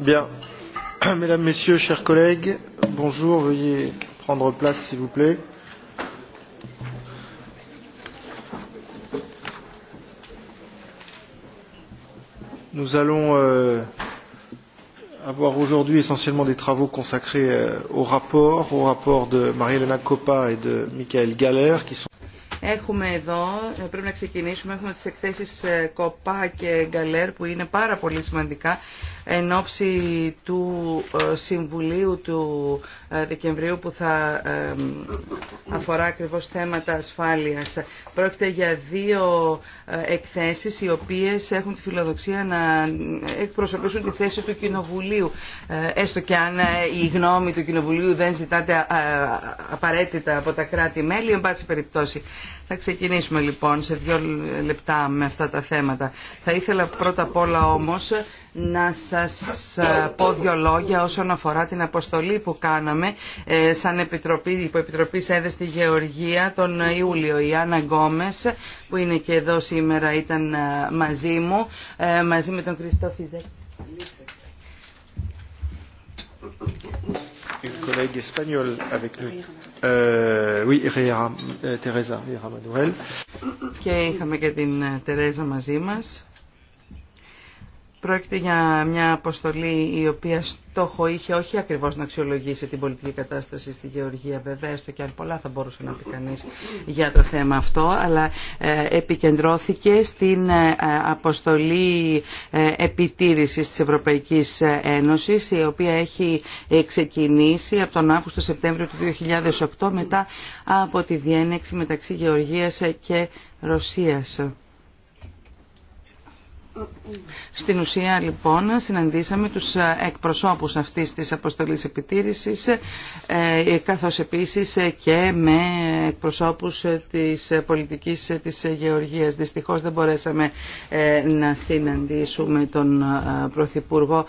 Mesdames, Messieurs, chers collègues, bonjour, veuillez prendre place s'il vous plaît. Nous allons avoir aujourd'hui essentiellement des travaux consacrés au rapport, au rapport de Marie-Hélène Coppa et de Michael Galler qui sont Έχουμε εδώ, πρέπει να ξεκινήσουμε, έχουμε τις εκθέσεις Κοπά και Γκαλέρ που είναι πάρα πολύ σημαντικά εν ώψη του ε, Συμβουλίου του ε, Δεκεμβρίου που θα ε, αφορά ακριβώς θέματα ασφάλειας. Πρόκειται για δύο εκθέσεις οι οποίες έχουν τη φιλοδοξία να εκπροσωπήσουν τη θέση του Κοινοβουλίου. Έστω και αν η γνώμη του Κοινοβουλίου δεν ζητάται απαραίτητα από τα κράτη-μέλη, εν πάση περιπτώσει. Θα ξεκινήσουμε λοιπόν σε δύο λεπτά με αυτά τα θέματα. Θα ήθελα πρώτα απ' όλα όμως να σας ε, πω δύο λόγια όσον αφορά την αποστολή που κάναμε ε, σαν Επιτροπή, Υποεπιτροπή ΣΕΔΕ στη Γεωργία τον Ιούλιο. Η Άννα Γκόμες που είναι και εδώ σήμερα ήταν ε, μαζί μου, μαζί με τον Χριστό avec nous. Euh, oui, euh, Και είχαμε και την Τερέζα μαζί μας. Πρόκειται για μια αποστολή η οποία στόχο είχε όχι ακριβώς να αξιολογήσει την πολιτική κατάσταση στη Γεωργία βέβαια, έστω και αν πολλά θα μπορούσε να πει κανεί για το θέμα αυτό, αλλά ε, επικεντρώθηκε στην ε, αποστολή ε, επιτήρηση της Ευρωπαϊκής Ένωσης, η οποία έχει ξεκινήσει από τον Αύγουστο-Σεπτέμβριο του 2008 μετά από τη διένεξη μεταξύ Γεωργία και Ρωσίας. Στην ουσία λοιπόν συναντήσαμε τους εκπροσώπους αυτής της αποστολής επιτήρησης ε, καθώς επίσης και με εκπροσώπους της πολιτικής της Γεωργίας. Δυστυχώς δεν μπορέσαμε ε, να συναντήσουμε τον ε, Πρωθυπουργό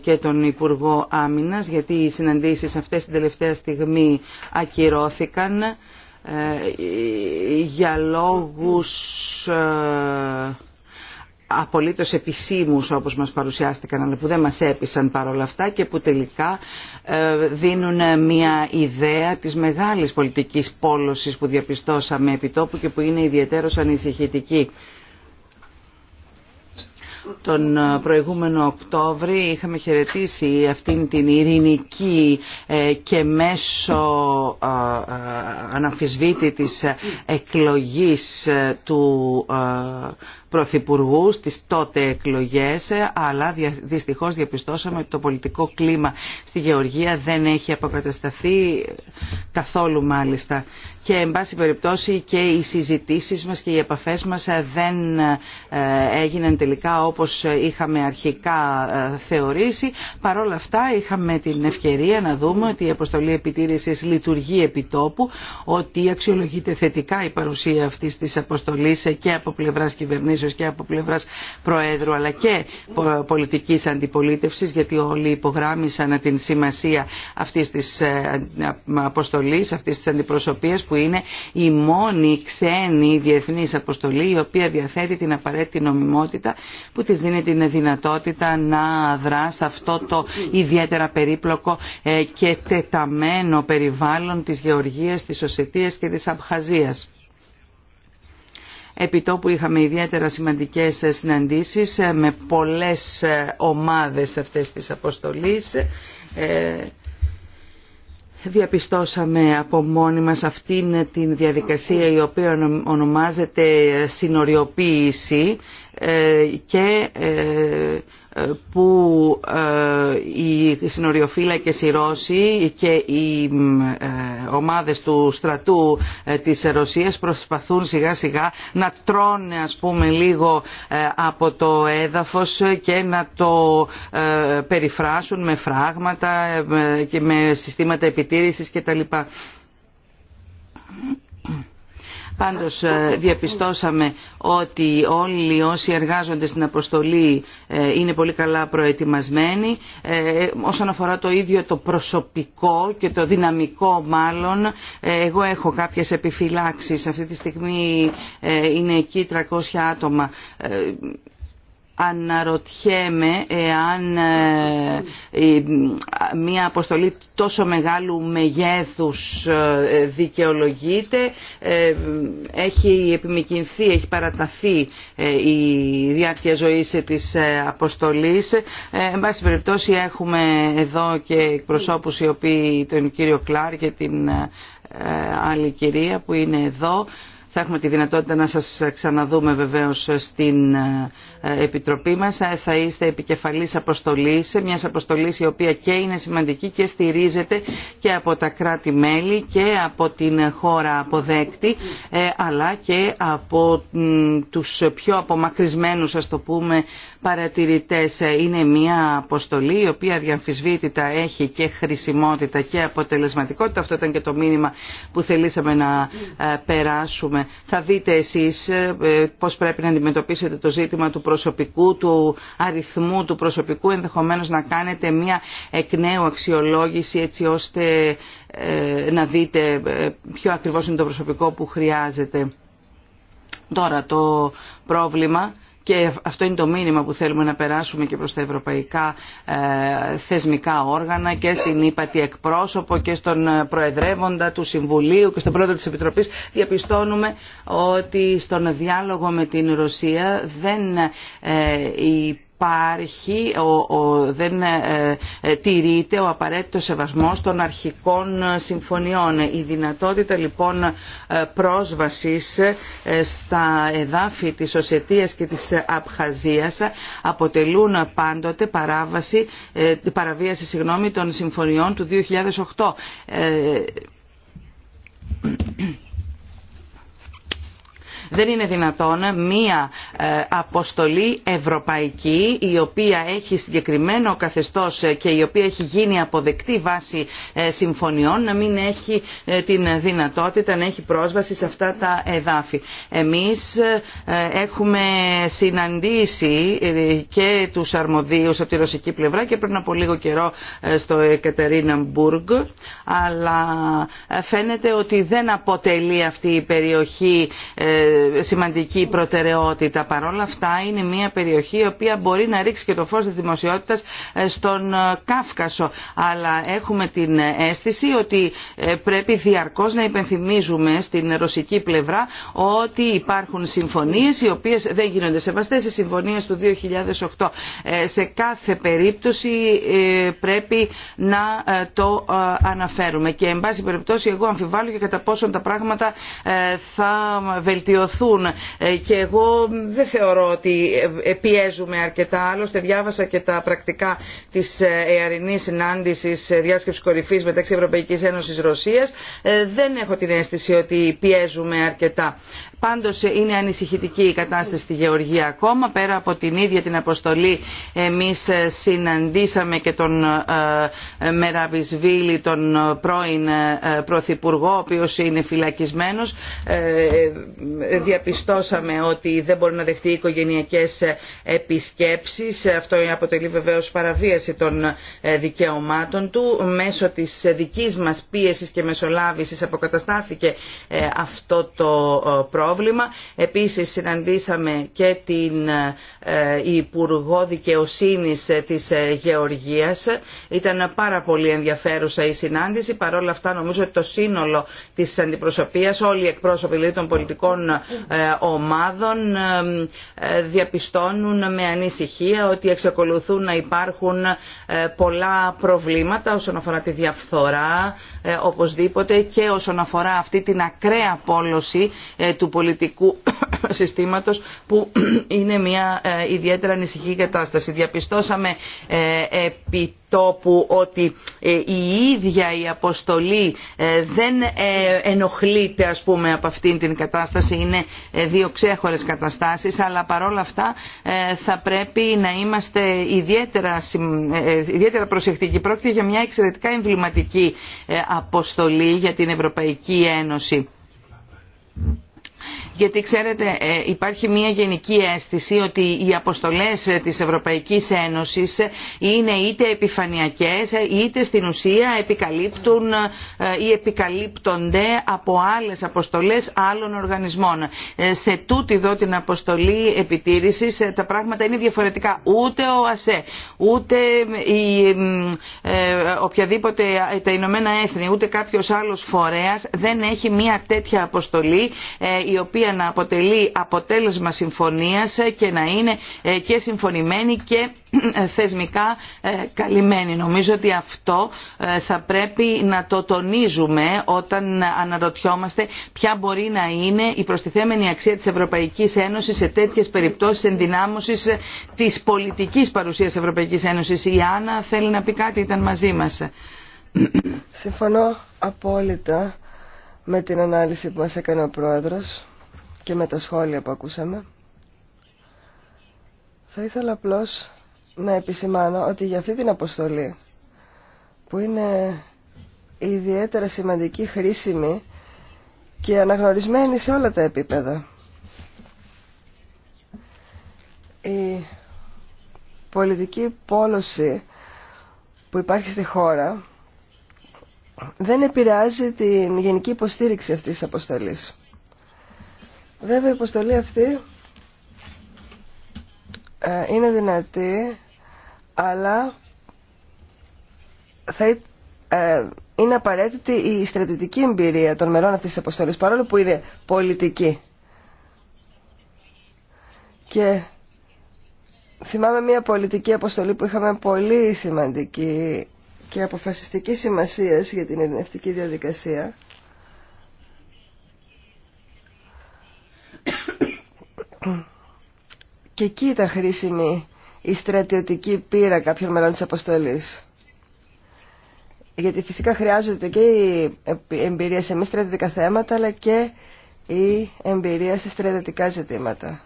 και τον Υπουργό Άμυνας γιατί οι συναντήσεις αυτές την τελευταία στιγμή ακυρώθηκαν για λόγους απολύτως επισήμους όπως μας παρουσιάστηκαν αλλά που δεν μας έπεισαν παρόλα αυτά και που τελικά ε, δίνουν μια ιδέα της μεγάλης πολιτικής πόλωσης που διαπιστώσαμε επί τόπου και που είναι ιδιαίτερος ανησυχητική. Τον ε, προηγούμενο Οκτώβρη είχαμε χαιρετήσει αυτήν την ειρηνική ε, και μέσω αναμφισβήτητης της εκλογής του πρωθυπουργού στις τότε εκλογέ, αλλά δυστυχώ διαπιστώσαμε ότι το πολιτικό κλίμα στη Γεωργία δεν έχει αποκατασταθεί καθόλου μάλιστα. Και εν πάση περιπτώσει και οι συζητήσεις μας και οι επαφές μας δεν ε, έγιναν τελικά όπως είχαμε αρχικά ε, θεωρήσει. Παρ' όλα αυτά είχαμε την ευκαιρία να δούμε ότι η αποστολή επιτήρησης λειτουργεί επί τόπου ότι αξιολογείται θετικά η παρουσία αυτής της αποστολής και από πλευράς κυβερνήσεων ίσως και από πλευράς Προέδρου αλλά και πολιτικής αντιπολίτευσης γιατί όλοι υπογράμμισαν την σημασία αυτής της ε, αποστολής, αυτής της αντιπροσωπείας που είναι η μόνη ξένη διεθνής αποστολή η οποία διαθέτει την απαραίτητη νομιμότητα που της δίνει την δυνατότητα να δρά σε αυτό το ιδιαίτερα περίπλοκο ε, και τεταμένο περιβάλλον της Γεωργίας, της Οσετίας και της Αμπχαζίας επί που είχαμε ιδιαίτερα σημαντικές συναντήσεις με πολλές ομάδες αυτές της αποστολής ε, διαπιστώσαμε από μόνοι μας αυτήν την διαδικασία η οποία ονομάζεται συνοριοποίηση ε, και ε, που ε, οι συνοριοφύλακες οι Ρώσοι και οι ε, ομάδες του στρατού ε, της Ρωσίας προσπαθούν σιγά σιγά να τρώνε ας πούμε λίγο από το έδαφος και να το περιφράσουν με φράγματα και με συστήματα επιτήρησης κτλ. Πάντως ε, διαπιστώσαμε ότι όλοι όσοι εργάζονται στην αποστολή ε, είναι πολύ καλά προετοιμασμένοι. Ε, όσον αφορά το ίδιο το προσωπικό και το δυναμικό μάλλον, εγώ έχω κάποιες επιφυλάξεις. Αυτή τη στιγμή είναι εκεί 300 άτομα αναρωτιέμαι εάν ε, μια αποστολή τόσο μεγάλου μεγέθους ε, δικαιολογείται, ε, έχει επιμηκυνθεί, έχει παραταθεί η διάρκεια ζωής της αποστολής. Εν πάση περιπτώσει έχουμε εδώ και εκπροσώπους οι οποίοι τον κύριο Κλάρ και την άλλη κυρία που είναι εδώ θα έχουμε τη δυνατότητα να σας ξαναδούμε βεβαίως στην ε, Επιτροπή μας. Ε, θα είστε επικεφαλής αποστολής, μιας αποστολής η οποία και είναι σημαντική και στηρίζεται και από τα κράτη-μέλη και από την χώρα αποδέκτη, ε, αλλά και από τους πιο απομακρυσμένους, ας το πούμε, παρατηρητές. Ε, είναι μια αποστολή η οποία διαμφισβήτητα έχει και χρησιμότητα και αποτελεσματικότητα. Αυτό ήταν και το μήνυμα που θελήσαμε να ε, περάσουμε. Θα δείτε εσείς ε, πώς πρέπει να αντιμετωπίσετε το ζήτημα του προσωπικού, του αριθμού του προσωπικού, ενδεχομένως να κάνετε μια εκ νέου αξιολόγηση έτσι ώστε να δείτε ποιο ακριβώς είναι το προσωπικό που χρειάζεται. Τώρα το πρόβλημα και αυτό είναι το μήνυμα που θέλουμε να περάσουμε και προς τα ευρωπαϊκά ε, θεσμικά όργανα και στην ύπατη εκπρόσωπο και στον ε, προεδρεύοντα του Συμβουλίου και στον πρόεδρο της Επιτροπής διαπιστώνουμε ότι στον διάλογο με την Ρωσία δεν υπάρχει υπάρχει, ο, δεν ε, ε, τηρείται ο απαραίτητος σεβασμός των αρχικών ε, συμφωνιών. Η δυνατότητα λοιπόν ε, πρόσβασης στα εδάφη της Οσετίας και της Απχαζίας αποτελούν πάντοτε παράβαση, ε, παραβίαση συγγνώμη, των συμφωνιών του 2008. Δεν είναι δυνατόν μία ε, αποστολή ευρωπαϊκή η οποία έχει συγκεκριμένο καθεστώς και η οποία έχει γίνει αποδεκτή βάση ε, συμφωνιών να μην έχει ε, την δυνατότητα να έχει πρόσβαση σε αυτά τα εδάφη. Εμείς έχουμε συναντήσει και τους αρμοδίους από τη ρωσική πλευρά και πριν από λίγο καιρό στο Εκατερίνα Μπουργκ αλλά φαίνεται ότι δεν αποτελεί αυτή η περιοχή σημαντική προτεραιότητα. όλα αυτά είναι μια περιοχή η οποία μπορεί να ρίξει και το φως της δημοσιότητας ε, στον ε, Κάφκασο. Αλλά έχουμε την αίσθηση ότι ε, πρέπει διαρκώς να υπενθυμίζουμε στην ρωσική πλευρά ότι υπάρχουν συμφωνίες οι οποίες δεν γίνονται σεβαστές. Οι συμφωνίες του 2008 σε κάθε περίπτωση πρέπει να το αναφέρουμε. Και εν πάση περιπτώσει εγώ αμφιβάλλω και κατά πόσον τα πράγματα θα βελτιωθούν ε, και εγώ δεν θεωρώ ότι ε, πιέζουμε αρκετά. Άλλωστε διάβασα και τα πρακτικά της ε, εαρινής συνάντησης διάσκεψης κορυφής μεταξύ Ευρωπαϊκής Ένωσης Ρωσίας. Δεν έχω την αίσθηση ότι πιέζουμε αρκετά. Πάντως είναι ανησυχητική η κατάσταση στη Γεωργία ακόμα. Πέρα από την ίδια την αποστολή εμείς συναντήσαμε και τον ε, Μεραβισβίλη, τον πρώην ε, Πρωθυπουργό, ο οποίος είναι φυλακισμένος. Ε, διαπιστώσαμε ότι δεν μπορεί να δεχτεί οικογενειακές επισκέψεις. Αυτό αποτελεί βεβαίως παραβίαση των δικαιωμάτων του. Μέσω της δικής μας πίεσης και μεσολάβησης αποκαταστάθηκε αυτό το πρόβλημα πρόβλημα. Επίσης συναντήσαμε και την ε, Υπουργό Δικαιοσύνη ε, της ε, Γεωργίας. Ήταν πάρα πολύ ενδιαφέρουσα η συνάντηση. όλα αυτά νομίζω ότι το σύνολο της αντιπροσωπείας, όλοι οι εκπρόσωποι δηλαδή, των πολιτικών ομάδων διαπιστώνουν με ανησυχία ότι εξακολουθούν να υπάρχουν πολλά προβλήματα όσον αφορά τη διαφθορά οπωσδήποτε και όσον αφορά αυτή την ακραία πόλωση του πολιτικού συστήματος που είναι μια ε, ιδιαίτερα ανησυχή κατάσταση. Διαπιστώσαμε ε, επί τόπου ότι ε, η ίδια η αποστολή δεν ενοχλείται ας πούμε από αυτήν την κατάσταση είναι δύο ξέχωρες καταστάσεις αλλά παρόλα αυτά θα πρέπει να είμαστε ιδιαίτερα, ιδιαίτερα προσεκτικοί πρόκειται για μια εξαιρετικά εμβληματική αποστολή για την Ευρωπαϊκή Ένωση γιατί ξέρετε ε, υπάρχει μια γενική αίσθηση ότι οι αποστολές ε, της Ευρωπαϊκής Ένωσης ε, είναι είτε επιφανειακές είτε στην ουσία επικαλύπτουν ή επικαλύπτονται από άλλες αποστολές άλλων οργανισμών. Σε τούτη εδώ την αποστολή επιτήρησης τα πράγματα είναι διαφορετικά. Ούτε ο ΑΣΕ, ούτε η, οποιαδήποτε τα Ηνωμένα Έθνη, ούτε κάποιος άλλος φορέας δεν έχει μια τέτοια αποστολή η οποία να αποτελεί αποτέλεσμα συμφωνίας και να είναι ε, και συμφωνημένη και ε, θεσμικά ε, καλυμμένη. Νομίζω ότι αυτό θα πρέπει να το τονίζουμε όταν αναρωτιόμαστε ποια μπορεί να είναι η προστιθέμενη αξία της Ευρωπαϊκής Ένωσης σε τέτοιες περιπτώσεις ενδυνάμωσης της πολιτικής παρουσίας της Ευρωπαϊκής Ένωσης. Η Άννα θέλει να πει κάτι, ήταν μαζί μας. Συμφωνώ απόλυτα με την ανάλυση που μας έκανε ο Πρόεδρος και με τα σχόλια που ακούσαμε. Θα ήθελα απλώ να επισημάνω ότι για αυτή την αποστολή που είναι ιδιαίτερα σημαντική, χρήσιμη και αναγνωρισμένη σε όλα τα επίπεδα. Η πολιτική πόλωση που υπάρχει στη χώρα δεν επηρεάζει την γενική υποστήριξη αυτής της αποστολής. Βέβαια η υποστολή αυτή ε, είναι δυνατή, αλλά θα, ε, είναι απαραίτητη η στρατητική εμπειρία των μερών αυτής της αποστολής, παρόλο που είναι πολιτική. Και θυμάμαι μια πολιτική αποστολή που είχαμε πολύ σημαντική και αποφασιστική σημασία για την ειρηνευτική διαδικασία Και εκεί ήταν χρήσιμη η στρατιωτική πείρα κάποιων μελών της αποστολής. Γιατί φυσικά χρειάζονται και η εμπειρία σε μη στρατιωτικά θέματα, αλλά και η εμπειρία σε στρατιωτικά ζητήματα.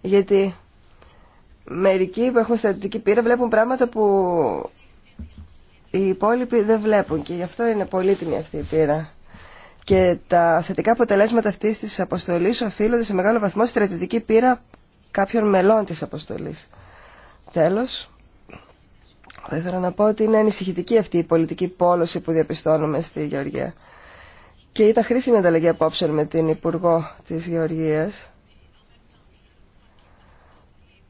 Γιατί μερικοί που έχουν στρατιωτική πείρα βλέπουν πράγματα που οι υπόλοιποι δεν βλέπουν και γι' αυτό είναι πολύτιμη αυτή η πείρα. Και τα θετικά αποτελέσματα αυτής της αποστολής οφείλονται σε μεγάλο βαθμό στρατιωτική πείρα κάποιων μελών της αποστολής. Τέλος, θα ήθελα να πω ότι είναι ανησυχητική αυτή η πολιτική πόλωση που διαπιστώνουμε στη Γεωργία. Και ήταν χρήσιμη ανταλλαγή απόψεων με την Υπουργό της Γεωργίας.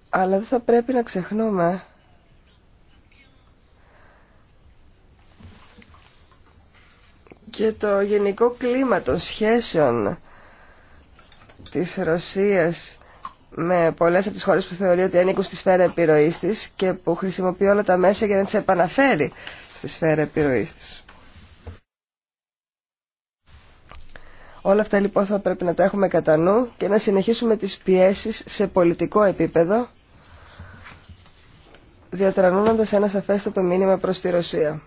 Αλλά δεν θα πρέπει να ξεχνούμε και το γενικό κλίμα των σχέσεων της Ρωσίας με πολλές από τις χώρες που θεωρεί ότι ανήκουν στη σφαίρα επιρροής της και που χρησιμοποιεί όλα τα μέσα για να τις επαναφέρει στη σφαίρα επιρροής της. Όλα αυτά λοιπόν θα πρέπει να τα έχουμε κατά νου και να συνεχίσουμε τις πιέσεις σε πολιτικό επίπεδο διατρανώνοντας ένα σαφέστατο μήνυμα προς τη Ρωσία.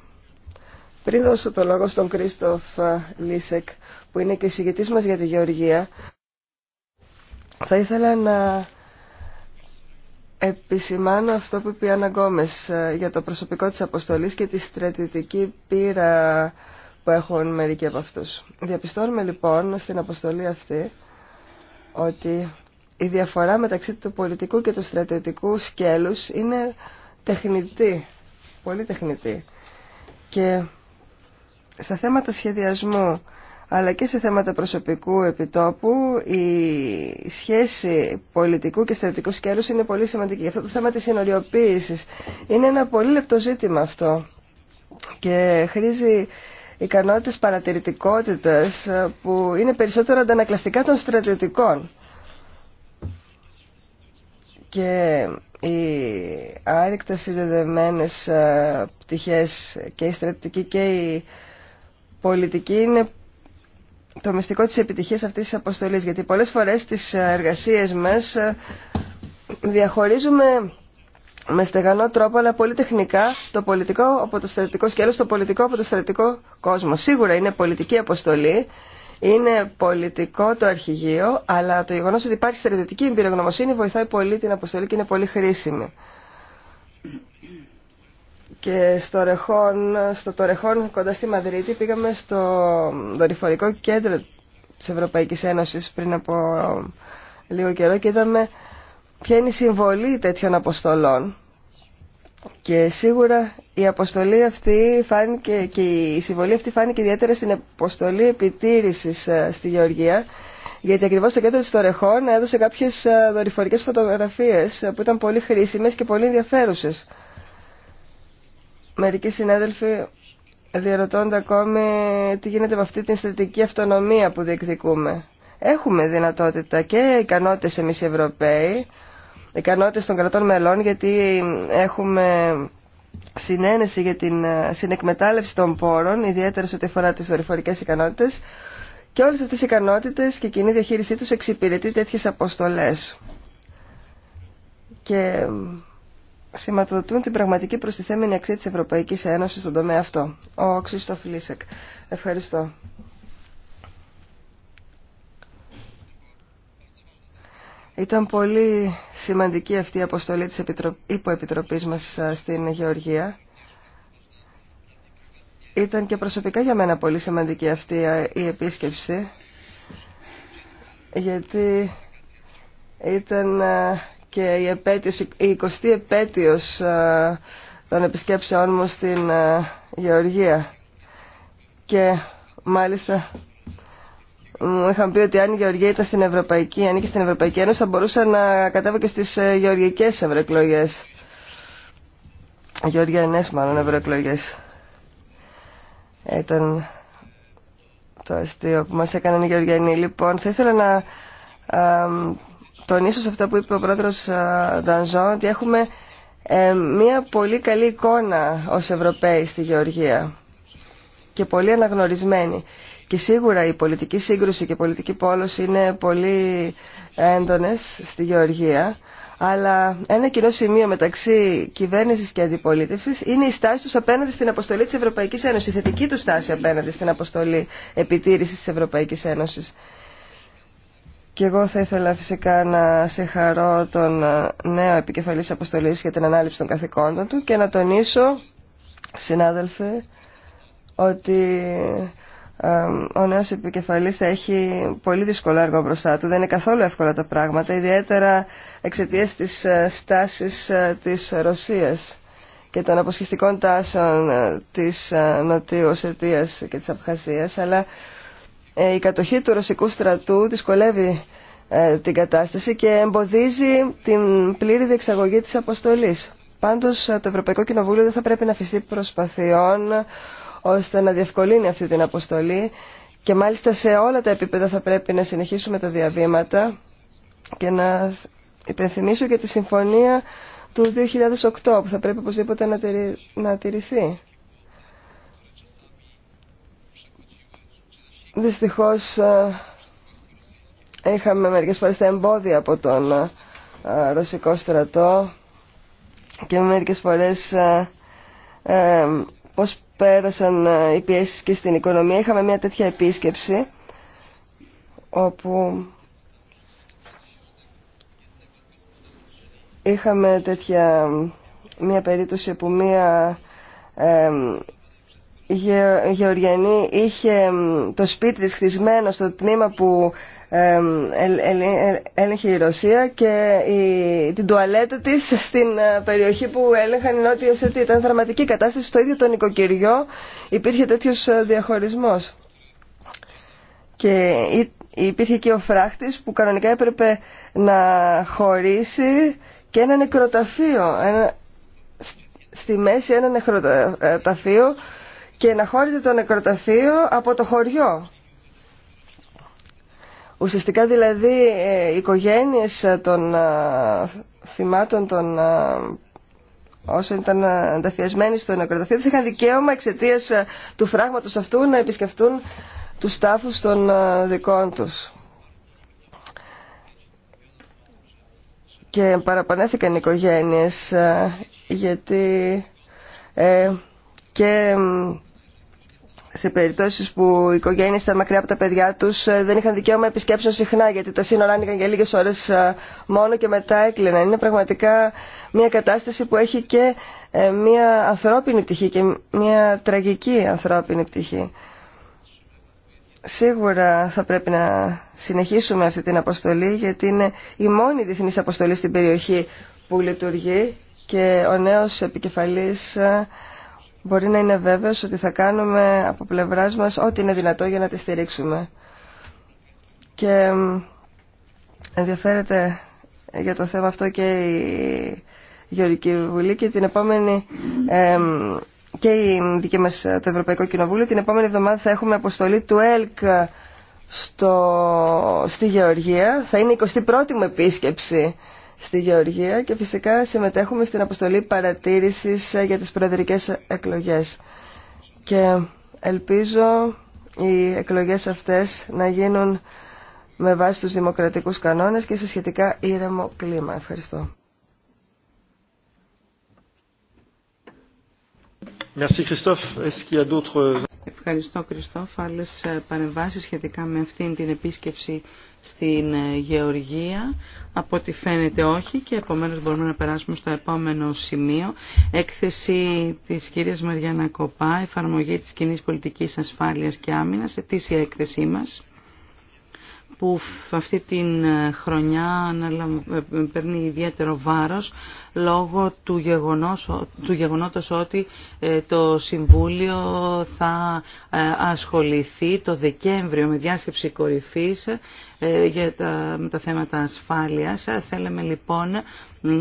Πριν δώσω το λόγο στον Κρίστοφ Λίσεκ, που είναι και ο συγγετής μας για τη Γεωργία, θα ήθελα να επισημάνω αυτό που είπε η Άννα ε, για το προσωπικό της αποστολής και τη στρατιωτική πείρα που έχουν μερικοί από αυτούς. Διαπιστώνουμε λοιπόν στην αποστολή αυτή ότι η διαφορά μεταξύ του πολιτικού και του στρατιωτικού σκέλους είναι τεχνητή, πολύ τεχνητή. Και στα θέματα σχεδιασμού αλλά και σε θέματα προσωπικού επιτόπου η σχέση πολιτικού και στρατικού σκέλους είναι πολύ σημαντική. Αυτό το θέμα της συνοριοποίησης είναι ένα πολύ λεπτό ζήτημα αυτό και χρήζει ικανότητες παρατηρητικότητας που είναι περισσότερο αντανακλαστικά των στρατιωτικών. Και οι άρρηκτα συνδεδεμένες ε, πτυχές και η στρατιωτική και η πολιτική είναι το μυστικό της επιτυχίας αυτής της αποστολής, γιατί πολλές φορές τις εργασίες μας ε, διαχωρίζουμε με στεγανό τρόπο, αλλά πολύ τεχνικά, το πολιτικό από το στρατικό σκέλος, το πολιτικό από το στρατικό κόσμο. Σίγουρα είναι πολιτική αποστολή, είναι πολιτικό το αρχηγείο, αλλά το γεγονό ότι υπάρχει στρατιωτική εμπειρογνωμοσύνη βοηθάει πολύ την αποστολή και είναι πολύ χρήσιμη και στο, Ρεχόν, στο Τορεχόν κοντά στη Μαδρίτη πήγαμε στο δορυφορικό κέντρο της Ευρωπαϊκής Ένωσης πριν από λίγο καιρό και είδαμε ποια είναι η συμβολή τέτοιων αποστολών και σίγουρα η αποστολή αυτή φάνηκε και η συμβολή αυτή φάνηκε ιδιαίτερα στην αποστολή επιτήρησης ε, στη Γεωργία γιατί ακριβώς το κέντρο της τορεχόν έδωσε κάποιες ε, δορυφορικές φωτογραφίες ε, που ήταν πολύ χρήσιμες και πολύ ενδιαφέρουσες. Μερικοί συνάδελφοι διαρωτώνται ακόμη τι γίνεται με αυτή την στρατηγική αυτονομία που διεκδικούμε. Έχουμε δυνατότητα και ικανότητες εμείς οι Ευρωπαίοι, ικανότητες των κρατών μελών γιατί έχουμε συνένεση για την ε, συνεκμετάλλευση των πόρων, ιδιαίτερα σε ό,τι αφορά τις δορυφορικές ικανότητες και όλες αυτές οι ικανότητες και η κοινή διαχείρισή τους εξυπηρετεί τέτοιες αποστολές. Και σηματοδοτούν την πραγματική προστιθέμενη αξία της Ευρωπαϊκής Ένωσης στον τομέα αυτό. Ο Ξύστοφ Λίσεκ. Ευχαριστώ. Ήταν πολύ σημαντική αυτή η αποστολή της υποεπιτροπής μας στην Γεωργία. Ήταν και προσωπικά για μένα πολύ σημαντική αυτή η επίσκεψη, γιατί ήταν και η, επέτειος, η 20η επέτειος ε, των επισκέψεών μου στην ε, Γεωργία. Και μάλιστα μου είχαν πει ότι αν η Γεωργία ήταν στην Ευρωπαϊκή, ανήκει στην Ευρωπαϊκή Ένωση, θα μπορούσα να κατέβω και στις ε, γεωργικές ευρωεκλογές. Γεωργιανές μάλλον ευρωεκλογές. Ήταν το αστείο που μας έκαναν οι Γεωργιανοί. Λοιπόν, θα ήθελα να τονίσω σε αυτά που είπε ο πρόεδρος ε, Ντανζό ότι έχουμε ε, μια πολύ καλή εικόνα ως Ευρωπαίοι στη Γεωργία και πολύ αναγνωρισμένη. Και σίγουρα η πολιτική σύγκρουση και η πολιτική πόλωση είναι πολύ έντονες στη Γεωργία. Αλλά ένα κοινό σημείο μεταξύ κυβέρνηση και αντιπολίτευση είναι η στάση του απέναντι στην αποστολή τη Ευρωπαϊκή Ένωση, η θετική του στάση απέναντι στην αποστολή επιτήρηση τη Ευρωπαϊκή Ένωση. Και εγώ θα ήθελα φυσικά να χαρώ τον ε, νέο επικεφαλής αποστολής για την ανάληψη των καθηκόντων του και να τονίσω, συνάδελφε, ότι ε, ο νέος επικεφαλής θα έχει πολύ δύσκολο έργο μπροστά του. Δεν είναι καθόλου εύκολα τα πράγματα, ιδιαίτερα εξαιτία της ε, στάσης της Ρωσίας και των αποσχιστικών τάσεων της Νοτιού Οσετίας και της Απχασίας, αλλά ε, η κατοχή του ρωσικού στρατού δυσκολεύει ε, την κατάσταση και εμποδίζει την πλήρη διεξαγωγή της αποστολής. Πάντως ε, το Ευρωπαϊκό Κοινοβούλιο δεν θα πρέπει να αφιστεί προσπαθειών ώστε να διευκολύνει αυτή την αποστολή και μάλιστα σε όλα τα επίπεδα θα πρέπει να συνεχίσουμε τα διαβήματα και να υπενθυμίσω και τη συμφωνία του 2008 που θα πρέπει οπωσδήποτε να τηρηθεί. Δυστυχώς ε, είχαμε μερικές φορές τα εμπόδια από τον ε, ρωσικό στρατό και μερικές φορές ε, πώς πέρασαν οι πιέσεις και στην οικονομία. Είχαμε μια τέτοια επίσκεψη όπου είχαμε τέτοια μια περίπτωση που μια η Γεωργιανή είχε το σπίτι της χτισμένο στο τμήμα που έλεγχε η Ρωσία και την τουαλέτα της στην ε, περιοχή που έλεγχαν οι Νότιοι Ήταν θραματική κατάσταση. Στο ίδιο το νοικοκυριό υπήρχε τέτοιος ε, διαχωρισμός. Και υπήρχε και ο φράχτης που κανονικά έπρεπε να χωρίσει και ένα νεκροταφείο. Ένα, στη μέση ένα νεκροταφείο ε, και να χώριζε το νεκροταφείο από το χωριό. Ουσιαστικά δηλαδή ε, οι οικογένειες ε, των ε, θυμάτων των όσων ήταν ανταφιασμένοι στο νεκροταφείο δεν είχαν δικαίωμα εξαιτία του φράγματος αυτού να επισκεφτούν τους τάφους των δικών τους. Και παραπανέθηκαν οι οικογένειες γιατί και σε περιπτώσεις που οι οικογένειες ήταν μακριά από τα παιδιά τους ε, δεν είχαν δικαίωμα επισκέψεων συχνά γιατί τα σύνορα άνοιγαν για λίγες ώρες ε, μόνο και μετά έκλαιναν. Είναι πραγματικά μια κατάσταση που έχει και ε, μια ανθρώπινη πτυχή και μια τραγική ανθρώπινη πτυχή. Σίγουρα θα πρέπει να συνεχίσουμε αυτή την αποστολή γιατί είναι η μόνη διεθνής αποστολή στην περιοχή που λειτουργεί και ο νέος επικεφαλής μπορεί να είναι βέβαιος ότι θα κάνουμε από πλευράς μας ό,τι είναι δυνατό για να τη στηρίξουμε. Και ενδιαφέρεται για το θέμα αυτό και η Γεωργική Βουλή και την επόμενη ε, και η δική μας το Ευρωπαϊκό Κοινοβούλιο την επόμενη εβδομάδα θα έχουμε αποστολή του ΕΛΚ στο, στη Γεωργία θα είναι η 21η μου επίσκεψη στη Γεωργία και φυσικά συμμετέχουμε στην αποστολή παρατήρησης ε, για τις προεδρικές εκλογές. Και ελπίζω οι εκλογές αυτές να γίνουν με βάση τους δημοκρατικούς κανόνες και σε σχετικά ήρεμο κλίμα. Ευχαριστώ. Ευχαριστώ Κριστόφ. Άλλες ε, παρεμβάσεις σχετικά με αυτήν την επίσκεψη στην ε, Γεωργία. Από ό,τι φαίνεται όχι και επομένως μπορούμε να περάσουμε στο επόμενο σημείο. Έκθεση της κυρίας Μαριάννα Κοπά, εφαρμογή της κοινή πολιτικής ασφάλειας και άμυνας, ετήσια έκθεσή μας που αυτή την ε, χρονιά ε, ε, παίρνει ιδιαίτερο βάρος λόγω του, γεγονός, του γεγονότος ότι το Συμβούλιο θα ασχοληθεί το Δεκέμβριο με διάσκεψη κορυφής για τα, με τα θέματα ασφάλειας. Θέλαμε λοιπόν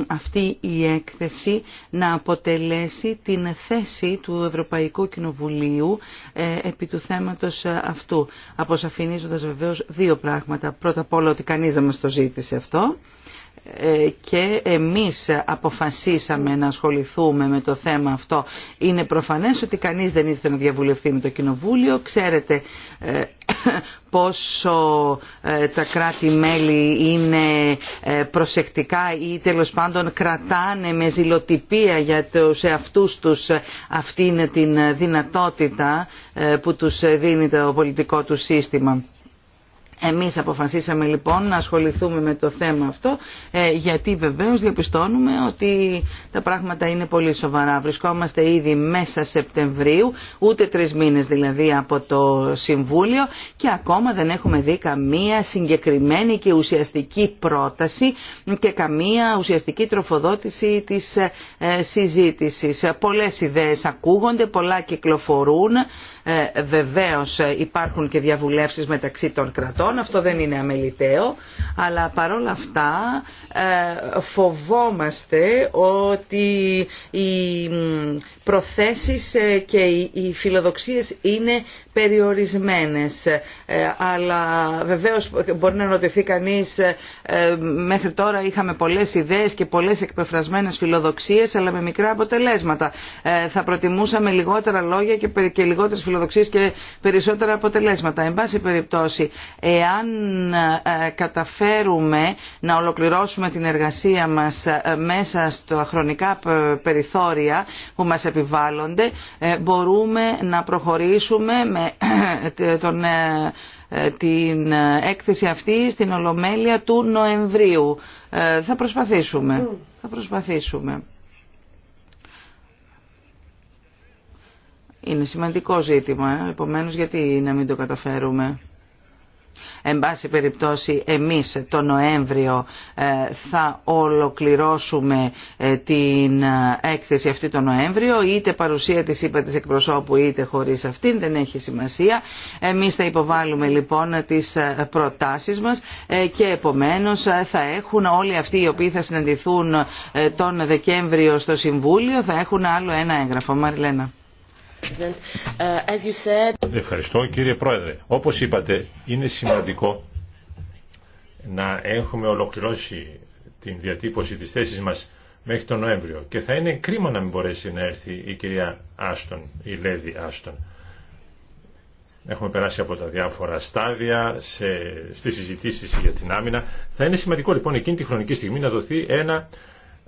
αυτή η έκθεση να αποτελέσει την θέση του Ευρωπαϊκού Κοινοβουλίου ε, επί του θέματος ε, αυτού, αποσαφηνίζοντας βεβαίως δύο πράγματα. Πρώτα απ' όλα ότι κανείς δεν μας το ζήτησε αυτό ε, και εμείς αποφασίσαμε να ασχοληθούμε με το θέμα αυτό. Είναι προφανές ότι κανείς δεν ήθελε να διαβουλευτεί με το Κοινοβούλιο. Ξέρετε πόσο ε, τα κράτη-μέλη είναι ε, προσεκτικά ή τέλος πάντων κρατάνε με ζηλοτυπία για τους εαυτούς τους αυτήν την δυνατότητα ε, που τους δίνει το πολιτικό του σύστημα. Εμείς αποφασίσαμε λοιπόν να ασχοληθούμε με το θέμα αυτό ε, γιατί βεβαίως διαπιστώνουμε ότι τα πράγματα είναι πολύ σοβαρά. Βρισκόμαστε ήδη μέσα Σεπτεμβρίου, ούτε τρεις μήνες δηλαδή από το Συμβούλιο και ακόμα δεν έχουμε δει καμία συγκεκριμένη και ουσιαστική πρόταση και καμία ουσιαστική τροφοδότηση της ε, ε, συζήτησης. Πολλές ιδέες ακούγονται, πολλά κυκλοφορούν ε, βεβαίως ε, υπάρχουν και διαβουλεύσεις μεταξύ των κρατών, αυτό δεν είναι αμεληταίο, αλλά παρόλα αυτά ε, φοβόμαστε ότι η προθέσεις ε, και οι φιλοδοξίες είναι περιορισμένες. Ε, αλλά βεβαίως μπορεί να ρωτηθεί κανείς ε, μέχρι τώρα είχαμε πολλές ιδέες και πολλές εκπεφρασμένες φιλοδοξίες αλλά με μικρά αποτελέσματα. Θα προτιμούσαμε λιγότερα λόγια και λιγότερες φιλοδοξίες και περισσότερα αποτελέσματα. Εν πάση περιπτώσει, εάν καταφέρουμε να ολοκληρώσουμε την εργασία μας μέσα στα χρονικά περιθώρια που μας επιβάλλουν επιβάλλονται ε, μπορούμε να προχωρήσουμε με ε, τον ε, την έκθεση αυτή στην Ολομέλεια του Νοεμβρίου. θα προσπαθήσουμε. Θα προσπαθήσουμε. Είναι σημαντικό ζήτημα, επομένως γιατί να μην το καταφέρουμε. Εν πάση περιπτώσει εμείς το Νοέμβριο ε, θα ολοκληρώσουμε ε, την ε, έκθεση αυτή το Νοέμβριο είτε παρουσία της είπα της εκπροσώπου είτε χωρίς αυτήν δεν έχει σημασία. Εμείς θα υποβάλουμε λοιπόν τις προτάσεις μας και επομένως θα έχουν όλοι αυτοί οι οποίοι θα συναντηθούν τον Δεκέμβριο στο Συμβούλιο θα έχουν άλλο ένα έγγραφο. Μαριλένα. Uh, Ευχαριστώ κύριε Πρόεδρε. Όπως είπατε είναι σημαντικό να έχουμε ολοκληρώσει την διατύπωση της θέσης μας μέχρι τον Νοέμβριο και θα είναι κρίμα να μην μπορέσει να έρθει η κυρία Άστον, η Λέδη Άστον. Έχουμε περάσει από τα διάφορα στάδια σε, στις συζητήσεις για την άμυνα. Θα είναι σημαντικό λοιπόν εκείνη τη χρονική στιγμή να δοθεί ένα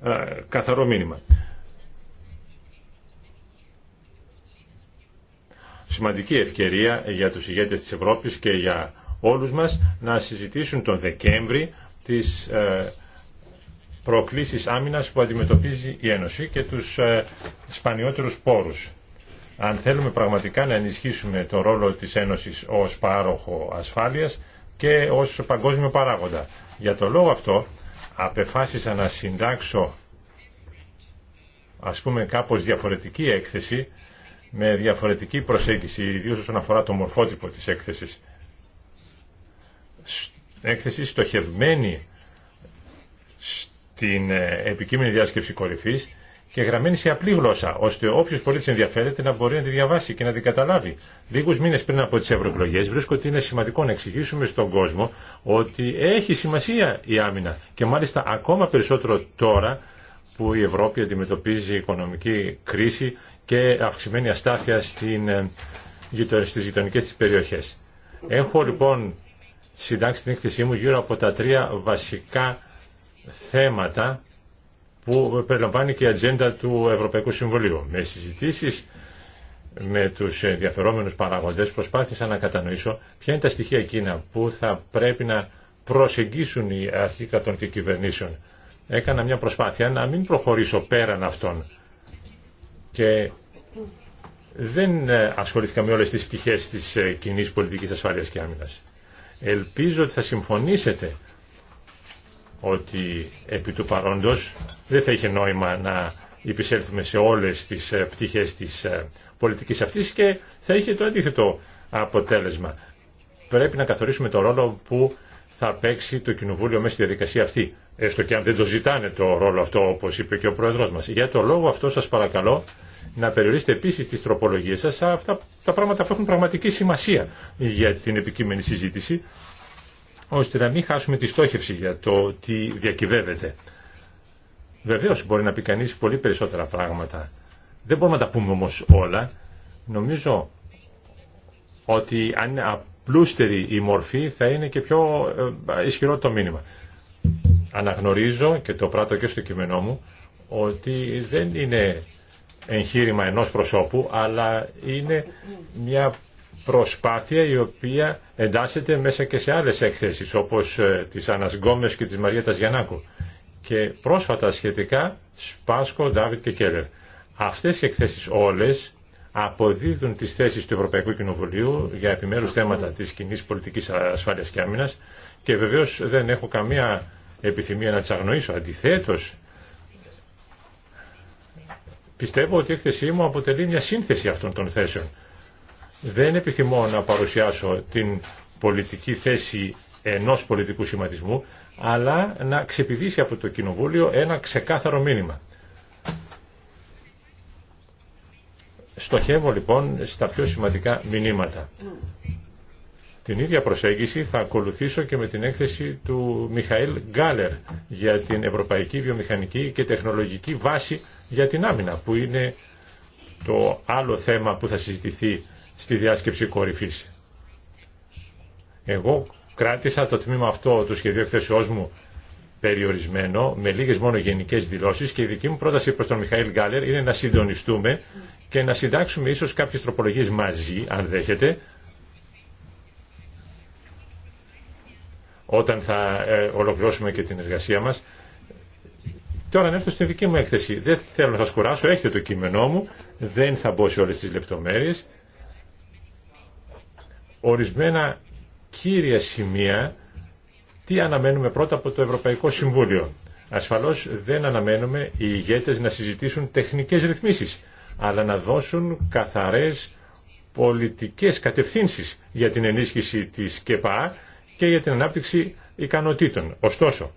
ε, καθαρό μήνυμα. σημαντική ευκαιρία για τους ηγέτες της Ευρώπης και για όλους μας να συζητήσουν τον Δεκέμβρη τις ε, προκλήσεις άμυνας που αντιμετωπίζει η Ένωση και τους ε, σπανιότερους πόρους. Αν θέλουμε πραγματικά να ενισχύσουμε τον ρόλο της Ένωσης ως πάροχο ασφάλειας και ως παγκόσμιο παράγοντα. Για τον λόγο αυτό απεφάσισα να συντάξω ας πούμε κάπως διαφορετική έκθεση με διαφορετική προσέγγιση, ιδίως όσον αφορά το μορφότυπο της έκθεσης. Έκθεση στοχευμένη στην ε, επικείμενη διάσκεψη κορυφής και γραμμένη σε απλή γλώσσα, ώστε όποιο πολίτη ενδιαφέρεται να μπορεί να τη διαβάσει και να την καταλάβει. λίγους μήνε πριν από τις ευρωεκλογέ βρίσκω ότι είναι σημαντικό να εξηγήσουμε στον κόσμο ότι έχει σημασία η άμυνα και μάλιστα ακόμα περισσότερο τώρα που η Ευρώπη αντιμετωπίζει οικονομική κρίση και αυξημένη αστάθεια στην, ε, στις γειτονικές της περιοχές. Έχω λοιπόν συντάξει την έκθεσή μου γύρω από τα τρία βασικά θέματα που περιλαμβάνει και η ατζέντα του Ευρωπαϊκού Συμβουλίου. Με συζητήσεις με τους ενδιαφερόμενους παραγοντές προσπάθησα να κατανοήσω ποια είναι τα στοιχεία εκείνα που θα πρέπει να προσεγγίσουν οι αρχή και κυβερνήσεων. Έκανα μια προσπάθεια να μην προχωρήσω πέραν αυτών και δεν ε, ασχολήθηκα με όλες τις πτυχές της ε, κοινή πολιτικής ασφάλειας και άμυνας. Ελπίζω ότι θα συμφωνήσετε ότι επί του παρόντος δεν θα είχε νόημα να υπησέλθουμε σε όλες τις ε, πτυχές της πολιτικής αυτής και θα είχε το αντίθετο αποτέλεσμα. Πρέπει να καθορίσουμε το ρόλο που θα παίξει το Κοινοβούλιο μέσα στη διαδικασία αυτή. Έστω και αν δεν το ζητάνε το ρόλο αυτό όπως είπε και ο Πρόεδρος μας. Για το λόγο αυτό σας παρακαλώ να περιορίσετε επίσης τις τροπολογίες σας αυτά τα πράγματα που έχουν πραγματική σημασία για την επικείμενη συζήτηση, ώστε να μην χάσουμε τη στόχευση για το τι διακυβεύεται. Βεβαίως μπορεί να πει κανεί πολύ περισσότερα πράγματα. Δεν μπορούμε να τα πούμε όμως όλα. Νομίζω ότι αν είναι απλούστερη η μορφή θα είναι και πιο ε, ισχυρό το μήνυμα. Αναγνωρίζω και το πράττω και στο κείμενό μου ότι δεν είναι εγχείρημα ενός προσώπου, αλλά είναι μια προσπάθεια η οποία εντάσσεται μέσα και σε άλλες εκθέσεις, όπως ε, της Άννας και της Μαριέτας Γιαννάκου. Και πρόσφατα σχετικά Σπάσκο, Ντάβιτ και Κέλλερ. Αυτές οι εκθέσεις όλες αποδίδουν τις θέσεις του Ευρωπαϊκού Κοινοβουλίου για επιμέρους θέματα της κοινή πολιτικής ασφάλειας και άμυνας και βεβαίως δεν έχω καμία επιθυμία να τις αγνοήσω. Αντιθέτως, Πιστεύω ότι η έκθεσή μου αποτελεί μια σύνθεση αυτών των θέσεων. Δεν επιθυμώ να παρουσιάσω την πολιτική θέση ενός πολιτικού σχηματισμού, αλλά να ξεπηδήσει από το Κοινοβούλιο ένα ξεκάθαρο μήνυμα. Στοχεύω λοιπόν στα πιο σημαντικά μηνύματα. Την ίδια προσέγγιση θα ακολουθήσω και με την έκθεση του Μιχαήλ Γκάλερ για την Ευρωπαϊκή Βιομηχανική και Τεχνολογική Βάση για την άμυνα που είναι το άλλο θέμα που θα συζητηθεί στη διάσκεψη κορυφής. Εγώ κράτησα το τμήμα αυτό του σχεδίου εκθέσεώς μου περιορισμένο, με λίγες μόνο γενικές δηλώσεις και η δική μου πρόταση προς τον Μιχαήλ Γκάλερ είναι να συντονιστούμε και να συντάξουμε ίσως κάποιες τροπολογίες μαζί, αν δέχεται, όταν θα ε, ολοκληρώσουμε και την εργασία μας, Τώρα να έρθω στην δική μου έκθεση. Δεν θέλω να σας κουράσω, έχετε το κείμενό μου, δεν θα μπω σε όλες τις λεπτομέρειες. Ορισμένα κύρια σημεία, τι αναμένουμε πρώτα από το Ευρωπαϊκό Συμβούλιο. Ασφαλώς δεν αναμένουμε οι ηγέτες να συζητήσουν τεχνικές ρυθμίσεις, αλλά να δώσουν καθαρές πολιτικές κατευθύνσεις για την ενίσχυση της ΚΕΠΑ και για την ανάπτυξη ικανοτήτων. Ωστόσο,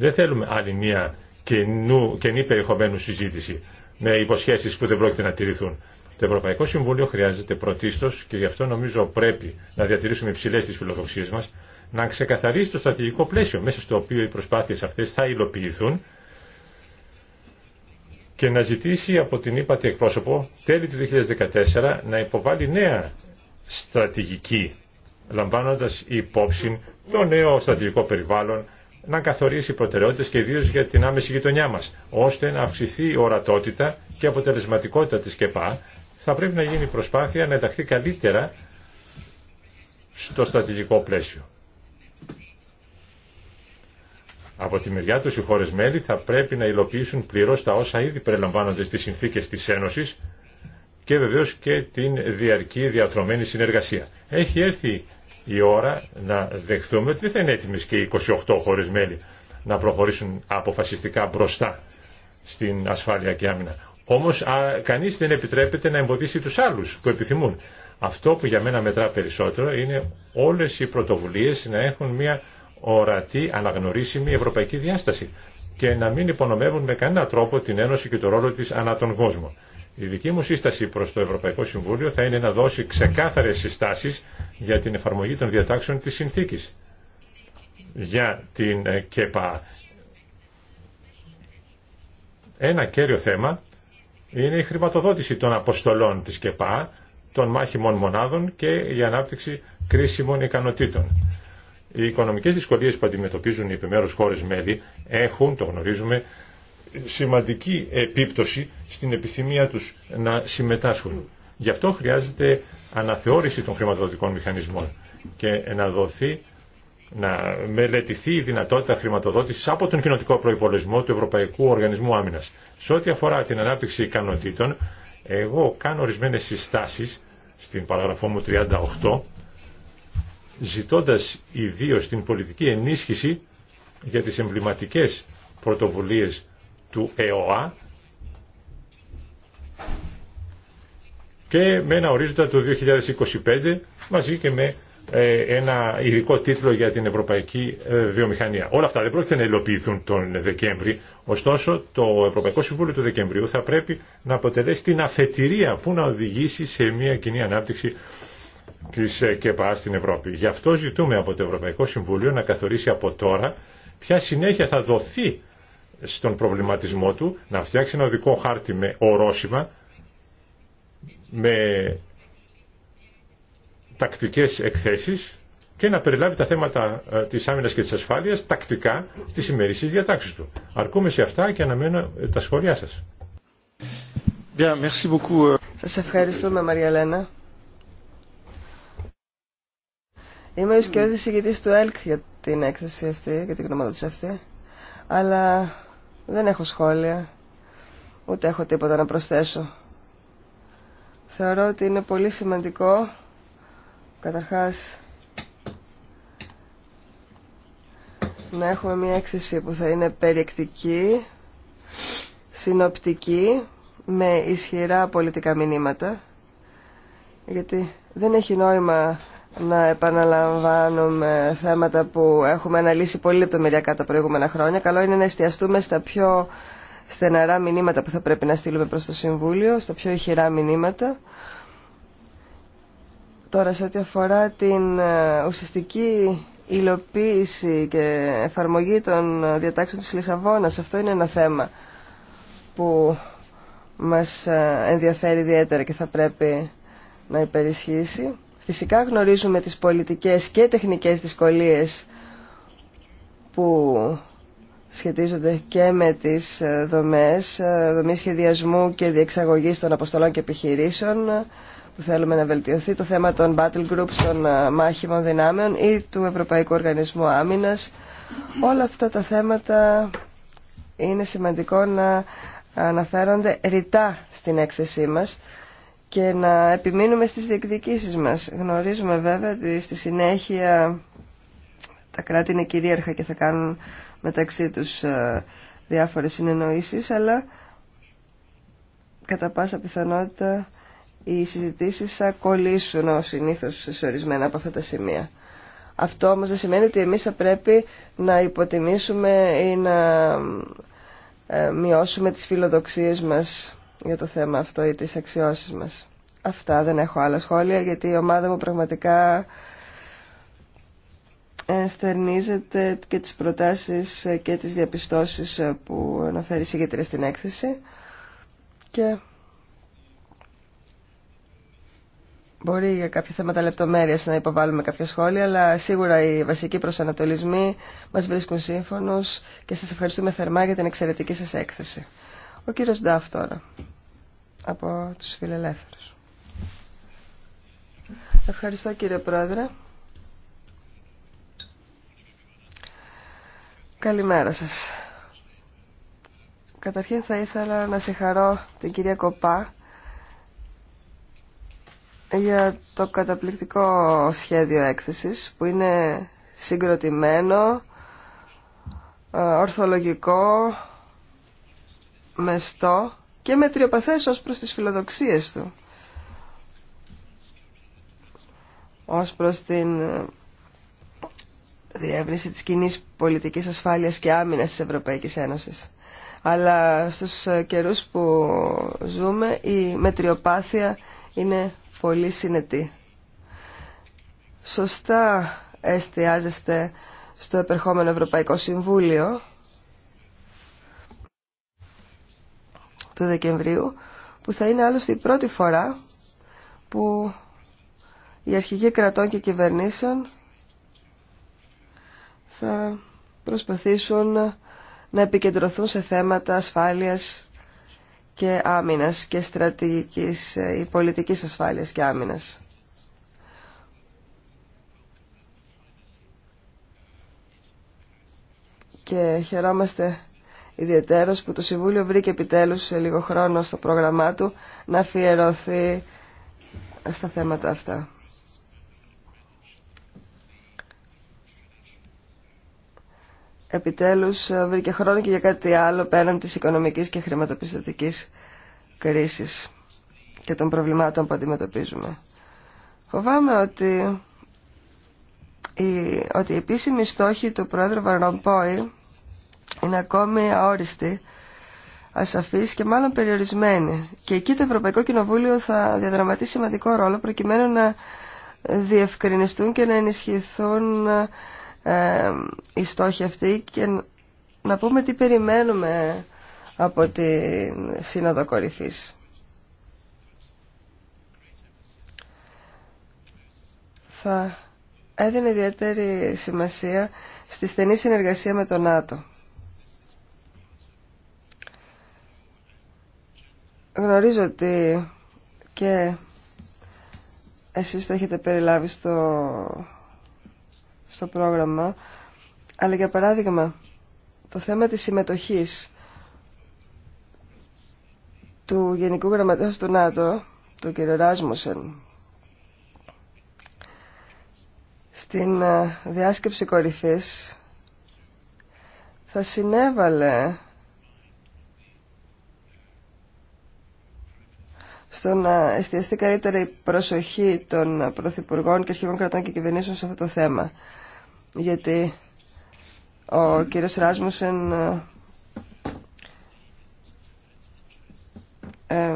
δεν θέλουμε άλλη μια καινή περιεχομένου συζήτηση με υποσχέσεις που δεν πρόκειται να τηρηθούν. Το Ευρωπαϊκό Συμβούλιο χρειάζεται πρωτίστως και γι' αυτό νομίζω πρέπει να διατηρήσουμε υψηλές τις φιλοδοξίες μας, να ξεκαθαρίσει το στρατηγικό πλαίσιο μέσα στο οποίο οι προσπάθειες αυτές θα υλοποιηθούν και να ζητήσει από την ύπατη εκπρόσωπο τέλη του 2014 να υποβάλει νέα στρατηγική λαμβάνοντας υπόψη το νέο στρατηγικό περιβάλλον, να καθορίσει προτεραιότητες και ιδίω για την άμεση γειτονιά μα. ώστε να αυξηθεί η ορατότητα και αποτελεσματικότητα της ΚΕΠΑ, θα πρέπει να γίνει προσπάθεια να ενταχθεί καλύτερα στο στρατηγικό πλαίσιο. Από τη μεριά του οι χώρες μέλη θα πρέπει να υλοποιήσουν πληρώς τα όσα ήδη περιλαμβάνονται στις συνθήκε τη Ένωση και βεβαίω και την διαρκή διαθρωμένη συνεργασία. Έχει έρθει η ώρα να δεχθούμε ότι δεν θα είναι έτοιμες και οι 28 χώρες μέλη να προχωρήσουν αποφασιστικά μπροστά στην ασφάλεια και άμυνα. Όμως κανεί κανείς δεν επιτρέπεται να εμποδίσει τους άλλους που επιθυμούν. Αυτό που για μένα μετρά περισσότερο είναι όλες οι πρωτοβουλίες να έχουν μια ορατή, αναγνωρίσιμη ευρωπαϊκή διάσταση και να μην υπονομεύουν με κανένα τρόπο την Ένωση και το ρόλο της ανά τον κόσμο. Η δική μου σύσταση προς το Ευρωπαϊκό Συμβούλιο θα είναι να δώσει ξεκάθαρε συστάσεις για την εφαρμογή των διατάξεων της συνθήκης για την ε, ΚΕΠΑ. Ένα κέριο θέμα είναι η χρηματοδότηση των αποστολών της ΚΕΠΑ, των μάχημων μονάδων και η ανάπτυξη κρίσιμων ικανοτήτων. Οι οικονομικές δυσκολίες που αντιμετωπίζουν οι επιμέρους χώρες μέλη έχουν, το γνωρίζουμε, σημαντική επίπτωση στην επιθυμία τους να συμμετάσχουν. Γι' αυτό χρειάζεται αναθεώρηση των χρηματοδοτικών μηχανισμών και να δοθεί να μελετηθεί η δυνατότητα χρηματοδότησης από τον κοινοτικό προϋπολογισμό του Ευρωπαϊκού Οργανισμού Άμυνας. Σε ό,τι αφορά την ανάπτυξη ικανοτήτων, εγώ κάνω ορισμένες συστάσεις στην παραγραφό μου 38, ζητώντας ιδίως την πολιτική ενίσχυση για τις εμβληματικές πρωτοβουλίες του ΕΟΑ και με ένα ορίζοντα του 2025 μαζί και με ε, ένα ειδικό τίτλο για την ευρωπαϊκή ε, βιομηχανία. Όλα αυτά δεν πρόκειται να υλοποιηθούν τον Δεκέμβρη, ωστόσο το Ευρωπαϊκό Συμβούλιο του Δεκεμβρίου θα πρέπει να αποτελέσει την αφετηρία που να οδηγήσει σε μια κοινή ανάπτυξη της ε, ΚΕΠΑ στην Ευρώπη. Γι' αυτό ζητούμε από το Ευρωπαϊκό Συμβούλιο να καθορίσει από τώρα ποια συνέχεια θα δοθεί στον προβληματισμό του να φτιάξει ένα οδικό χάρτη με ορόσημα, με τακτικές εκθέσεις και να περιλάβει τα θέματα ε, της άμυνας και της ασφάλειας τακτικά στις ημερήσεις διατάξεις του. Αρκούμε σε αυτά και αναμένω ε, τα σχόλιά σας. Euh. Σας ευχαριστούμε Μαρία Λένα. Είμαι ο σκιώδης ηγητής του ΕΛΚ για την έκθεση αυτή, για την γνωμάτωση αυτή. Αλλά δεν έχω σχόλια. Ούτε έχω τίποτα να προσθέσω. Θεωρώ ότι είναι πολύ σημαντικό καταρχάς να έχουμε μια έκθεση που θα είναι περιεκτική, συνοπτική, με ισχυρά πολιτικά μηνύματα γιατί δεν έχει νόημα να επαναλαμβάνουμε θέματα που έχουμε αναλύσει πολύ λεπτομεριακά τα προηγούμενα χρόνια. Καλό είναι να εστιαστούμε στα πιο στεναρά μηνύματα που θα πρέπει να στείλουμε προς το Συμβούλιο, στα πιο ηχηρά μηνύματα. Τώρα, σε ό,τι αφορά την ε, ουσιαστική υλοποίηση και εφαρμογή των διατάξεων της Λισαβόνας, αυτό είναι ένα θέμα που μας ε, ενδιαφέρει ιδιαίτερα και θα πρέπει να υπερισχύσει. Φυσικά γνωρίζουμε τις πολιτικές και τεχνικές δυσκολίες που σχετίζονται και με τις ε, δομές, ε, δομή σχεδιασμού και διεξαγωγής των αποστολών και επιχειρήσεων ε, που θέλουμε να βελτιωθεί, το θέμα των battle groups, των μάχημων δυνάμεων ή του Ευρωπαϊκού Οργανισμού Άμυνας. Όλα αυτά τα θέματα είναι σημαντικό να αναφέρονται ρητά στην έκθεσή μας και να επιμείνουμε στις διεκδικήσεις μας. Γνωρίζουμε βέβαια ότι στη συνέχεια τα κράτη είναι κυρίαρχα και θα κάνουν μεταξύ τους ε, διάφορες συνεννοήσεις, αλλά κατά πάσα πιθανότητα οι συζητήσεις θα κολλήσουν ως συνήθως σε ορισμένα από αυτά τα σημεία. Αυτό όμως δεν σημαίνει ότι εμείς θα πρέπει να υποτιμήσουμε ή να ε, μειώσουμε τις φιλοδοξίες μας για το θέμα αυτό ή τις αξιώσεις μας. Αυτά δεν έχω άλλα σχόλια γιατί η ομάδα μου πραγματικά στερνίζεται και τις προτάσεις και τις διαπιστώσεις που αναφέρει η στην έκθεση και μπορεί για κάποια θέματα λεπτομέρειας να υποβάλουμε κάποια σχόλια αλλά σίγουρα οι βασικοί προσανατολισμοί μας βρίσκουν σύμφωνος και σας ευχαριστούμε θερμά για την εξαιρετική σας έκθεση. Ο κύριος Ντάφ τώρα, από τους φιλελεύθερους. Ευχαριστώ κύριε Πρόεδρε. Καλημέρα σας. Καταρχήν θα ήθελα να συγχαρώ την κυρία Κοπά για το καταπληκτικό σχέδιο έκθεσης που είναι συγκροτημένο, ε, ορθολογικό, μεστό και μετριοπαθές ως προς τις φιλοδοξίες του. Ως προς την ε, διεύρυνση της κοινή πολιτικής ασφάλειας και άμυνας της Ευρωπαϊκής Ένωσης. Αλλά στους ε, καιρούς που ζούμε η μετριοπάθεια είναι πολύ συνετή. Σωστά εστιάζεστε στο επερχόμενο Ευρωπαϊκό Συμβούλιο του Δεκεμβρίου, που θα είναι άλλωστε η πρώτη φορά που οι αρχηγοί κρατών και κυβερνήσεων θα προσπαθήσουν να επικεντρωθούν σε θέματα ασφάλειας και άμυνας και στρατηγικής ή πολιτικής ασφάλειας και άμυνας. Και χαιρόμαστε ιδιαίτερος που το Συμβούλιο βρήκε επιτέλους σε λίγο χρόνο στο πρόγραμμά του να αφιερωθεί στα θέματα αυτά. Επιτέλους ε, βρήκε χρόνο και για κάτι άλλο πέραν της οικονομικής και χρηματοπιστωτικής κρίσης και των προβλημάτων που αντιμετωπίζουμε. Φοβάμαι ότι η, ότι στόχη στόχοι του πρόεδρου Βαρνομπόη είναι ακόμη αόριστη, ασαφής και μάλλον περιορισμένη. Και εκεί το Ευρωπαϊκό Κοινοβούλιο θα διαδραματίσει σημαντικό ρόλο προκειμένου να διευκρινιστούν και να ενισχυθούν ε, οι στόχοι αυτοί και να πούμε τι περιμένουμε από τη Σύνοδο Κορυφής. Θα έδινε ιδιαίτερη σημασία στη στενή συνεργασία με τον ΝΑΤΟ. Γνωρίζω ότι και εσείς το έχετε περιλάβει στο, στο πρόγραμμα, αλλά για παράδειγμα το θέμα της συμμετοχής του Γενικού γραμματέα του ΝΑΤΟ, του κ. Ράσμουσεν, στην ε, διάσκεψη κορυφής θα συνέβαλε στο να εστιαστεί καλύτερα προσοχή των Πρωθυπουργών και Αρχηγών Κρατών και Κυβερνήσεων σε αυτό το θέμα. Γιατί ο κύριος Ράσμουσεν ε, ε,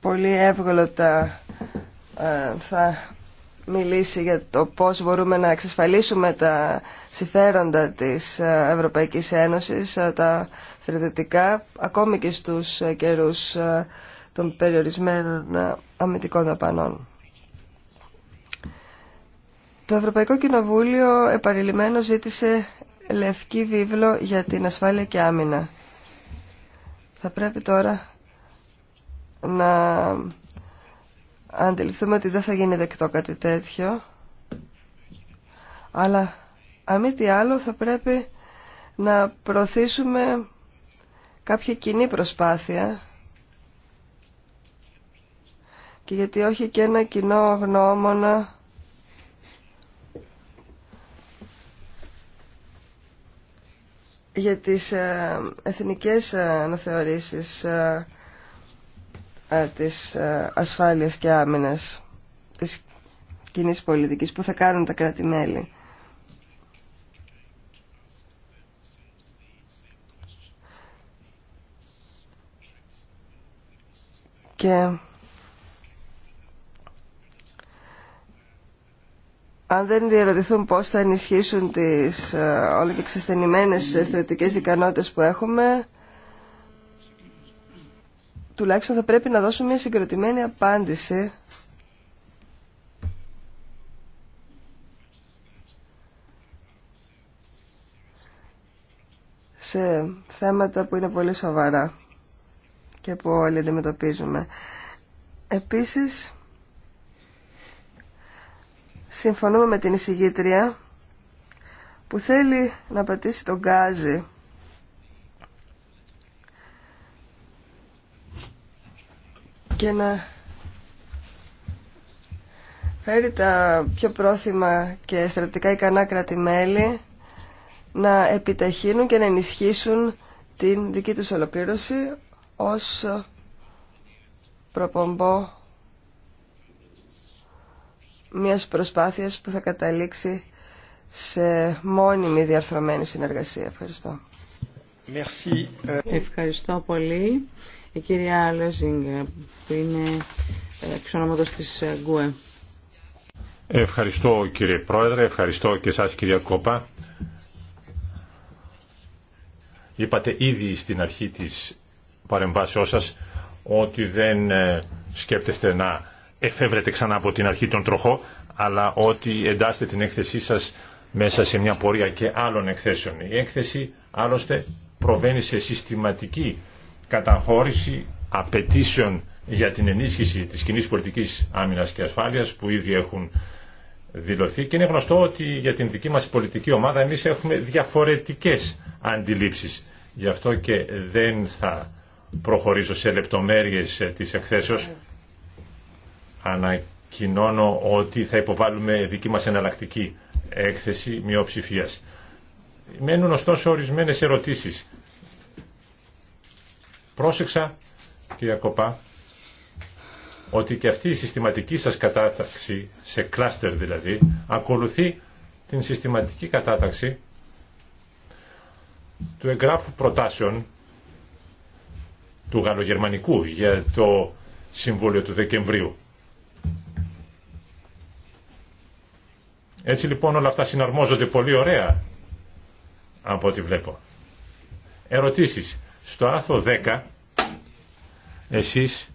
πολύ εύγολοτα ε, θα μιλήσει για το πώς μπορούμε να εξασφαλίσουμε τα συμφέροντα της Ευρωπαϊκής Ένωσης, τα στρατιωτικά, ακόμη και στους καιρούς των περιορισμένων ε, αμυντικών δαπανών. Το Ευρωπαϊκό Κοινοβούλιο επαριλημμένο ζήτησε λευκή βίβλο για την ασφάλεια και άμυνα. Θα πρέπει τώρα να αντιληφθούμε ότι δεν θα γίνει δεκτό κάτι τέτοιο. Αλλά αν μη τι άλλο θα πρέπει να προωθήσουμε κάποια κοινή προσπάθεια και γιατί όχι και ένα κοινό γνώμονα για τις ε, εθνικές ε, αναθεωρήσεις ε, της ασφάλειας και άμυνας της κοινή πολιτικής που θα κάνουν τα κράτη-μέλη. Και αν δεν διαρωτηθούν πώς θα ενισχύσουν τις ε, όλο και ξεσθενημένες στρατικές ικανότητες που έχουμε, τουλάχιστον θα πρέπει να δώσουν μια συγκροτημένη απάντηση σε θέματα που είναι πολύ σοβαρά και που όλοι αντιμετωπίζουμε. Επίσης, συμφωνούμε με την εισηγήτρια που θέλει να πατήσει τον γκάζι και να φέρει τα πιο πρόθυμα και στρατικά ικανά κράτη-μέλη να επιταχύνουν και να ενισχύσουν την δική τους ολοκλήρωση ως προπομπό μιας προσπάθειας που θα καταλήξει σε μόνιμη διαρθρωμένη συνεργασία. Ευχαριστώ. Merci. Ευχαριστώ πολύ. Η κυρία Λέζινγκ που είναι ε, εξ της ε, ΓΚΟΕ. Ευχαριστώ κύριε Πρόεδρε, ευχαριστώ και εσάς κυρία Κόπα. Είπατε ήδη στην αρχή της παρεμβάσεώς σας ότι δεν ε, σκέπτεστε να εφεύρετε ξανά από την αρχή τον τροχό, αλλά ότι εντάσσετε την έκθεσή σας μέσα σε μια πορεία και άλλων εκθέσεων. Η έκθεση άλλωστε προβαίνει σε συστηματική καταχώρηση απαιτήσεων για την ενίσχυση της κοινή πολιτικής άμυνας και ασφάλειας που ήδη έχουν δηλωθεί και είναι γνωστό ότι για την δική μας πολιτική ομάδα εμείς έχουμε διαφορετικές αντιλήψεις. Γι' αυτό και δεν θα προχωρήσω σε λεπτομέρειες ε, της εκθέσεως ανακοινώνω ότι θα υποβάλουμε δική μας εναλλακτική έκθεση μειοψηφία. Μένουν ωστόσο ορισμένες ερωτήσεις. Πρόσεξα, κυρία Κοπά, ότι και αυτή η συστηματική σας κατάταξη, σε κλάστερ δηλαδή, ακολουθεί την συστηματική κατάταξη του εγγράφου προτάσεων του γαλλογερμανικού για το Συμβούλιο του Δεκεμβρίου. Έτσι λοιπόν όλα αυτά συναρμόζονται πολύ ωραία από ό,τι βλέπω. Ερωτήσεις. Στο άρθρο 10 εσείς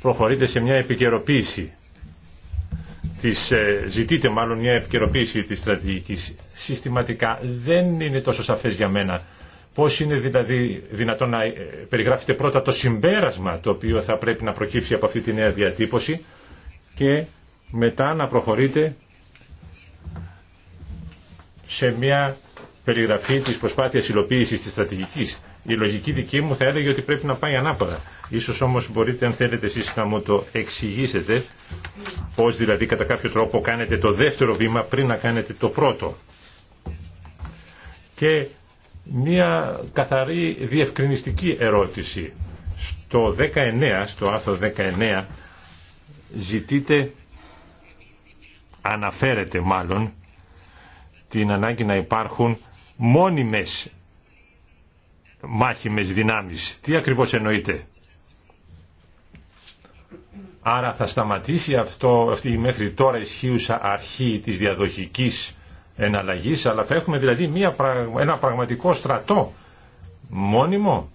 προχωρείτε σε μια επικαιροποίηση της, ε, ζητείτε μάλλον μια επικαιροποίηση της στρατηγικής συστηματικά δεν είναι τόσο σαφές για μένα πώς είναι δηλαδή δυνατόν να ε, περιγράφετε πρώτα το συμπέρασμα το οποίο θα πρέπει να προκύψει από αυτή τη νέα διατύπωση και μετά να προχωρείτε σε μια περιγραφή της προσπάθειας υλοποίησης της στρατηγικής. Η λογική δική μου θα έλεγε ότι πρέπει να πάει ανάποδα. Ίσως όμως μπορείτε αν θέλετε εσείς να μου το εξηγήσετε πώς δηλαδή κατά κάποιο τρόπο κάνετε το δεύτερο βήμα πριν να κάνετε το πρώτο. Και μια καθαρή διευκρινιστική ερώτηση. Στο 19, στο άρθρο 19 ζητείτε, αναφέρετε μάλλον, την ανάγκη να υπάρχουν μόνιμες μάχημες δυνάμεις. Τι ακριβώς εννοείται. Άρα θα σταματήσει αυτό, αυτή η μέχρι τώρα ισχύουσα αρχή της διαδοχικής εναλλαγής, αλλά θα έχουμε δηλαδή μια, ένα πραγματικό στρατό μόνιμο.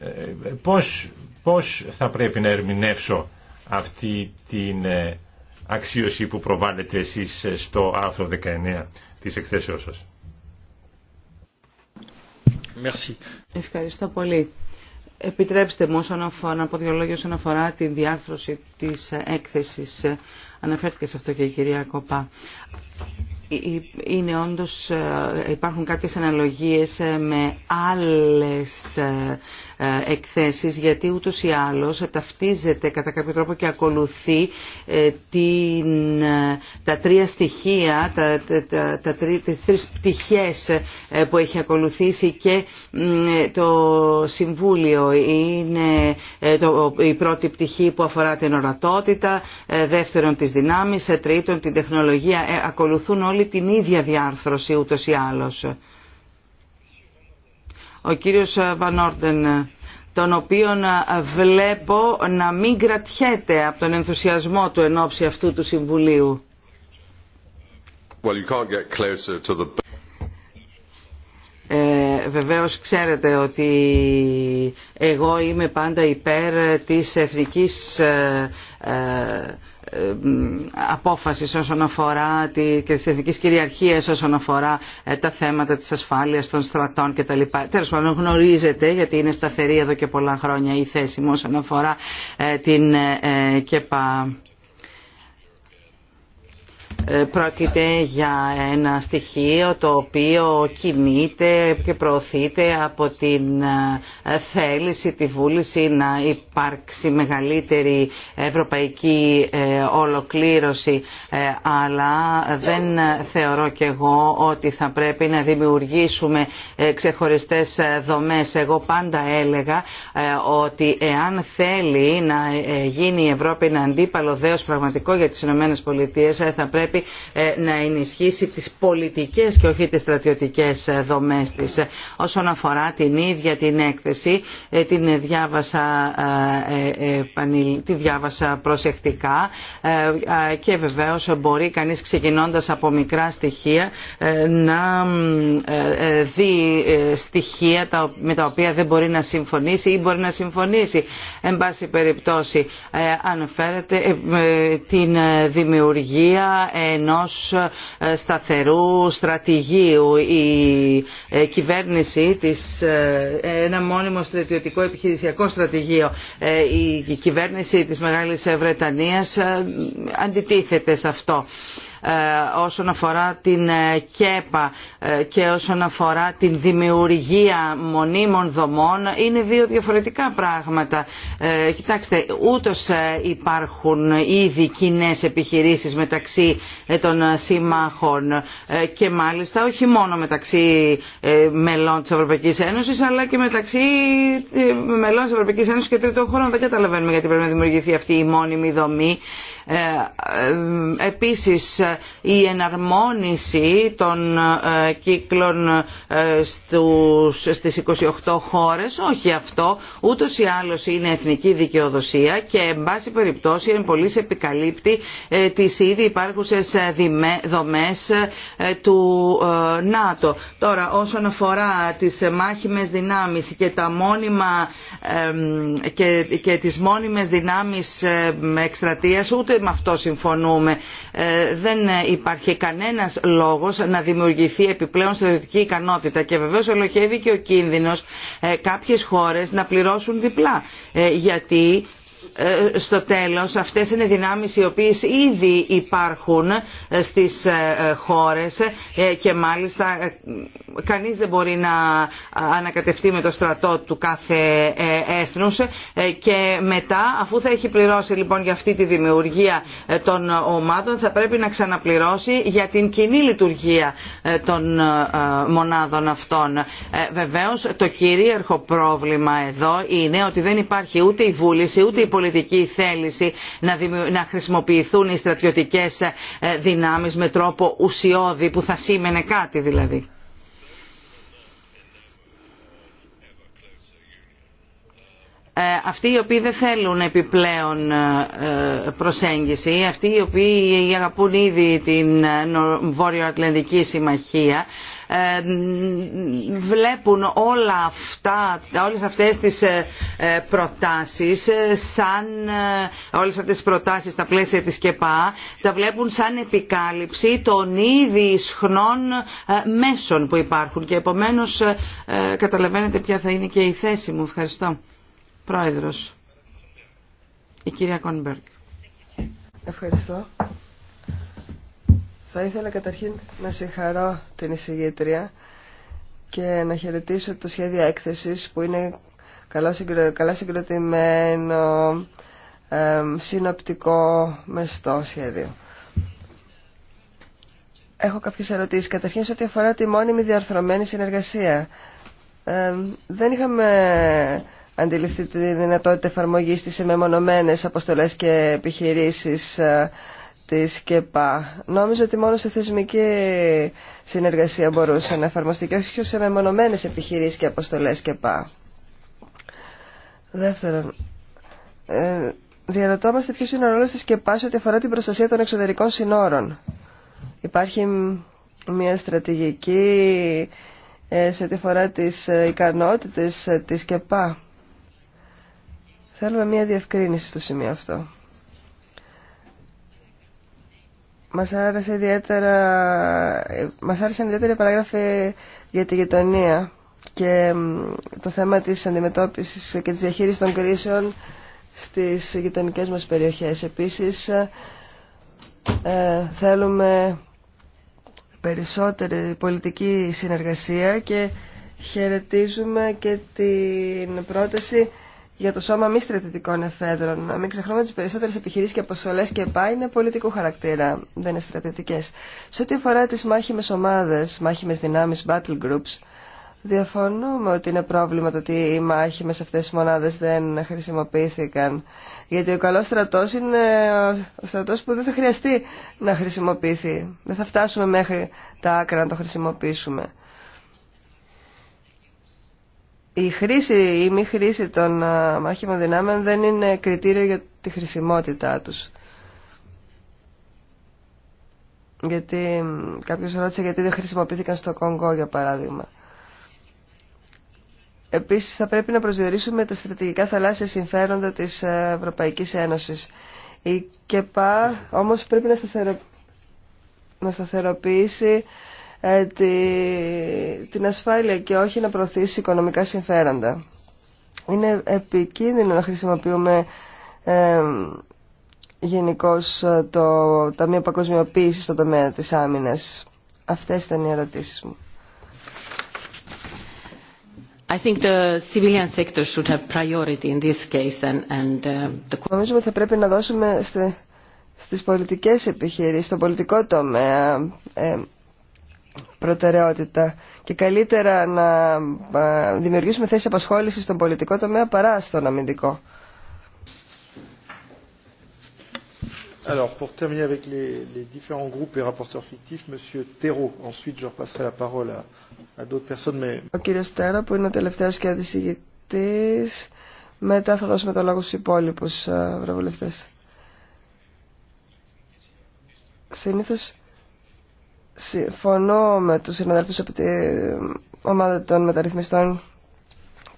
Ε, ε, πώς, πώς θα πρέπει να ερμηνεύσω αυτή την ε, αξίωση που προβάλλετε εσείς ε, στο άρθρο 19 της εκθέσεώς σας. Merci. Ευχαριστώ πολύ. Επιτρέψτε μου όσον αφορά, να πω δύο λόγια όσον αφορά τη διάρθρωση της ε, έκθεσης. Αναφέρθηκε σε αυτό και η κυρία Κοπά. Είναι όντως, ε, υπάρχουν κάποιες αναλογίες με άλλες ε, εκθέσεις γιατί ούτως ή άλλως ταυτίζεται κατά κάποιο τρόπο και ακολουθεί ε, την, ε, τα τρία στοιχεία, τα, τα, τα, τρεις πτυχές που έχει ακολουθήσει και το Συμβούλιο. Είναι το, η πρώτη πτυχή που αφορά την ορατότητα, δεύτερον τις δυνάμεις, τρίτον την τεχνολογία. Ακολουθούν όλοι την ίδια διάρθρωση ούτως ή άλλως ο κύριος Βανόρντεν τον οποίον βλέπω να μην κρατιέται από τον ενθουσιασμό του εν αυτού του Συμβουλίου. Well, ε, βεβαίως ξέρετε ότι εγώ είμαι πάντα υπέρ της εθνικής ε, ε, ε, απόφασης όσον αφορά τη, και της εθνικής κυριαρχίας όσον αφορά ε, τα θέματα της ασφάλειας των στρατών κτλ. Τέλος πάντων γνωρίζετε γιατί είναι σταθερή εδώ και πολλά χρόνια η θέση μου όσον αφορά ε, την ΚΕΠΑ. Ε, πρόκειται για ένα στοιχείο το οποίο κινείται και προωθείται από την ε, θέληση, τη βούληση να υπάρξει μεγαλύτερη ευρωπαϊκή ε, ολοκλήρωση αλλά δεν θεωρώ και εγώ ότι θα πρέπει να δημιουργήσουμε ξεχωριστές δομές. Εγώ πάντα έλεγα ότι εάν θέλει να γίνει η Ευρώπη ένα αντίπαλο δέος πραγματικό για τις Ηνωμένες θα πρέπει ε, να ενισχύσει τις πολιτικές και όχι τις στρατιωτικές ε, δομές της. Ε, όσον αφορά την ίδια την έκθεση, την διάβασα, τη διάβασα προσεκτικά και βεβαίως μπορεί κανείς ξεκινώντας από μικρά στοιχεία να δει στοιχεία με τα οποία δεν μπορεί να συμφωνήσει ή μπορεί να συμφωνήσει. Εν πάση περιπτώσει την δημιουργία ενός ε, σταθερού στρατηγίου. Η ε, κυβέρνηση της, ε, ένα μόνιμο στρατιωτικό επιχειρησιακό στρατηγείο. Η κυβέρνηση της Μεγάλης Βρετανίας αντιτίθεται σε αυτό. Ε, όσον αφορά την ε, ΚΕΠΑ ε, και όσον αφορά την δημιουργία μονίμων δομών είναι δύο διαφορετικά πράγματα. Κοιτάξτε, ούτως υπάρχουν ήδη κοινέ επιχειρήσεις μεταξύ των συμμάχων και μάλιστα όχι μόνο μεταξύ μελών της Ευρωπαϊκής Ένωσης αλλά και μεταξύ μελών της Ευρωπαϊκής Ένωσης και τρίτων χωρών. Δεν καταλαβαίνουμε γιατί πρέπει να δημιουργηθεί αυτή η μόνιμη δομή ε, ε, επίσης η εναρμόνιση των ε, κύκλων στους, στις 28 χώρες, όχι αυτό, ούτως ή άλλως είναι εθνική δικαιοδοσία και εν πάση περιπτώσει εν σε επικαλύπτει τις ήδη υπάρχουσες δομές του ΝΑΤΟ. Τώρα όσον αφορά τις μάχημες δυνάμεις και τα μόνιμα και, και τις μόνιμες δυνάμεις εκστρατείας ούτε με αυτό συμφωνούμε. Ε, δεν υπάρχει κανένας λόγος να δημιουργηθεί επιπλέον στρατιωτική ικανότητα και βεβαίως ελοχεύει και ο κίνδυνος ε, κάποιες χώρες να πληρώσουν διπλά. Ε, γιατί ε, στο τέλος αυτές είναι δυνάμεις οι οποίες ήδη υπάρχουν ε, στις ε, χώρες και μάλιστα κανείς δεν μπορεί να ανακατευτεί με το στρατό του κάθε έθνους και μετά αφού θα έχει πληρώσει λοιπόν για αυτή τη δημιουργία των ομάδων θα πρέπει να ξαναπληρώσει για την κοινή λειτουργία των μονάδων αυτών. Βεβαίως το κυρίαρχο πρόβλημα εδώ είναι ότι δεν υπάρχει ούτε η βούληση ούτε η πολιτική θέληση να χρησιμοποιηθούν οι στρατιωτικές ε, δυνάμεις με τρόπο ουσιώδη που θα σήμαινε κάτι δηλαδή. Ε, αυτοί οι οποίοι δεν θέλουν επιπλέον ε, προσέγγιση, αυτοί οι οποίοι αγαπούν ήδη την Βόρειο Ατλαντική Συμμαχία, βλέπουν όλα αυτά, όλες αυτές τις ε, ε, προτάσεις ε, σαν όλες αυτές τις προτάσεις στα πλαίσια της ΚΕΠΑ τα βλέπουν σαν επικάλυψη των ήδη ισχνών μέσων που υπάρχουν και επομένως καταλαβαίνετε ποια θα είναι και η θέση μου. Ευχαριστώ. Πρόεδρος, η κυρία Κόνμπεργκ. Ευχαριστώ. Θα ήθελα καταρχήν να συγχαρώ την εισηγήτρια και να χαιρετήσω το σχέδιο έκθεσης που είναι καλά συγκροτημένο, συνοπτικό, μεστό σχέδιο. Έχω κάποιες ερωτήσεις. Καταρχήν σε ό,τι αφορά τη μόνιμη διαρθρωμένη συνεργασία. δεν είχαμε αντιληφθεί τη δυνατότητα εφαρμογής της σε μεμονωμένες αποστολές και επιχειρήσεις ε, τη ΚΕΠΑ. Νόμιζα ότι μόνο σε θεσμική συνεργασία μπορούσε να εφαρμοστεί και όχι σε μεμονωμένες επιχειρήσεις και αποστολές ΚΕΠΑ. Δεύτερον, ε, διαρωτόμαστε ποιος είναι ο ρόλος της ΚΕΠΑ σε ό,τι αφορά την προστασία των εξωτερικών συνόρων. Υπάρχει μια στρατηγική ε, σε ό,τι αφορά ικανότητε ικανότητες ε, της ΚΕΠΑ. Θέλουμε μια διευκρίνηση στο σημείο αυτό. Μας άρεσε ιδιαίτερα, μας άρεσε ιδιαίτερα η παράγραφη για τη γειτονία και το θέμα της αντιμετώπισης και της διαχείρισης των κρίσεων στις γειτονικέ μας περιοχές. Επίσης, ε, θέλουμε περισσότερη πολιτική συνεργασία και χαιρετίζουμε και την πρόταση για το σώμα μη στρατητικών εφέδρων. Να μην ξεχνούμε ότι τι περισσότερε επιχειρήσει και αποστολέ και πάει είναι πολιτικού χαρακτήρα, δεν είναι στρατητικέ. Σε ό,τι αφορά τι μάχημε ομάδε, μάχημε δυνάμει, battle groups, διαφωνούμε ότι είναι πρόβλημα το ότι οι μάχημε αυτέ οι μονάδε δεν χρησιμοποιήθηκαν. Γιατί ο καλό στρατό είναι ο στρατό που δεν θα χρειαστεί να χρησιμοποιηθεί. Δεν θα φτάσουμε μέχρι τα άκρα να το χρησιμοποιήσουμε η χρήση ή μη χρήση των μάχημων δυνάμεων δεν είναι κριτήριο για τη χρησιμότητά τους. Γιατί κάποιος ρώτησε γιατί δεν χρησιμοποιήθηκαν στο Κονγκό για παράδειγμα. Επίσης θα πρέπει να προσδιορίσουμε τα στρατηγικά θαλάσσια συμφέροντα της ε, Ευρωπαϊκής Ένωσης. Η ΚΕΠΑ όμως πρέπει να σταθεροποιήσει ε, την ασφάλεια και όχι να προωθήσει οικονομικά συμφέροντα. Είναι επικίνδυνο να χρησιμοποιούμε ε, γενικώ το Ταμείο Παγκοσμιοποίηση στο τομέα της άμυνας. Αυτές ήταν οι ερωτήσεις μου. I think the civilian sector should have priority in this case and, and uh, the... Νομίζω ότι θα πρέπει να δώσουμε στη, στις πολιτικές επιχειρήσεις, στον πολιτικό τομέα ε, προτεραιότητα και καλύτερα να δημιουργήσουμε θέσεις απασχόλησης στον πολιτικό τομέα παρά στον αμυντικό. Alors, pour terminer avec les, les différents groupes et rapporteurs fictifs, Monsieur Terreau. Ensuite, je repasserai la parole à, à d'autres personnes. Mais... Ο κύριος Τέρα, που είναι ο τελευταίος και αντισηγητής, μετά θα δώσουμε το λόγο στους υπόλοιπους ε, ευρωβουλευτές. Συνήθως συμφωνώ με τους συναδέλφους από την ομάδα των μεταρρυθμιστών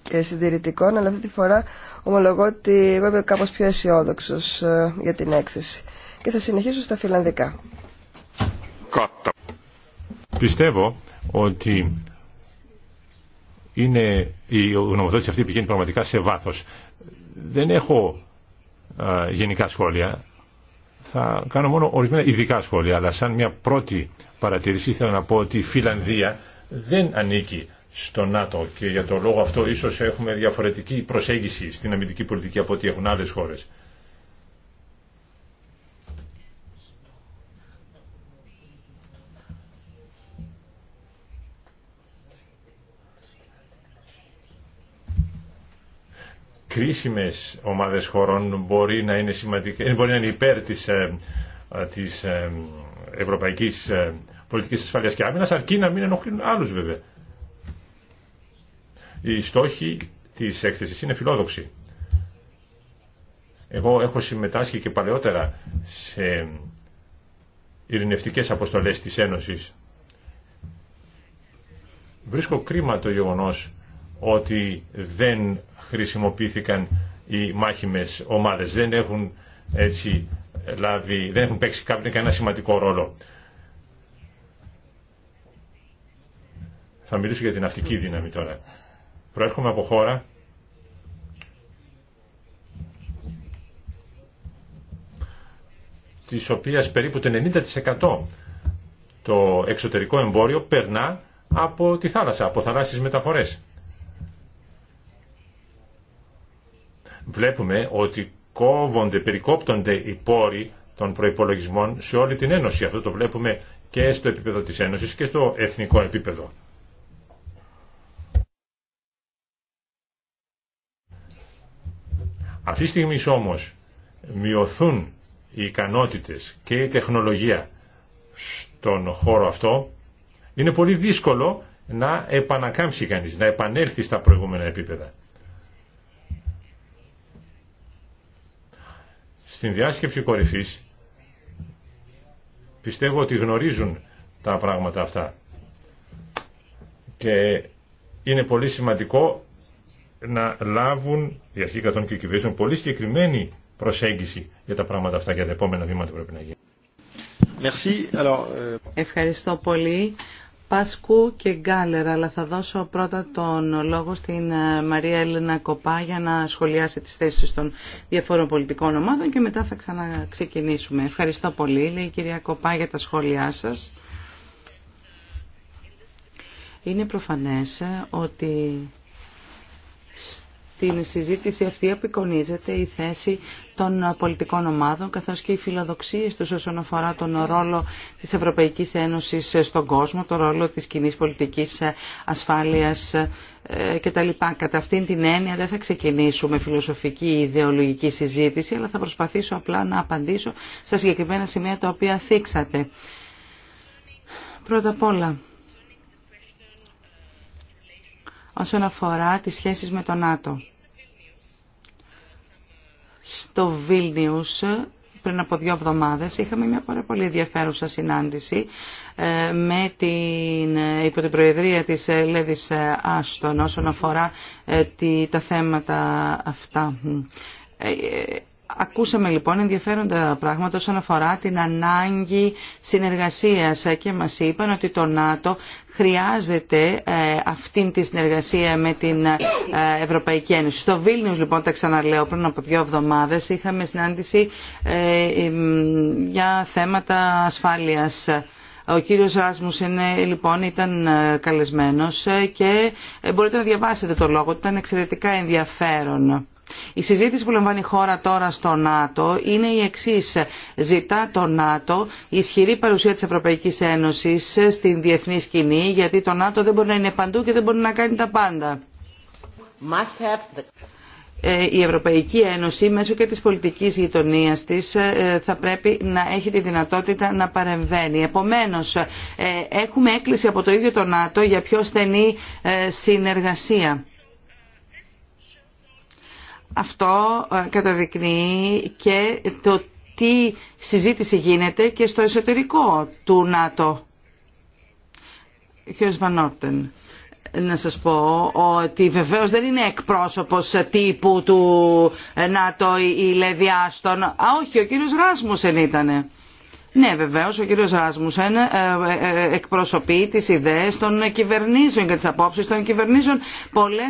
και συντηρητικών, αλλά αυτή τη φορά ομολογώ ότι είμαι κάπως πιο αισιόδοξο ε, για την έκθεση. Και θα συνεχίσω στα φιλανδικά. Πιστεύω ότι είναι η γνωμοδότηση αυτή πηγαίνει πραγματικά σε βάθος. Δεν έχω γενικά σχόλια, θα κάνω μόνο ορισμένα ειδικά σχόλια, αλλά σαν μια πρώτη παρατήρηση ήθελα να πω ότι η Φιλανδία δεν ανήκει στο ΝΑΤΟ και για τον λόγο αυτό ίσως έχουμε διαφορετική προσέγγιση στην αμυντική πολιτική από ό,τι έχουν άλλες χώρες. κρίσιμες ομάδες χωρών μπορεί να είναι ε, μπορεί να είναι υπέρ της, ε, ε, της ευρωπαϊκής Πολιτική ασφάλεια και άμυνας, αρκεί να μην ενοχλούν άλλου, βέβαια. Οι στόχοι της έκθεση είναι φιλόδοξοι. Εγώ έχω συμμετάσχει και παλαιότερα σε ειρηνευτικέ αποστολές της Ένωσης. Βρίσκω κρίμα το γεγονός ότι δεν χρησιμοποιήθηκαν οι μάχημες ομάδες. Δεν έχουν έτσι λάβει, δεν έχουν παίξει κάποιον κανένα σημαντικό ρόλο. Θα μιλήσω για την ναυτική δύναμη τώρα. Προέρχομαι από χώρα της οποίας περίπου το 90% το εξωτερικό εμπόριο περνά από τη θάλασσα, από θαλάσσιες μεταφορές. Βλέπουμε ότι κόβονται, περικόπτονται οι πόροι των προϋπολογισμών σε όλη την Ένωση. Αυτό το βλέπουμε και στο επίπεδο της Ένωσης και στο εθνικό επίπεδο. Αυτή τη στιγμή όμως μειωθούν οι ικανότητες και η τεχνολογία στον χώρο αυτό, είναι πολύ δύσκολο να επανακάμψει κανείς, να επανέλθει στα προηγούμενα επίπεδα. Στην διάσκεψη κορυφής πιστεύω ότι γνωρίζουν τα πράγματα αυτά και είναι πολύ σημαντικό να λάβουν οι αρχή κατών και κυβερνήσεων πολύ συγκεκριμένη προσέγγιση για τα πράγματα αυτά για τα επόμενα βήματα που πρέπει να γίνουν. Euh, Ευχαριστώ πολύ. Πάσκου και Γκάλερ, αλλά θα δώσω πρώτα τον λόγο στην ε, Μαρία Έλενα Κοπά για να σχολιάσει τις θέσεις των διαφόρων πολιτικών ομάδων και μετά θα ξαναξεκινήσουμε. Ευχαριστώ πολύ, λέει η κυρία Κοπά, για τα σχόλιά σας. Είναι προφανές ε, ότι στην συζήτηση αυτή απεικονίζεται η θέση των πολιτικών ομάδων καθώς και οι φιλοδοξίες τους όσον αφορά τον ρόλο της Ευρωπαϊκής Ένωσης στον κόσμο, τον ρόλο της κοινής πολιτικής ασφάλειας ε, κτλ. Κατά αυτήν την έννοια δεν θα ξεκινήσουμε φιλοσοφική ή ιδεολογική συζήτηση αλλά θα προσπαθήσω απλά να απαντήσω στα συγκεκριμένα σημεία τα οποία θίξατε. Πρώτα απ' όλα, όσον αφορά τις σχέσεις με τον ΝΑΤΟ. Στο Βίλνιους πριν από δύο εβδομάδες είχαμε μια πολύ ενδιαφέρουσα συνάντηση ε, με την, ε, υπό την Προεδρία της ε, Λέδης Άστον όσον αφορά τα θέματα αυτά. Ακούσαμε λοιπόν ενδιαφέροντα πράγματα όσον αφορά την ανάγκη συνεργασίας και μας είπαν ότι το ΝΑΤΟ χρειάζεται ε, αυτήν τη συνεργασία με την ε, Ευρωπαϊκή Ένωση. Στο Βίλνιους λοιπόν τα ξαναλέω πριν από δύο εβδομάδες είχαμε συνάντηση ε, για θέματα ασφάλειας. Ο κύριος είναι λοιπόν ήταν καλεσμένος και μπορείτε να διαβάσετε το λόγο ήταν εξαιρετικά ενδιαφέρον. Η συζήτηση που λαμβάνει η χώρα τώρα στο ΝΑΤΟ είναι η εξή. Ζητά το ΝΑΤΟ ισχυρή παρουσία τη Ευρωπαϊκή Ένωση στην διεθνή σκηνή, γιατί το ΝΑΤΟ δεν μπορεί να είναι παντού και δεν μπορεί να κάνει τα πάντα. Ε, η Ευρωπαϊκή Ένωση μέσω και της πολιτικής γειτονίας της ε, θα πρέπει να έχει τη δυνατότητα να παρεμβαίνει. Επομένως, ε, έχουμε έκκληση από το ίδιο το ΝΑΤΟ για πιο στενή συνεργασία. Αυτό ε, καταδεικνύει και το τι συζήτηση γίνεται και στο εσωτερικό του ΝΑΤΟ. Χιος Βανόρτεν, να σας πω ότι βεβαίως δεν είναι εκπρόσωπος τύπου του ΝΑΤΟ η Λεδιάστον. Α, όχι, ο κύριος Ράσμουσεν ήτανε. Ναι, βεβαίω, ο κύριο Ράσμουσεν ε, ε, ε, εκπροσωπεί τι ιδέε των κυβερνήσεων και τι απόψει των κυβερνήσεων, πολλέ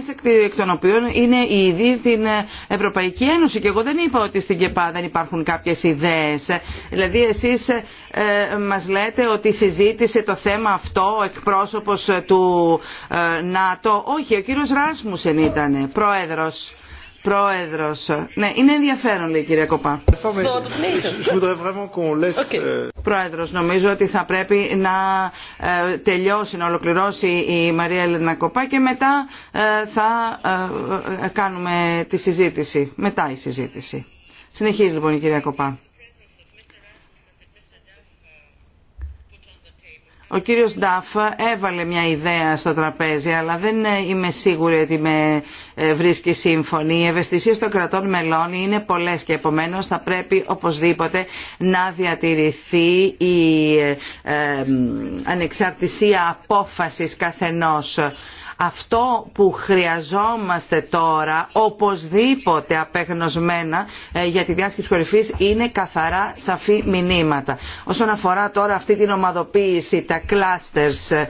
εκ των οποίων είναι οι ειδεί στην Ευρωπαϊκή Ένωση. Και εγώ δεν είπα ότι στην ΚΕΠΑ δεν υπάρχουν κάποιε ιδέε. Δηλαδή, εσεί μα λέτε ότι συζήτησε το θέμα αυτό ο εκπρόσωπο του ΝΑΤΟ. Όχι, ο κύριο Ράσμουσεν ήταν πρόεδρο. Πρόεδρος. Ναι, είναι ενδιαφέρον, λέει η κυρία Κοπά. Πρόεδρος, νομίζω ότι θα πρέπει να ε, τελειώσει, να ολοκληρώσει η Μαρία Ελένα Κοπά και μετά ε, θα ε, κάνουμε τη συζήτηση. Μετά η συζήτηση. Συνεχίζει λοιπόν η κυρία Κοπά. Ο κύριος Νταφ έβαλε μια ιδέα στο τραπέζι, αλλά δεν είμαι σίγουρη ότι με ε, βρίσκει σύμφωνη. Οι ευαισθησίε των κρατών μελών είναι πολλές και επομένως θα πρέπει οπωσδήποτε να διατηρηθεί η ε, ε, ανεξαρτησία απόφασης καθενός αυτό που χρειαζόμαστε τώρα, οπωσδήποτε απεγνωσμένα ε, για τη διάσκεψη κορυφής, είναι καθαρά σαφή μηνύματα. Όσον αφορά τώρα αυτή την ομαδοποίηση, τα clusters, ε,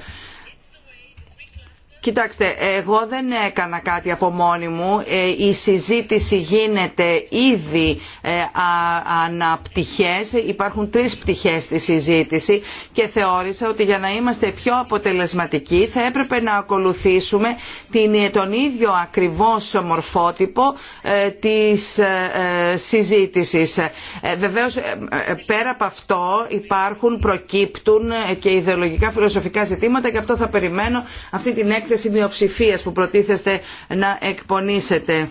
Κοιτάξτε, εγώ δεν έκανα κάτι από μόνη μου. Ε, η συζήτηση γίνεται ήδη ε, αναπτυχές. Υπάρχουν τρεις πτυχές στη συζήτηση και θεώρησα ότι για να είμαστε πιο αποτελεσματικοί θα έπρεπε να ακολουθήσουμε τον ίδιο ακριβώς μορφότυπο ε, της συζήτησης. Βεβαίως, πέρα από αυτό υπάρχουν, προκύπτουν και ιδεολογικά φιλοσοφικά ζητήματα και αυτό θα περιμένω αυτή την έκθεση έκθεση που προτίθεστε να εκπονήσετε.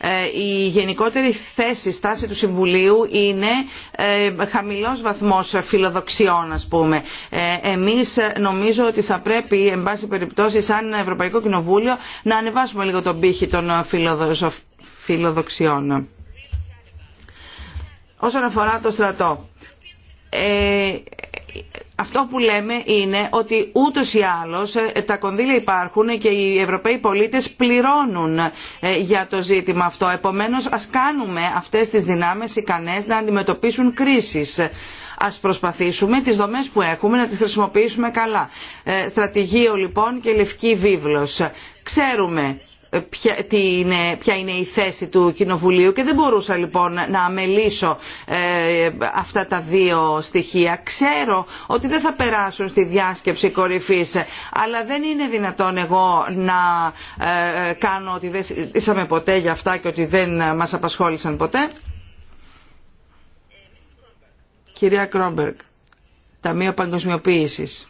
Ε, η γενικότερη θέση στάση του συμβουλίου είναι ε, χαμηλός βαθμός φιλοδοξιών ας πούμε. Ε, εμείς νομίζω ότι θα πρέπει εν πάση περιπτώσει σαν ευρωπαϊκό κοινοβούλιο να ανεβάσουμε λίγο τον πύχη των φιλοδοξιών. όσον αφορά το στρατό αυτό που λέμε είναι ότι ούτως ή άλλως ε, τα κονδύλια υπάρχουν και οι Ευρωπαίοι πολίτες πληρώνουν ε, για το ζήτημα αυτό. Επομένως ας κάνουμε αυτές τις δυνάμεις ικανές να αντιμετωπίσουν κρίσεις. Ας προσπαθήσουμε τις δομές που έχουμε να τις χρησιμοποιήσουμε καλά. Ε, στρατηγείο λοιπόν και λευκή βίβλος. Ξέρουμε ποια, είναι, η θέση του Κοινοβουλίου και δεν μπορούσα λοιπόν να αμελήσω ε, αυτά τα δύο στοιχεία. Ξέρω ότι δεν θα περάσουν στη διάσκεψη κορυφής, αλλά δεν είναι δυνατόν εγώ να ε, κάνω ότι δεν είσαμε ποτέ για αυτά και ότι δεν μας απασχόλησαν ποτέ. Κυρία Κρόμπεργκ, Ταμείο Παγκοσμιοποίησης.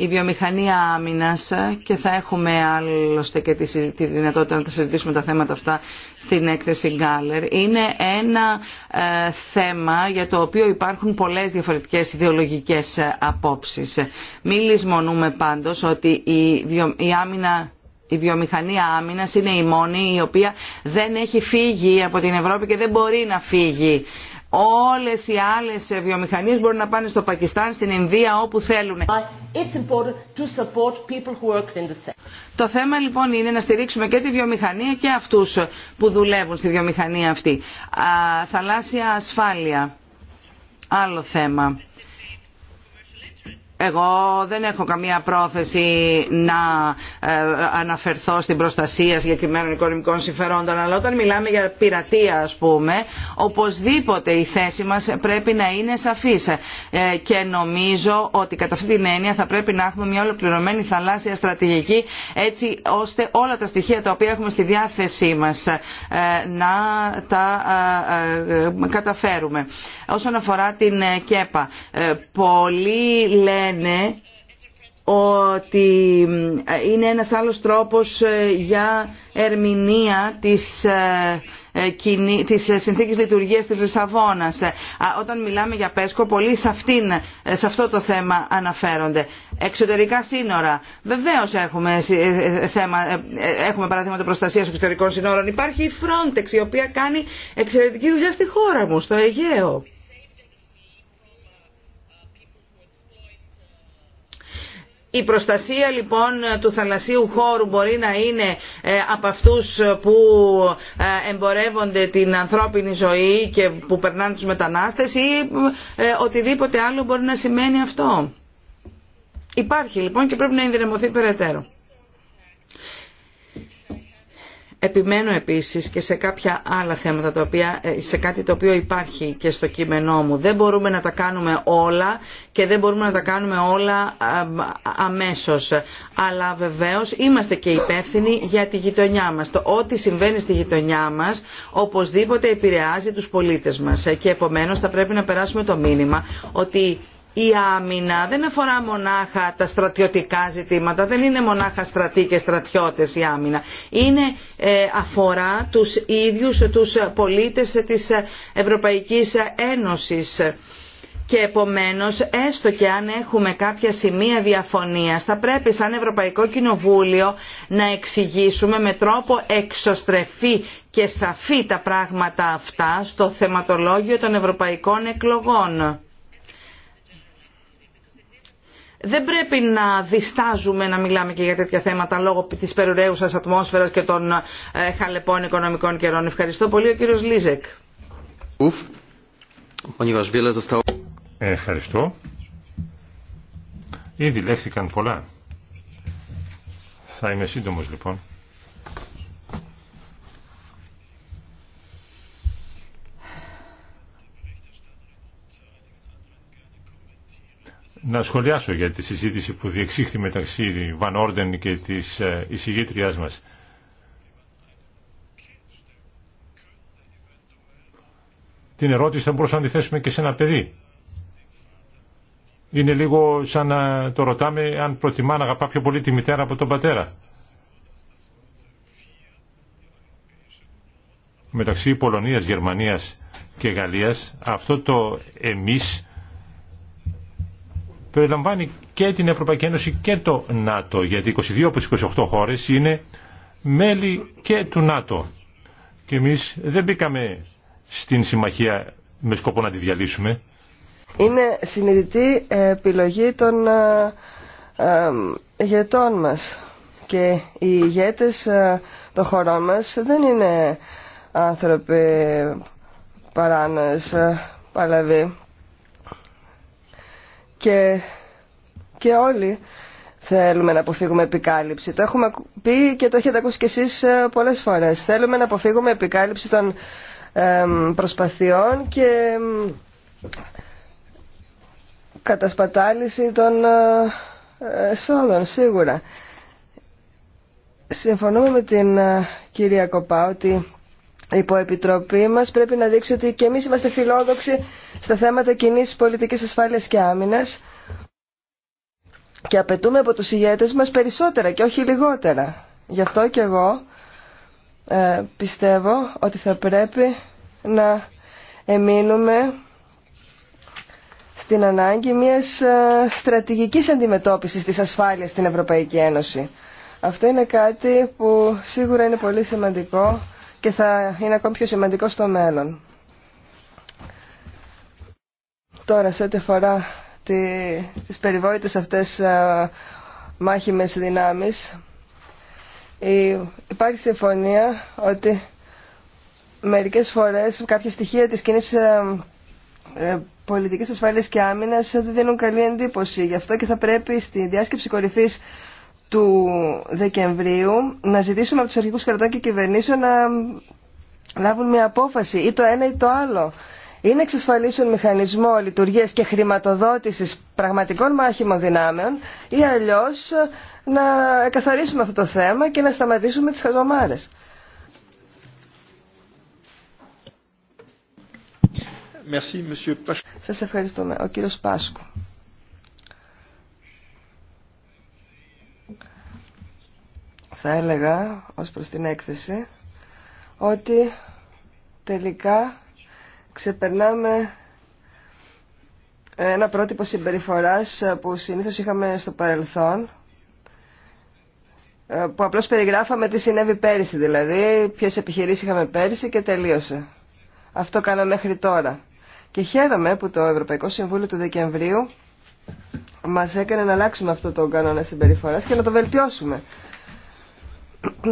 η βιομηχανία άμυνας και θα έχουμε άλλωστε και τη δυνατότητα να τα συζητήσουμε τα θέματα αυτά στην έκθεση Γκάλερ. Είναι ένα ε, θέμα για το οποίο υπάρχουν πολλές διαφορετικές ιδεολογικές ε, απόψεις. Μην λησμονούμε πάντως ότι η, η άμυνα η βιομηχανία άμυνας είναι η μόνη η οποία δεν έχει φύγει από την Ευρώπη και δεν μπορεί να φύγει. Όλες οι άλλες βιομηχανίες μπορούν να πάνε στο Πακιστάν, στην Ινδία, όπου θέλουν. Το θέμα λοιπόν είναι να στηρίξουμε και τη βιομηχανία και αυτούς που δουλεύουν στη βιομηχανία αυτή. Α, θαλάσσια ασφάλεια. Άλλο θέμα. Εγώ δεν έχω καμία πρόθεση να ε, αναφερθώ στην προστασία συγκεκριμένων οικονομικών συμφερόντων, αλλά όταν μιλάμε για πειρατεία, ας πούμε, οπωσδήποτε η θέση μας πρέπει να είναι σαφής. Ε, και νομίζω ότι κατά αυτή την έννοια θα πρέπει να έχουμε μια ολοκληρωμένη θαλάσσια στρατηγική, έτσι ώστε όλα τα στοιχεία τα οποία έχουμε στη διάθεσή μας ε, να τα καταφέρουμε. Όσον αφορά την ΚΕΠΑ, πολλοί λένε λένε ότι είναι ένας άλλος τρόπος ε, για ερμηνεία της ε, ε, της συνθήκης λειτουργίας της Λισαβόνας. Όταν μιλάμε για Πέσκο, πολλοί σε, αυτήν, σε αυτό το θέμα αναφέρονται. Εξωτερικά σύνορα. Βεβαίως έχουμε, θέμα, έχουμε παραδείγματα προστασίας εξωτερικών σύνορων. Υπάρχει η Frontex, η οποία κάνει εξαιρετική δουλειά στη χώρα μου, στο Αιγαίο. Η προστασία λοιπόν του θαλασσίου χώρου μπορεί να είναι ε, από αυτούς που ε, εμπορεύονται την ανθρώπινη ζωή και που περνάνε τους μετανάστες ή ε, οτιδήποτε άλλο μπορεί να σημαίνει αυτό. Υπάρχει λοιπόν και πρέπει να ενδυναμωθεί περαιτέρω. Επιμένω επίσης και σε κάποια άλλα θέματα, τα οποία, ε, σε κάτι το οποίο υπάρχει και στο κείμενό μου. Δεν μπορούμε να τα κάνουμε όλα και δεν μπορούμε να τα κάνουμε όλα αμέσως. Αλλά βεβαίως είμαστε και υπεύθυνοι για τη γειτονιά μας. Το ό,τι συμβαίνει στη γειτονιά μας οπωσδήποτε επηρεάζει τους πολίτες μας. Ε, και επομένως θα πρέπει να περάσουμε το μήνυμα ότι η άμυνα δεν αφορά μονάχα τα στρατιωτικά ζητήματα, δεν είναι μονάχα στρατοί και στρατιώτες η άμυνα. Είναι, ε, αφορά τους ίδιους τους πολίτες της Ευρωπαϊκής Ένωσης και επομένως έστω και αν έχουμε κάποια σημεία διαφωνίας θα πρέπει σαν Ευρωπαϊκό Κοινοβούλιο να εξηγήσουμε με τρόπο εξωστρεφή και σαφή τα πράγματα αυτά στο θεματολόγιο των ευρωπαϊκών εκλογών δεν πρέπει να διστάζουμε να μιλάμε και για τέτοια θέματα λόγω της περιουραίουσας ατμόσφαιρας και των ε, χαλεπών οικονομικών καιρών. Ευχαριστώ πολύ ο κύριος Λίζεκ. Ευχαριστώ. Ήδη λέχθηκαν πολλά. Θα είμαι σύντομος λοιπόν. να σχολιάσω για τη συζήτηση που διεξήχθη μεταξύ Βαν Όρντεν και της ε, εισηγήτριάς μας. Την ερώτηση θα μπορούσαμε να τη θέσουμε και σε ένα παιδί. Είναι λίγο σαν να το ρωτάμε αν προτιμά να αγαπά πιο πολύ τη μητέρα από τον πατέρα. Μεταξύ Πολωνίας, Γερμανίας και Γαλλίας αυτό το εμείς περιλαμβάνει και την Ευρωπαϊκή Ένωση και το ΝΑΤΟ, γιατί 22 από 28 χώρες είναι μέλη και του ΝΑΤΟ. Και εμείς δεν μπήκαμε στην συμμαχία με σκοπό να τη διαλύσουμε. Είναι συνειδητή επιλογή των ε, ε, ηγετών μας και οι ηγέτες ε, των χωρών μας δεν είναι άνθρωποι παράνοες παλαβοί και, και όλοι θέλουμε να αποφύγουμε επικάλυψη. Το έχουμε πει και το έχετε ακούσει κι εσείς ε, πολλές φορές. Θέλουμε να αποφύγουμε επικάλυψη των προσπαθειών και κατασπατάληση των ε, εσόδων, σίγουρα. Συμφωνούμε με την ε, κυρία Κοπά ότι η υποεπιτροπή μας πρέπει να δείξει ότι και εμείς είμαστε φιλόδοξοι στα θέματα κοινή πολιτικής ασφάλειας και άμυνας και απαιτούμε από τους ηγέτες μας περισσότερα και όχι λιγότερα. Γι' αυτό και εγώ ε, πιστεύω ότι θα πρέπει να εμείνουμε στην ανάγκη μιας ε, στρατηγικής αντιμετώπισης της ασφάλειας στην Ευρωπαϊκή Ένωση. Αυτό είναι κάτι που σίγουρα είναι πολύ σημαντικό και θα είναι ακόμη πιο σημαντικό στο μέλλον. Τώρα, σε ό,τι αφορά τι τις περιβόητες αυτές δυνάμει, μάχημες δυνάμεις, υπάρχει συμφωνία ότι μερικές φορές κάποια στοιχεία της κοινή πολιτική ε, ε, πολιτικής ασφάλειας και άμυνας δεν δίνουν καλή εντύπωση. Γι' αυτό και θα πρέπει στη διάσκεψη κορυφής του Δεκεμβρίου να ζητήσουμε από τους αρχικούς κρατών και κυβερνήσεων να λάβουν μια απόφαση ή το ένα ή το άλλο ή να εξασφαλίσουν μηχανισμό λειτουργίας και χρηματοδότησης πραγματικών μάχημων δυνάμεων ή αλλιώς να καθαρίσουμε αυτό το θέμα και να σταματήσουμε τις χαζομάρες. Σας ευχαριστούμε. Ο κύριος Πάσκου. θα έλεγα ως προς την έκθεση ότι τελικά ξεπερνάμε ένα πρότυπο συμπεριφοράς που συνήθως είχαμε στο παρελθόν ε, που απλώς περιγράφαμε τι συνέβη πέρυσι δηλαδή, ποιες επιχειρήσεις είχαμε πέρυσι και τελείωσε. Αυτό κάναμε μέχρι τώρα. Και χαίρομαι που το Ευρωπαϊκό Συμβούλιο του Δεκεμβρίου μας έκανε να αλλάξουμε αυτό το κανόνα συμπεριφοράς και να το βελτιώσουμε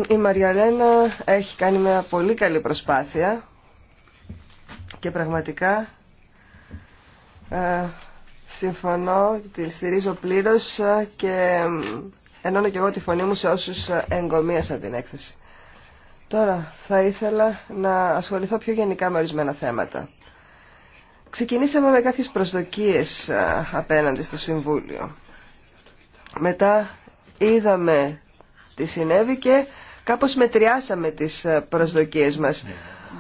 η Μαριαλένα έχει κάνει μια πολύ καλή προσπάθεια και πραγματικά ε, συμφωνώ, τη στηρίζω πλήρως και ενώνω και εγώ τη φωνή μου σε όσους εγκομίασαν την έκθεση. Τώρα θα ήθελα να ασχοληθώ πιο γενικά με ορισμένα θέματα. Ξεκινήσαμε με κάποιες προσδοκίες ε, απέναντι στο Συμβούλιο. Μετά είδαμε τι συνέβη και κάπως μετριάσαμε τις ε, προσδοκίες μας ναι,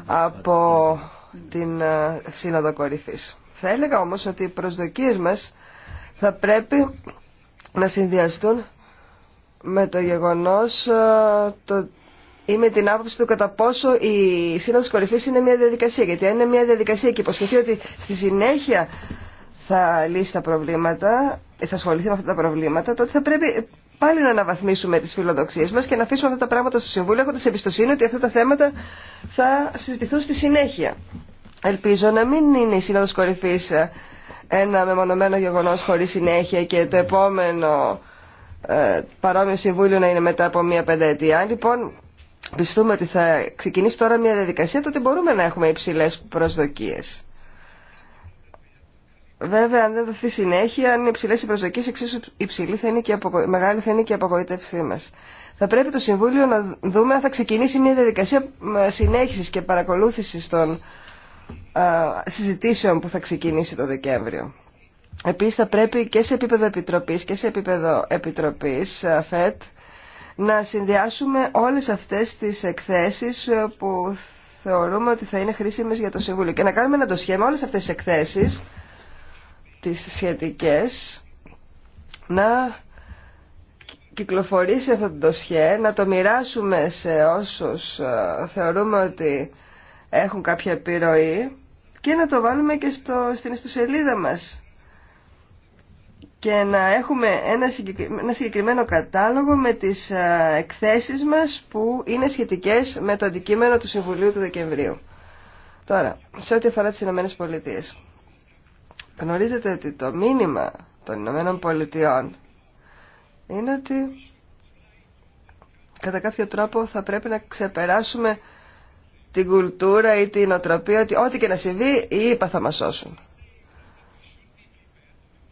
από την ε, Σύνοδο Κορυφής. Θα έλεγα όμως ότι οι προσδοκίες μας θα πρέπει να συνδυαστούν με το γεγονός ε, το, ή με την άποψη του κατά πόσο η Σύνοδος Κορυφής είναι μια διαδικασία. Γιατί αν είναι μια διαδικασία και υποσχεθεί ότι στη συνέχεια θα λύσει τα προβλήματα, θα ασχοληθεί με αυτά τα προβλήματα, τότε θα πρέπει πάλι να αναβαθμίσουμε τις φιλοδοξίες μας και να αφήσουμε αυτά τα πράγματα στο Συμβούλιο έχοντας εμπιστοσύνη ότι αυτά τα θέματα θα συζητηθούν στη συνέχεια. Ελπίζω να μην είναι η Σύνοδος Κορυφής ε, ένα μεμονωμένο γεγονός χωρίς συνέχεια και το επόμενο ε, παρόμοιο Συμβούλιο να είναι μετά από μία πενταετία. Λοιπόν, πιστούμε ότι θα ξεκινήσει τώρα μία διαδικασία, τότε μπορούμε να έχουμε υψηλές προσδοκίες. Βέβαια, αν δεν δοθεί συνέχεια, αν είναι υψηλέ οι προσδοκίε, εξίσου υψηλή θα είναι και μεγάλη θα είναι και η απογοήτευσή μα. Θα πρέπει το Συμβούλιο να δούμε αν θα ξεκινήσει μια διαδικασία συνέχιση και παρακολούθηση των συζητήσεων που θα ξεκινήσει το Δεκέμβριο. Επίση θα πρέπει και σε επίπεδο επιτροπής και σε επίπεδο επιτροπή ε, ΦΕΤ να συνδυάσουμε όλε αυτέ τι εκθέσει ε, που θεωρούμε ότι θα είναι χρήσιμε για το Συμβούλιο και να κάνουμε ένα το σχέμα όλες αυτές τις εκθέσεις τις σχετικές να κυκλοφορήσει αυτό το ντοσιέ, να το μοιράσουμε σε όσους ε, θεωρούμε ότι έχουν κάποια επιρροή και να το βάλουμε και στο, στην ιστοσελίδα μας και να έχουμε ένα, ένα συγκεκριμένο κατάλογο με τις ε, εκθέσεις μας που είναι σχετικές με το αντικείμενο του Συμβουλίου του Δεκεμβρίου. Τώρα, σε ό,τι αφορά τις Ηνωμένες Πολιτείες. Γνωρίζετε ότι το μήνυμα των Ηνωμένων Πολιτειών είναι ότι κατά κάποιο τρόπο θα πρέπει να ξεπεράσουμε την κουλτούρα ή την οτροπία ότι ό,τι και να συμβεί οι ΙΠΑ θα μας σώσουν.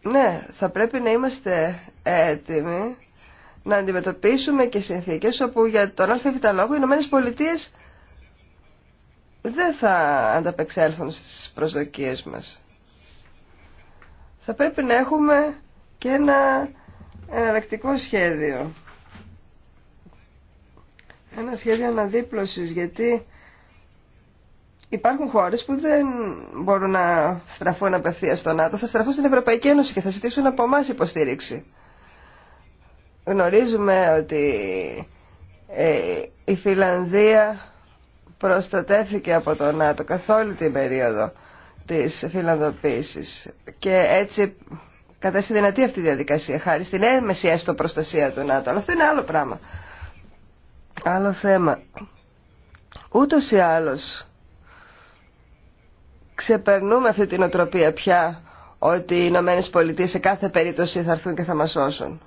Ναι, θα πρέπει να είμαστε έτοιμοι να αντιμετωπίσουμε και συνθήκες όπου για τον ΑΒ λόγο οι Ηνωμένες Πολιτείες δεν θα ανταπεξέλθουν στις προσδοκίες μας θα πρέπει να έχουμε και ένα εναλλακτικό σχέδιο. Ένα σχέδιο αναδίπλωσης, γιατί υπάρχουν χώρες που δεν μπορούν να στραφούν απευθεία στο ΝΑΤΟ. Θα στραφούν στην Ευρωπαϊκή Ένωση και θα ζητήσουν από εμά υποστήριξη. Γνωρίζουμε ότι ε, η Φιλανδία προστατεύθηκε από το ΝΑΤΟ καθ' όλη την περίοδο της φιλανδοποίησης. Και έτσι κατέστη δυνατή αυτή η διαδικασία χάρη στην έμεση έστω προστασία του ΝΑΤΟ. Αλλά αυτό είναι άλλο πράγμα. Άλλο θέμα. Ούτως ή άλλως ξεπερνούμε αυτή την οτροπία πια ότι οι Ηνωμένε Πολιτείε σε κάθε περίπτωση θα έρθουν και θα μας σώσουν.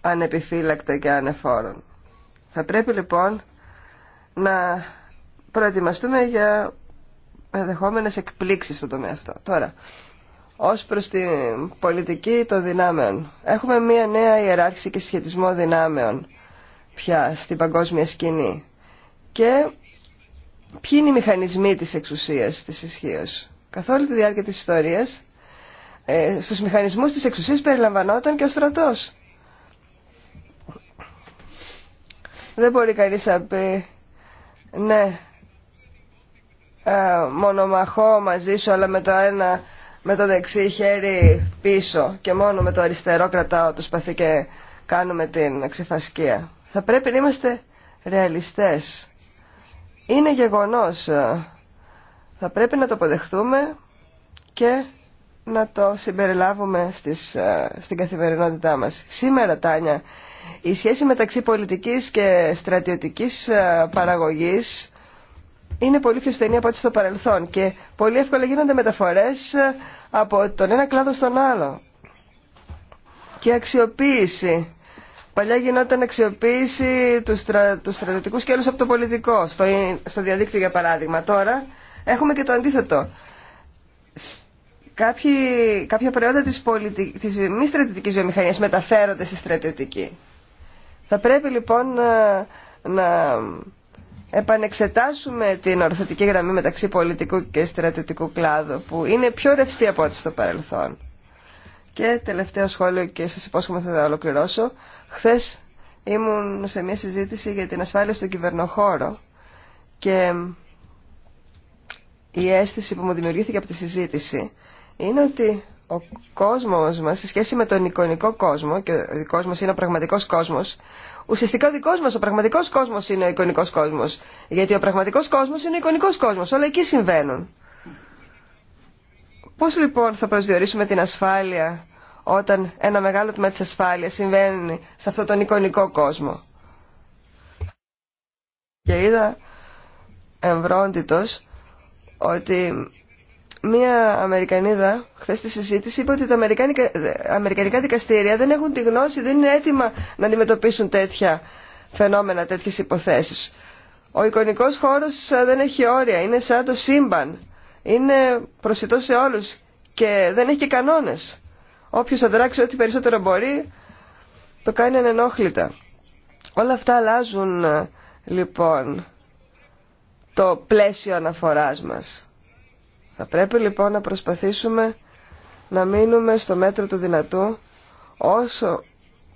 Ανεπιφύλακτα και ανεφόρον. Θα πρέπει λοιπόν να προετοιμαστούμε για ενδεχόμενε εκπλήξεις στον τομέα αυτό. Τώρα, ως προς την πολιτική των δυνάμεων. Έχουμε μια νέα ιεράρχηση και σχετισμό δυνάμεων πια στην παγκόσμια σκηνή. Και ποιοι είναι οι μηχανισμοί της εξουσίας της ισχύω. Καθ' όλη τη διάρκεια της ιστορίας, ε, στους μηχανισμούς της εξουσίας περιλαμβανόταν και ο στρατός. Δεν μπορεί κανείς να πει, ναι, ε, Μονομαχό μαζί σου αλλά με το ένα με το δεξί χέρι πίσω και μόνο με το αριστερό κρατάω το σπαθί και κάνουμε την ξεφασκία. Θα πρέπει να είμαστε ρεαλιστές. Είναι γεγονός. Ε, θα πρέπει να το αποδεχτούμε και να το συμπεριλάβουμε στις, ε, στην καθημερινότητά μας. Σήμερα, Τάνια, η σχέση μεταξύ πολιτικής και στρατιωτικής παραγωγής είναι πολύ πιο στενή από ό,τι στο παρελθόν και πολύ εύκολα γίνονται μεταφορές ε, από τον ένα κλάδο στον άλλο. Και αξιοποίηση. Παλιά γινόταν αξιοποίηση του, στρα, του στρατιωτικού σκέλους από το πολιτικό, στο, στο διαδίκτυο για παράδειγμα. Τώρα έχουμε και το αντίθετο. Κάποιοι, κάποια προϊόντα της, της μη στρατιωτικής βιομηχανίας μεταφέρονται στη στρατιωτική. Θα πρέπει λοιπόν ε, να, να επανεξετάσουμε την ορθωτική γραμμή μεταξύ πολιτικού και στρατιωτικού κλάδου που είναι πιο ρευστή από ό,τι στο παρελθόν. Και τελευταίο σχόλιο και σας υπόσχομαι θα τα ολοκληρώσω. Χθες ήμουν σε μια συζήτηση για την ασφάλεια στον κυβερνοχώρο και η αίσθηση που μου δημιουργήθηκε από τη συζήτηση είναι ότι ο κόσμος μας σε σχέση με τον εικονικό κόσμο και ο δικός μας είναι ο πραγματικός κόσμος ουσιαστικά ο δικό μα, ο πραγματικό κόσμο είναι ο εικονικό κόσμο. Γιατί ο πραγματικό κόσμο είναι ο εικονικό κόσμο. Όλα εκεί συμβαίνουν. Πώ λοιπόν θα προσδιορίσουμε την ασφάλεια όταν ένα μεγάλο τμήμα τη ασφάλεια συμβαίνει σε αυτόν τον εικονικό κόσμο. Και είδα εμβρόντιτος ότι Μία Αμερικανίδα χθε στη συζήτηση είπε ότι τα αμερικανικά δικαστήρια δεν έχουν τη γνώση, δεν είναι έτοιμα να αντιμετωπίσουν τέτοια φαινόμενα, τέτοιες υποθέσεις. Ο εικονικός χώρος δεν έχει όρια, είναι σαν το σύμπαν. Είναι προσιτό σε όλους και δεν έχει και κανόνες. Όποιος αδράξει ό,τι περισσότερο μπορεί, το κάνει ανενόχλητα. Όλα αυτά αλλάζουν λοιπόν το πλαίσιο αναφοράς μας. Θα πρέπει λοιπόν να προσπαθήσουμε να μείνουμε στο μέτρο του δυνατού όσο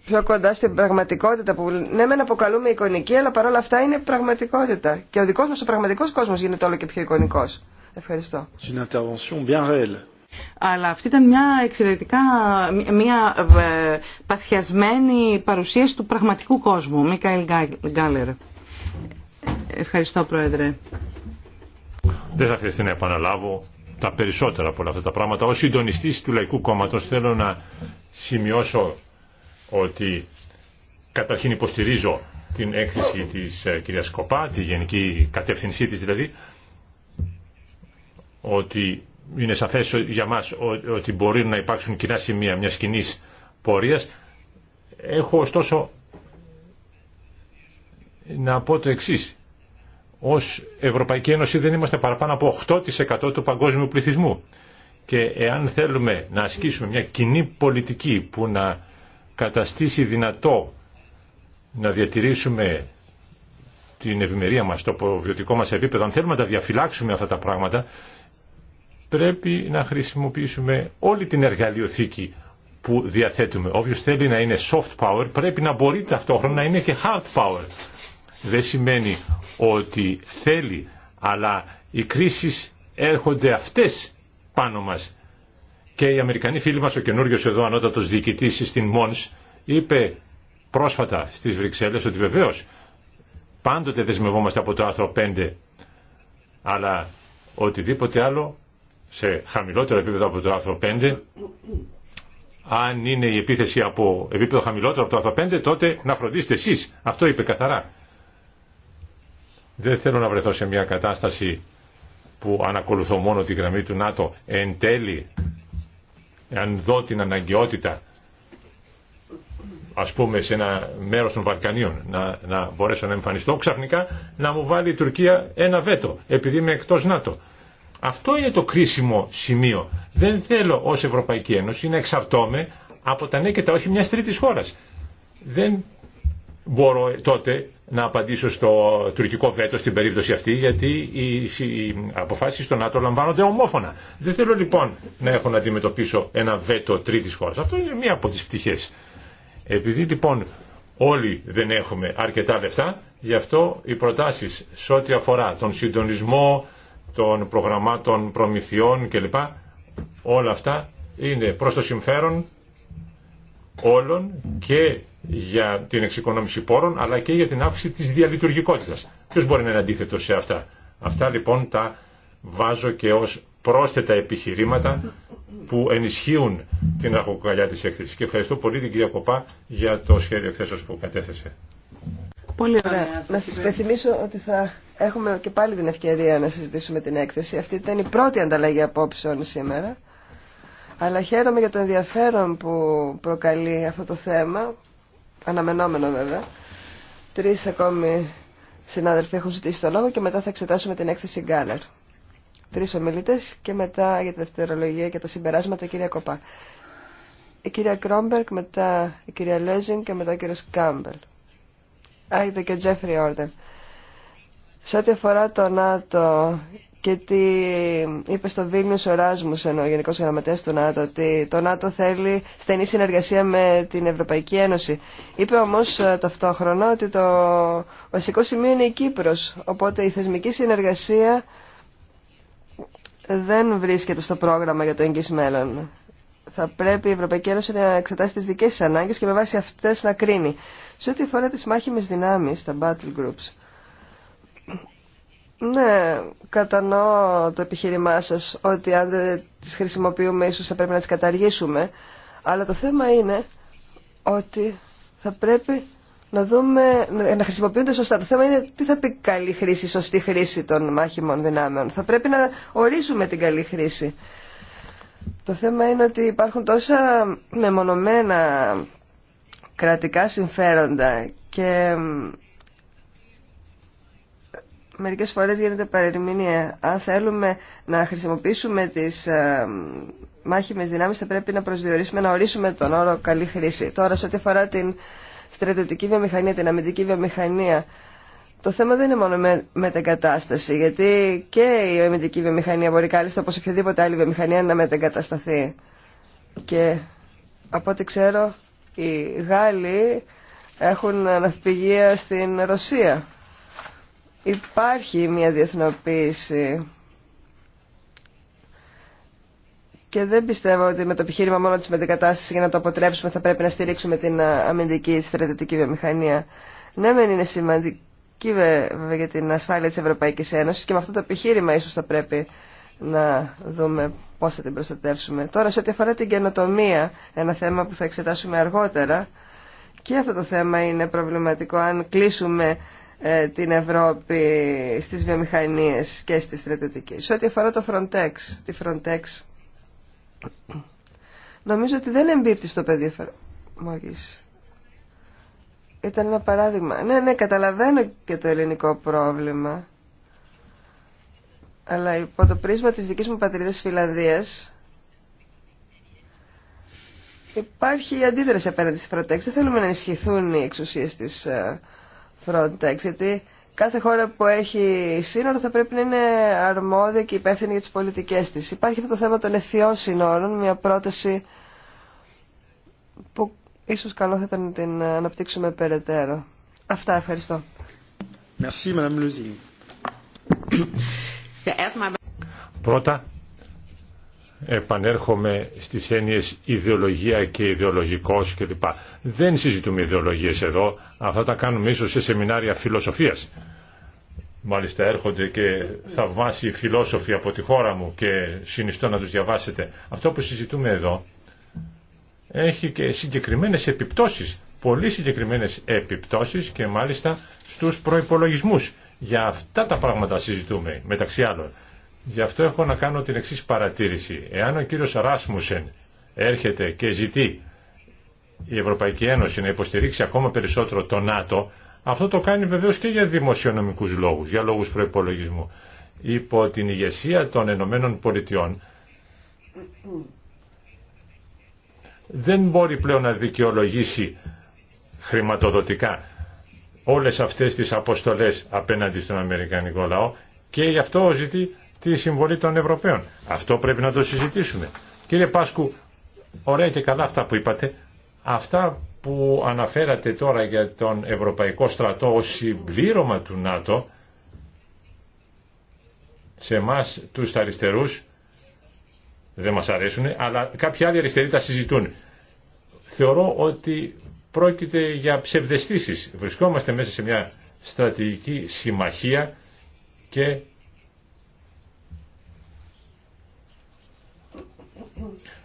πιο κοντά στην πραγματικότητα που ναι μεν αποκαλούμε εικονική αλλά παρόλα αυτά είναι πραγματικότητα και ο δικός μας ο πραγματικός κόσμος γίνεται όλο και πιο εικονικός. Ευχαριστώ. Αλλά αυτή ήταν μια εξαιρετικά μια παθιασμένη παρουσίαση του πραγματικού κόσμου. Μικαήλ Γκάλερ. Ευχαριστώ Πρόεδρε. Δεν θα χρειαστεί να επαναλάβω τα περισσότερα από όλα αυτά τα πράγματα. Ως συντονιστής του Λαϊκού Κόμματος θέλω να σημειώσω ότι καταρχήν υποστηρίζω την έκθεση της ε, κυρία Κοπά, τη γενική κατεύθυνσή της δηλαδή, ότι είναι σαφές για μας ότι μπορεί να υπάρξουν κοινά σημεία μιας κοινή πορείας. Έχω ωστόσο να πω το εξής ως Ευρωπαϊκή Ένωση δεν είμαστε παραπάνω από 8% του παγκόσμιου πληθυσμού. Και εάν θέλουμε να ασκήσουμε μια κοινή πολιτική που να καταστήσει δυνατό να διατηρήσουμε την ευημερία μας, το προβιωτικό μας επίπεδο, αν θέλουμε να τα διαφυλάξουμε αυτά τα πράγματα, πρέπει να χρησιμοποιήσουμε όλη την εργαλειοθήκη που διαθέτουμε. Όποιος θέλει να είναι soft power πρέπει να μπορεί ταυτόχρονα να είναι και hard power δεν σημαίνει ότι θέλει, αλλά οι κρίσεις έρχονται αυτές πάνω μας. Και οι Αμερικανοί φίλοι μας, ο καινούριος εδώ ανώτατος διοικητής στην Μόνς, είπε πρόσφατα στις Βρυξέλλες ότι βεβαίως πάντοτε δεσμευόμαστε από το άρθρο 5, αλλά οτιδήποτε άλλο σε χαμηλότερο επίπεδο από το άρθρο 5, αν είναι η επίθεση από επίπεδο χαμηλότερο από το άρθρο 5, τότε να φροντίσετε εσείς. Αυτό είπε καθαρά. Δεν θέλω να βρεθώ σε μια κατάσταση που ανακολουθώ μόνο τη γραμμή του ΝΑΤΟ εν τέλει, αν δω την αναγκαιότητα, ας πούμε σε ένα μέρος των Βαλκανίων να, να μπορέσω να εμφανιστώ, ξαφνικά να μου βάλει η Τουρκία ένα βέτο, επειδή είμαι εκτός ΝΑΤΟ. Αυτό είναι το κρίσιμο σημείο. Δεν θέλω ως Ευρωπαϊκή Ένωση να εξαρτώμαι από τα τα όχι μια τρίτη χώρας. Δεν μπορώ τότε να απαντήσω στο τουρκικό βέτο στην περίπτωση αυτή, γιατί οι αποφάσει στο ΝΑΤΟ λαμβάνονται ομόφωνα. Δεν θέλω λοιπόν να έχω να αντιμετωπίσω ένα βέτο τρίτης χώρα. Αυτό είναι μία από τις πτυχέ. Επειδή λοιπόν όλοι δεν έχουμε αρκετά λεφτά, γι' αυτό οι προτάσει σε ό,τι αφορά τον συντονισμό των προγραμμάτων προμηθειών κλπ. Όλα αυτά είναι προς το συμφέρον όλων και για την εξοικονόμηση πόρων αλλά και για την αύξηση της διαλειτουργικότητας. Ποιος μπορεί να είναι αντίθετο σε αυτά. Αυτά λοιπόν τα βάζω και ως πρόσθετα επιχειρήματα που ενισχύουν την αρχοκοκαλιά της έκθεσης. Και ευχαριστώ πολύ την κυρία Κοπά για το σχέδιο εκθέσεω που κατέθεσε. Πολύ ωραία. Να σας υπενθυμίσω ότι θα έχουμε και πάλι την ευκαιρία να συζητήσουμε την έκθεση. Αυτή ήταν η πρώτη ανταλλαγή απόψεων σήμερα. Αλλά χαίρομαι για το ενδιαφέρον που προκαλεί αυτό το θέμα, αναμενόμενο βέβαια. Τρεις ακόμη συνάδελφοι έχουν ζητήσει το λόγο και μετά θα εξετάσουμε την έκθεση Γκάλερ. Τρεις ομιλητέ και μετά για τη δευτερολογία και τα συμπεράσματα κυρία Κοπά. Η κυρία Κρόμπερκ, μετά η κυρία Λέζιν και μετά ο κύριος Κάμπελ. άγεται και Τζέφρι Όρντεν. Σε ό,τι αφορά το ΝΑΤΟ και τι είπε στο Βίλνιους ο ενώ ο γενικό Γραμματέας του ΝΑΤΟ, ότι το ΝΑΤΟ θέλει στενή συνεργασία με την Ευρωπαϊκή Ένωση. Είπε όμως ε, ταυτόχρονα ότι το βασικό σημείο είναι η Κύπρος, οπότε η θεσμική συνεργασία δεν βρίσκεται στο πρόγραμμα για το εγγύς μέλλον. Θα πρέπει η Ευρωπαϊκή Ένωση να εξετάσει τις δικές της ανάγκες και με βάση αυτές να κρίνει. Σε ό,τι αφορά τις μάχημες δυνάμει, τα battle groups, ναι, κατανοώ το επιχείρημά σας ότι αν δεν τις χρησιμοποιούμε ίσως θα πρέπει να τις καταργήσουμε. Αλλά το θέμα είναι ότι θα πρέπει να δούμε, να χρησιμοποιούνται σωστά. Το θέμα είναι τι θα πει καλή χρήση, σωστή χρήση των μάχημων δυνάμεων. Θα πρέπει να ορίσουμε την καλή χρήση. Το θέμα είναι ότι υπάρχουν τόσα μεμονωμένα κρατικά συμφέροντα και μερικές φορές γίνεται παρερμηνία. Αν θέλουμε να χρησιμοποιήσουμε τις ε, μάχημες δυνάμεις θα πρέπει να προσδιορίσουμε, να ορίσουμε τον όρο καλή χρήση. Τώρα σε ό,τι αφορά την στρατιωτική βιομηχανία, την αμυντική βιομηχανία, το θέμα δεν είναι μόνο με, μετεγκατάσταση, γιατί και η αμυντική βιομηχανία μπορεί κάλλιστα όπως οποιαδήποτε άλλη βιομηχανία να μετεγκατασταθεί. Και από ό,τι ξέρω οι Γάλλοι έχουν αναφυγία στην Ρωσία υπάρχει μια διεθνοποίηση και δεν πιστεύω ότι με το επιχείρημα μόνο της μετεκατάστασης για να το αποτρέψουμε θα πρέπει να στηρίξουμε την αμυντική στρατιωτική βιομηχανία. Ναι, μεν είναι σημαντική βέβαια για την ασφάλεια της Ευρωπαϊκής Ένωσης και με αυτό το επιχείρημα ίσως θα πρέπει να δούμε πώς θα την προστατεύσουμε. Τώρα, σε ό,τι αφορά την καινοτομία, ένα θέμα που θα εξετάσουμε αργότερα, και αυτό το θέμα είναι προβληματικό αν κλείσουμε ε, την Ευρώπη στις βιομηχανίες και στη στρατιωτική. Σε ό,τι αφορά το Frontex, τη Frontex, νομίζω ότι δεν εμπίπτει στο πεδίο εφαρμογής. Ήταν ένα παράδειγμα. Ναι, ναι, καταλαβαίνω και το ελληνικό πρόβλημα. Αλλά υπό το πρίσμα της δικής μου πατρίδας Φιλανδίας υπάρχει αντίδραση απέναντι στη Frontex. Δεν θέλουμε να ενισχυθούν οι εξουσίες της ε, γιατί κάθε χώρα που έχει σύνορο θα πρέπει να είναι αρμόδια και υπεύθυνη για τις πολιτικές της. Υπάρχει αυτό το θέμα των εφιών σύνορων, μια πρόταση που ίσως καλό θα ήταν να την αναπτύξουμε περαιτέρω. Αυτά, ευχαριστώ. Merci, Πρώτα, επανέρχομαι στις έννοιες ιδεολογία και ιδεολογικός κλπ. Δεν συζητούμε ιδεολογίες εδώ, αυτά τα κάνουμε ίσως σε σεμινάρια φιλοσοφίας. Μάλιστα έρχονται και θαυμάσιοι φιλόσοφοι από τη χώρα μου και συνιστώ να τους διαβάσετε. Αυτό που συζητούμε εδώ έχει και συγκεκριμένες επιπτώσεις, πολύ συγκεκριμένες επιπτώσεις και μάλιστα στους προϋπολογισμούς. Για αυτά τα πράγματα συζητούμε μεταξύ άλλων. Γι' αυτό έχω να κάνω την εξής παρατήρηση. Εάν ο κύριος Ράσμουσεν έρχεται και ζητεί η Ευρωπαϊκή Ένωση να υποστηρίξει ακόμα περισσότερο το ΝΑΤΟ, αυτό το κάνει βεβαίως και για δημοσιονομικούς λόγους, για λόγους προϋπολογισμού. Υπό την ηγεσία των Ενωμένων Πολιτειών δεν μπορεί πλέον να δικαιολογήσει χρηματοδοτικά όλες αυτές τις αποστολές απέναντι στον Αμερικανικό λαό και γι' αυτό ζητεί τη συμβολή των Ευρωπαίων. Αυτό πρέπει να το συζητήσουμε. Κύριε Πάσκου, ωραία και καλά αυτά που είπατε. Αυτά που αναφέρατε τώρα για τον Ευρωπαϊκό στρατό ως συμπλήρωμα του ΝΑΤΟ σε εμά τους αριστερούς δεν μας αρέσουν, αλλά κάποιοι άλλοι αριστεροί τα συζητούν. Θεωρώ ότι πρόκειται για ψευδεστήσεις. Βρισκόμαστε μέσα σε μια στρατηγική συμμαχία και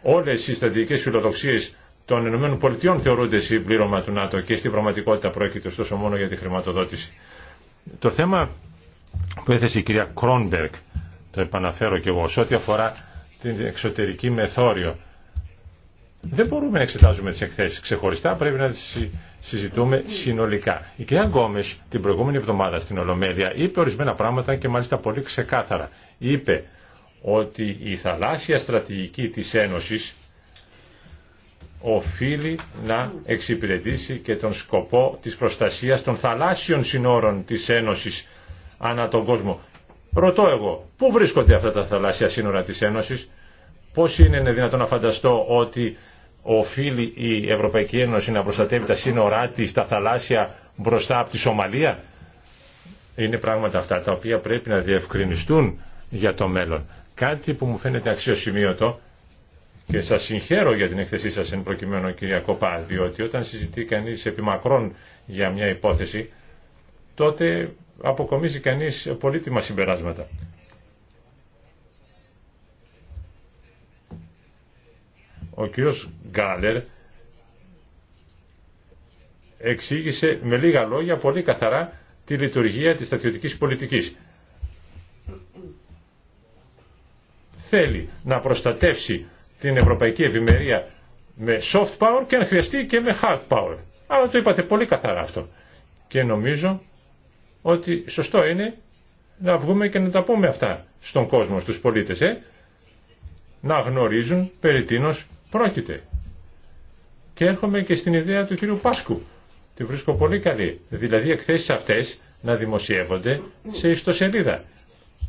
όλες οι στρατηγικές φιλοδοξίες των ΗΠΑ θεωρούνται συμπλήρωμα του ΝΑΤΟ και στην πραγματικότητα πρόκειται ωστόσο μόνο για τη χρηματοδότηση. Το θέμα που έθεσε η κυρία Κρόνμπεργκ, το επαναφέρω και εγώ, σε ό,τι αφορά την εξωτερική μεθόριο, δεν μπορούμε να εξετάζουμε τις εκθέσεις ξεχωριστά, πρέπει να τις συζητούμε συνολικά. Η κυρία Γκόμες την προηγούμενη εβδομάδα στην Ολομέλεια είπε ορισμένα πράγματα και μάλιστα πολύ ξεκάθαρα. Είπε ότι η θαλάσσια στρατηγική της Ένωσης οφείλει να εξυπηρετήσει και τον σκοπό της προστασίας των θαλάσσιων συνόρων της Ένωσης ανά τον κόσμο. Ρωτώ εγώ, πού βρίσκονται αυτά τα θαλάσσια σύνορα της Ένωσης, πώς είναι δυνατόν να φανταστώ ότι οφείλει η Ευρωπαϊκή Ένωση να προστατεύει τα σύνορά της, τα θαλάσσια μπροστά από τη Σομαλία. Είναι πράγματα αυτά τα οποία πρέπει να διευκρινιστούν για το μέλλον. Κάτι που μου φαίνεται αξιοσημείωτο και σας συγχαίρω για την εκθεσή σας εν προκειμένου κυρία Κοπά, διότι όταν συζητεί κανείς επιμακρών για μια υπόθεση, τότε αποκομίζει κανείς πολύτιμα συμπεράσματα. Ο κύριος Γκάλερ εξήγησε με λίγα λόγια πολύ καθαρά τη λειτουργία της στρατιωτικής πολιτικής. θέλει να προστατεύσει την ευρωπαϊκή ευημερία με soft power και αν χρειαστεί και με hard power. Αλλά το είπατε πολύ καθαρά αυτό. Και νομίζω ότι σωστό είναι να βγούμε και να τα πούμε αυτά στον κόσμο, στους πολίτες, ε? να γνωρίζουν περί τίνος πρόκειται. Και έρχομαι και στην ιδέα του κύριου Πάσκου. Τη βρίσκω πολύ καλή. Δηλαδή εκθέσεις αυτές να δημοσιεύονται σε ιστοσελίδα.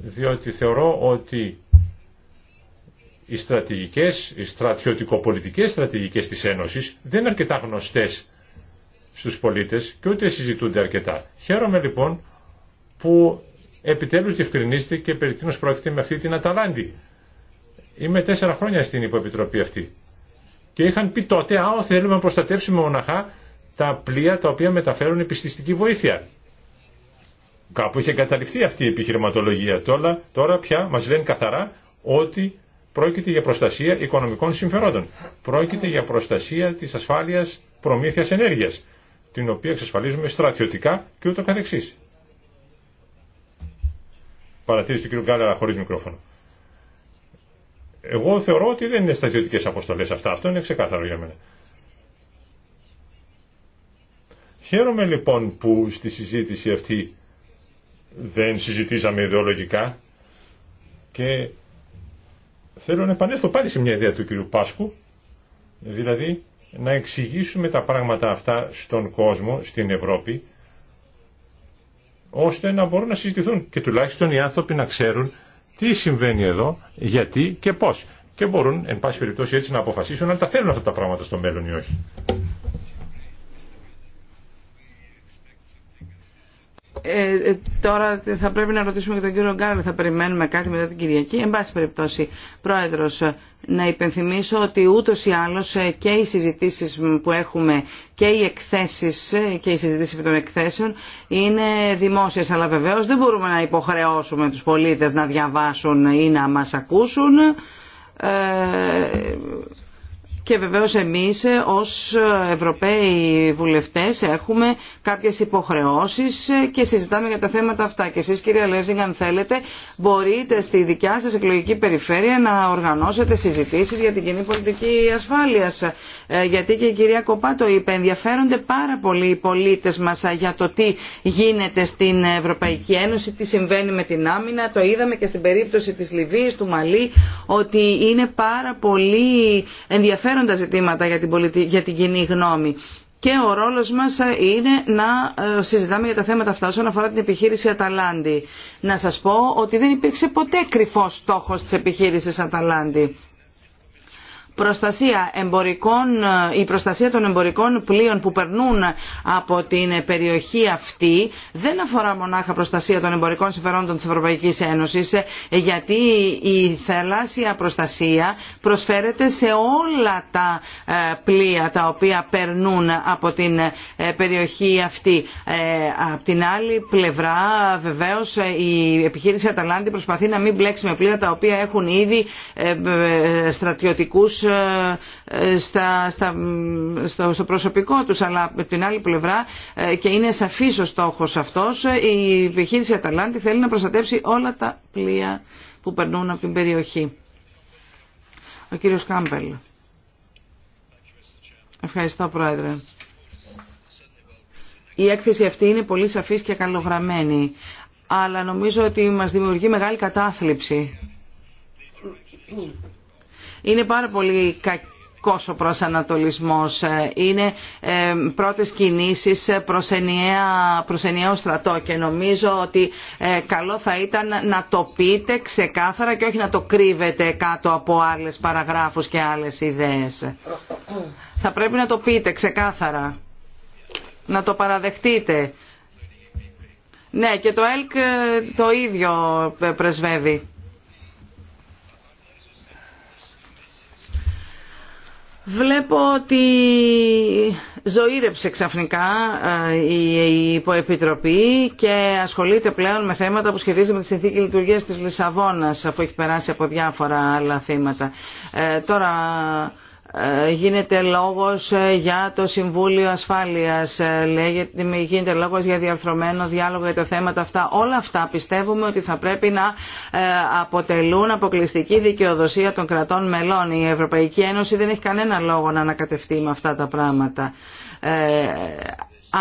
Διότι θεωρώ ότι οι στρατηγικές, οι στρατιωτικοπολιτικές στρατηγικές της Ένωσης δεν είναι αρκετά γνωστές στους πολίτες και ούτε συζητούνται αρκετά. Χαίρομαι λοιπόν που επιτέλους διευκρινίζεται και περί τίνος πρόκειται με αυτή την Αταλάντη. Είμαι τέσσερα χρόνια στην υποεπιτροπή αυτή και είχαν πει τότε «Α, θέλουμε να προστατεύσουμε μοναχά τα πλοία τα οποία μεταφέρουν επιστηστική βοήθεια». Κάπου είχε καταληφθεί αυτή η επιχειρηματολογία. Τώρα, τώρα πια μας λένε καθαρά ότι Πρόκειται για προστασία οικονομικών συμφερόντων. Πρόκειται για προστασία της ασφάλειας προμήθειας ενέργειας, την οποία εξασφαλίζουμε στρατιωτικά και ούτω καθεξής. Παρατήρηση του κ. Γκάλερα χωρίς μικρόφωνο. Εγώ θεωρώ ότι δεν είναι στρατιωτικές αποστολές αυτά. Αυτό είναι ξεκάθαρο για μένα. Χαίρομαι λοιπόν που στη συζήτηση αυτή δεν συζητήσαμε ιδεολογικά και θέλω να επανέλθω πάλι σε μια ιδέα του κυρίου Πάσκου, δηλαδή να εξηγήσουμε τα πράγματα αυτά στον κόσμο, στην Ευρώπη, ώστε να μπορούν να συζητηθούν και τουλάχιστον οι άνθρωποι να ξέρουν τι συμβαίνει εδώ, γιατί και πώς. Και μπορούν, εν πάση περιπτώσει, έτσι να αποφασίσουν αν τα θέλουν αυτά τα πράγματα στο μέλλον ή όχι. Ε, ε, τώρα θα πρέπει να ρωτήσουμε και τον κύριο Γκάρλ, θα περιμένουμε κάτι μετά την Κυριακή. Εν πάση περιπτώσει, Πρόεδρος, να υπενθυμίσω ότι ούτως ή άλλως ε, και οι συζητήσεις που έχουμε και οι εκθέσεις και οι συζητήσεις των εκθέσεων είναι δημόσιες, αλλά βεβαίως δεν μπορούμε να υποχρεώσουμε τους πολίτες να διαβάσουν ή να μας ακούσουν. Ε, και βεβαίως εμείς ως Ευρωπαίοι βουλευτές έχουμε κάποιες υποχρεώσεις και συζητάμε για τα θέματα αυτά. Και εσείς κυρία Λέζινγκ αν θέλετε μπορείτε στη δικιά σας εκλογική περιφέρεια να οργανώσετε συζητήσεις για την κοινή πολιτική ασφάλεια. Ε, γιατί και η κυρία Κοπά το είπε, ενδιαφέρονται πάρα πολύ οι πολίτες μας για το τι γίνεται στην Ευρωπαϊκή Ένωση, τι συμβαίνει με την άμυνα. Το είδαμε και στην περίπτωση της Λιβύης, του Μαλή, ότι είναι πάρα πολύ ενδιαφέρον ενδιαφέροντα ζητήματα για την, για την κοινή γνώμη. Και ο ρόλο μα είναι να ε, συζητάμε για τα θέματα αυτά όσον αφορά την επιχείρηση Αταλάντη. Να σα πω ότι δεν υπήρξε ποτέ κρυφός στόχος της επιχείρησης Αταλάντη προστασία εμπορικών, η προστασία των εμπορικών πλοίων που περνούν από την περιοχή αυτή δεν αφορά μονάχα προστασία των εμπορικών συμφερόντων της Ευρωπαϊκής Ένωσης γιατί η θαλάσσια προστασία προσφέρεται σε όλα τα ε, πλοία τα οποία περνούν από την ε, περιοχή αυτή. Ε, απ' την άλλη πλευρά βεβαίως η επιχείρηση Αταλάντη προσπαθεί να μην μπλέξει με πλοία τα οποία έχουν ήδη στρατιωτικούς ε, στα, στα, στο, προσωπικό τους αλλά από την άλλη πλευρά ε, και είναι σαφής ο στόχος αυτός η επιχείρηση Αταλάντη θέλει να προστατεύσει όλα τα πλοία που περνούν από την περιοχή. Ο κύριος Κάμπελ. Ευχαριστώ Πρόεδρε. Η έκθεση αυτή είναι πολύ σαφής και καλογραμμένη, αλλά νομίζω ότι μας δημιουργεί μεγάλη κατάθλιψη. Είναι πάρα πολύ κακή ο προσανατολισμός ε, είναι ε, πρώτες κινήσεις προς, ενιαία, ενιαίο στρατό και νομίζω ότι ε, καλό θα ήταν να το πείτε ξεκάθαρα και όχι να το κρύβετε κάτω από άλλες παραγράφους και άλλες ιδέες. Θα πρέπει να το πείτε ξεκάθαρα, να το παραδεχτείτε. Ναι και το ΕΛΚ ε, το ίδιο πρεσβεύει. Βλέπω ότι ζωήρεψε ξαφνικά η υποεπιτροπή και ασχολείται πλέον με θέματα που σχετίζονται με τη συνθήκη λειτουργία της Λισαβόνας αφού έχει περάσει από διάφορα άλλα θέματα. Ε, τώρα ε, γίνεται λόγος ε, για το Συμβούλιο Ασφάλειας, ε, γίνεται λόγος για διαρθρωμένο διάλογο για τα θέματα αυτά. Όλα αυτά πιστεύουμε ότι θα πρέπει να αποτελούν αποκλειστική δικαιοδοσία των κρατών μελών. Η Ευρωπαϊκή Ένωση δεν έχει κανένα λόγο να ανακατευτεί με αυτά τα πράγματα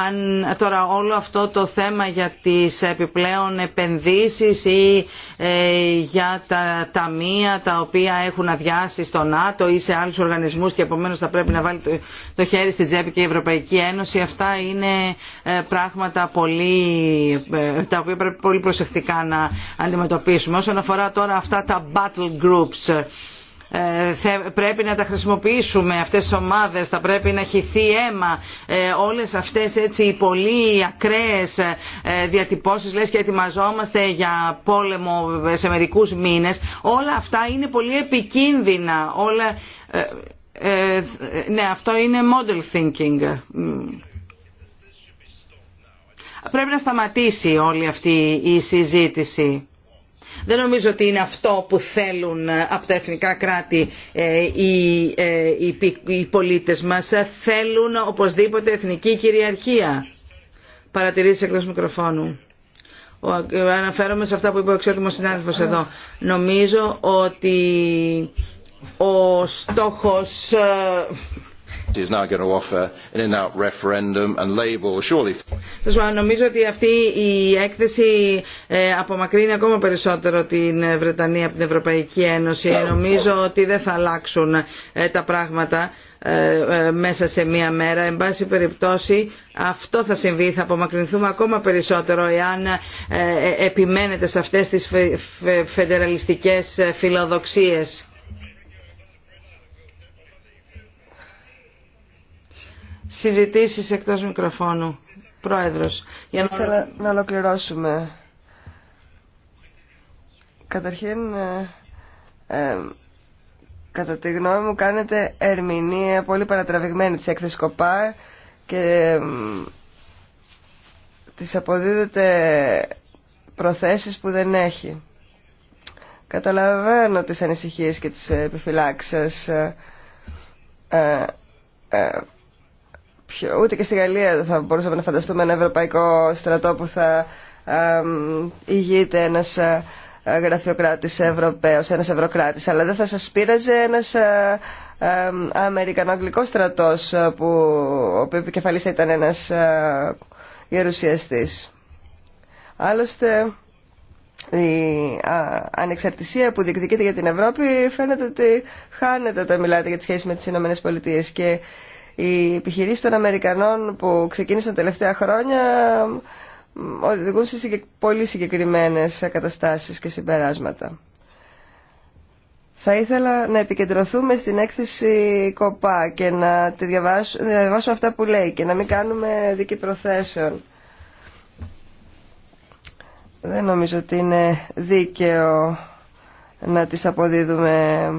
αν τώρα όλο αυτό το θέμα για τις επιπλέον επενδύσεις ή ε, για τα ταμεία τα οποία έχουν αδειάσει στο ΝΑΤΟ ή σε άλλους οργανισμούς και επομένως θα πρέπει να βάλει το, χέρι στην τσέπη και η Ευρωπαϊκή Ένωση, αυτά είναι ε, πράγματα πολύ, ε, τα οποία πρέπει πολύ προσεκτικά να αντιμετωπίσουμε. Όσον αφορά τώρα αυτά τα battle groups, ε, πρέπει να τα χρησιμοποιήσουμε αυτές τις ομάδες, θα πρέπει να χυθεί αίμα ε, όλες αυτές έτσι οι πολύ ακραίες ε, διατυπώσεις, λες και ετοιμαζόμαστε για πόλεμο σε μερικούς μήνες, όλα αυτά είναι πολύ επικίνδυνα, όλα... ναι, αυτό είναι model thinking. Πρέπει να σταματήσει όλη αυτή η συζήτηση. Δεν νομίζω ότι είναι αυτό που θέλουν ε, από τα εθνικά κράτη ε, ε, οι πολίτες μας. Θέλουν οπωσδήποτε εθνική κυριαρχία. Παρατηρήσεις εκτός μικροφώνου. Αναφέρομαι σε αυτά που είπε ο εξώτημος συνάδελφος εδώ. Νομίζω ότι ο στόχος Νομίζω ότι αυτή η έκθεση ε, απομακρύνει ακόμα περισσότερο την ε, Βρετανία από την Ευρωπαϊκή Ένωση. Νομίζω ότι δεν θα αλλάξουν ε, τα πράγματα μέσα σε μία μέρα. Εν πάση περιπτώσει αυτό θα συμβεί. Θα απομακρυνθούμε ακόμα περισσότερο εάν επιμένετε σε αυτές τις φεντεραλιστικές φιλοδοξίες. συζητήσεις εκτός μικροφώνου. Πρόεδρος. Για να... να ολοκληρώσουμε. Καταρχήν, ε, ε, κατά τη γνώμη μου κάνετε ερμηνεία πολύ παρατραβηγμένη της έκθεσης ΚΟΠΑ και ε, της αποδίδεται προθέσεις που δεν έχει. Καταλαβαίνω τις ανησυχίες και τις επιφυλάξεις Ε, ε, ε ούτε και στη Γαλλία δεν θα μπορούσαμε να φανταστούμε ένα ευρωπαϊκό στρατό που θα ηγείται ένας ε, γραφειοκράτης Ευρωπαίος, ένας ευρωκράτης. Αλλά δεν θα σας πείραζε ένας ε, αμερικανοαγγλικός στρατός ε, που ο ήταν ένας ε, γερουσιαστής. Άλλωστε η ανεξαρτησία που διεκδικείται για την Ευρώπη φαίνεται ότι χάνεται όταν μιλάτε για τις σχέσεις με τις Ηνωμένες Πολιτείες και οι επιχειρήσει των Αμερικανών που ξεκίνησαν τα τελευταία χρόνια οδηγούν σε πολύ συγκεκριμένες καταστάσεις και συμπεράσματα. Θα ήθελα να επικεντρωθούμε στην έκθεση ΚΟΠΑ και να τη διαβάσουμε, αυτά που λέει και να μην κάνουμε δίκη προθέσεων. Δεν νομίζω ότι είναι δίκαιο να τις αποδίδουμε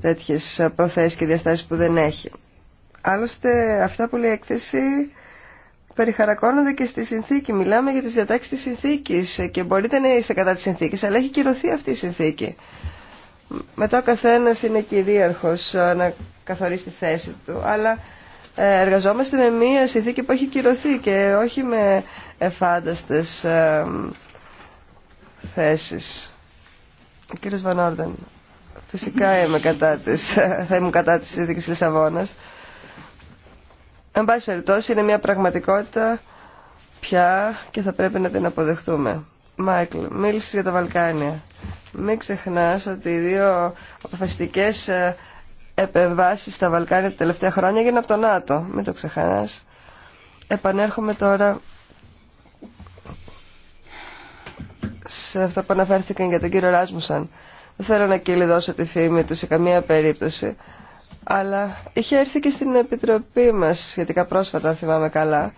τέτοιες προθέσεις και διαστάσεις που δεν έχει. Άλλωστε αυτά που λέει η έκθεση περιχαρακώνονται και στη συνθήκη. Μιλάμε για τις διατάξεις της συνθήκης και μπορείτε να είστε κατά της συνθήκης, αλλά έχει κυρωθεί αυτή η συνθήκη. Μετά ο καθένας είναι κυρίαρχος να καθορίσει τη θέση του, αλλά ε, εργαζόμαστε με μία συνθήκη που έχει κυρωθεί και όχι με εφάνταστες ε, θέσεις. Ο κύριος Βανόρδεν, φυσικά είμαι κατά της, ε, θα ήμουν κατά της συνθήκης Λισαβόνας. Εν πάση περιπτώσει είναι μια πραγματικότητα πια και θα πρέπει να την αποδεχτούμε. Μάικλ, μίλησε για τα Βαλκάνια. Μην ξεχνάς ότι οι δύο αποφασιστικές ε, επεμβάσεις στα Βαλκάνια τα τελευταία χρόνια έγιναν από το ΝΑΤΟ. Μην το ξεχνάς. Επανέρχομαι τώρα σε αυτά που αναφέρθηκαν για τον κύριο Ράσμουσαν. Δεν θέλω να κυλιδώσω τη φήμη του σε καμία περίπτωση αλλά είχε έρθει και στην Επιτροπή μας σχετικά πρόσφατα, θυμάμαι καλά.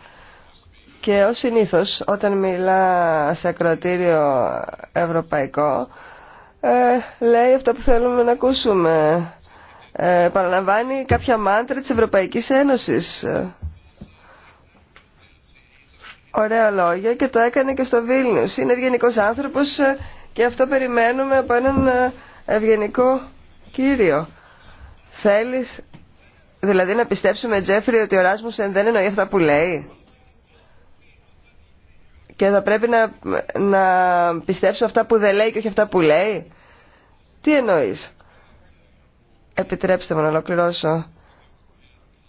Και ως συνήθως, όταν μιλά σε ακροατήριο ευρωπαϊκό, ε, λέει αυτό που θέλουμε να ακούσουμε. Ε, παραλαμβάνει κάποια μάντρα της Ευρωπαϊκής Ένωσης. Ε, ωραία λόγια και το έκανε και στο Βίλνιους. Είναι ευγενικός άνθρωπος ε, και αυτό περιμένουμε από έναν ε, ευγενικό κύριο. Θέλεις δηλαδή να πιστέψουμε, Τζέφρι, ότι ο Ράσμουσεν δεν εννοεί αυτά που λέει. Και θα πρέπει να, να πιστέψω αυτά που δεν λέει και όχι αυτά που λέει. Τι εννοείς. Επιτρέψτε μου να ολοκληρώσω.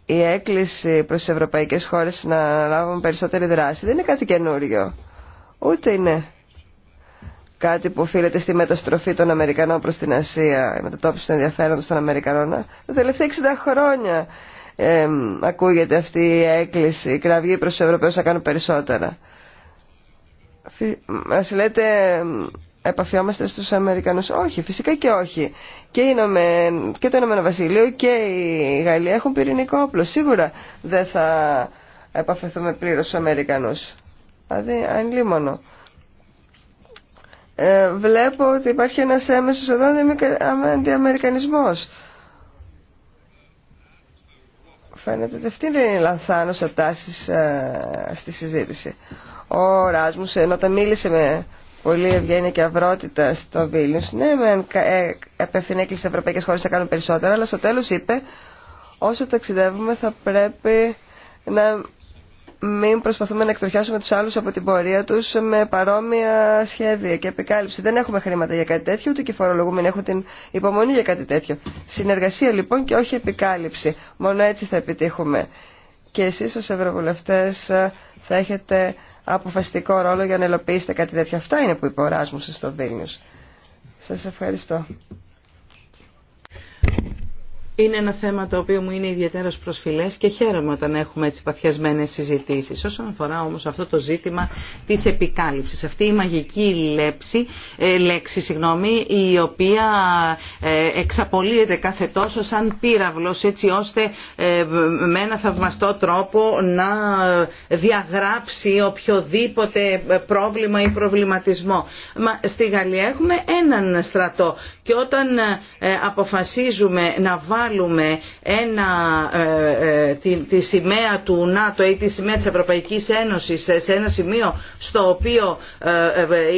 Η έκκληση προς τις ευρωπαϊκές χώρες να λάβουν περισσότερη δράση δεν είναι κάτι καινούριο. Ούτε είναι κάτι που οφείλεται στη μεταστροφή των Αμερικανών προς την Ασία, η μετατόπιση του ενδιαφέροντων των Αμερικανών. Τα τελευταία 60 χρόνια ακούγεται αυτή η έκκληση, η κραυγή προς τους Ευρωπαίους να κάνουν περισσότερα. Μας λέτε επαφιόμαστε στους Αμερικανούς. Όχι, φυσικά και όχι. Και, και το Ηνωμένο Βασίλειο και η Γαλλία έχουν πυρηνικό όπλο. Σίγουρα δεν θα επαφεθούμε πλήρως στους Αμερικανούς. Δηλαδή, αν λίμωνο. Ε, βλέπω ότι υπάρχει ένας έμεσος εδώ αντιαμερικανισμός. Φαίνεται ότι αυτή είναι η λανθάνωσα τάση ε, στη συζήτηση. Ο Ράσμους, ενώ τα μίλησε με πολύ ευγένεια και αυρότητα στο Βίλνιους, ναι, με ε, απευθυνέ στις ευρωπαϊκές χώρες να κάνουν περισσότερα, αλλά στο τέλος είπε, όσο ταξιδεύουμε θα πρέπει να μην προσπαθούμε να εκτροχιάσουμε τους άλλους από την πορεία τους με παρόμοια σχέδια και επικάλυψη. Δεν έχουμε χρήματα για κάτι τέτοιο, ούτε και φορολογούμενοι έχουν την υπομονή για κάτι τέτοιο. Συνεργασία λοιπόν και όχι επικάλυψη. Μόνο έτσι θα επιτύχουμε. Και εσείς ως Ευρωβουλευτές θα έχετε αποφασιστικό ρόλο για να ελοποιήσετε κάτι τέτοιο. Αυτά είναι που υποράσμουσε στο Βίλνιους. Σας ευχαριστώ. Είναι ένα θέμα το οποίο μου είναι ιδιαίτερος προσφυλές και χαίρομαι όταν έχουμε έτσι παθιασμένες συζητήσεις. Όσον αφορά όμως αυτό το ζήτημα της επικάλυψης, αυτή η μαγική λέξη, ε, λέξη συγγνώμη, η οποία ε, εξαπολύεται κάθε τόσο σαν πύραυλος έτσι ώστε ε, με ένα θαυμαστό τρόπο να διαγράψει οποιοδήποτε πρόβλημα ή προβληματισμό. Μα στη Γαλλία έχουμε έναν στρατό και όταν ε, ε, αποφασίζουμε να βάλουμε ένα, ε, τη, τη σημαία του ΝΑΤΟ ή τη σημαία της Ευρωπαϊκής Ένωσης σε ένα σημείο στο οποίο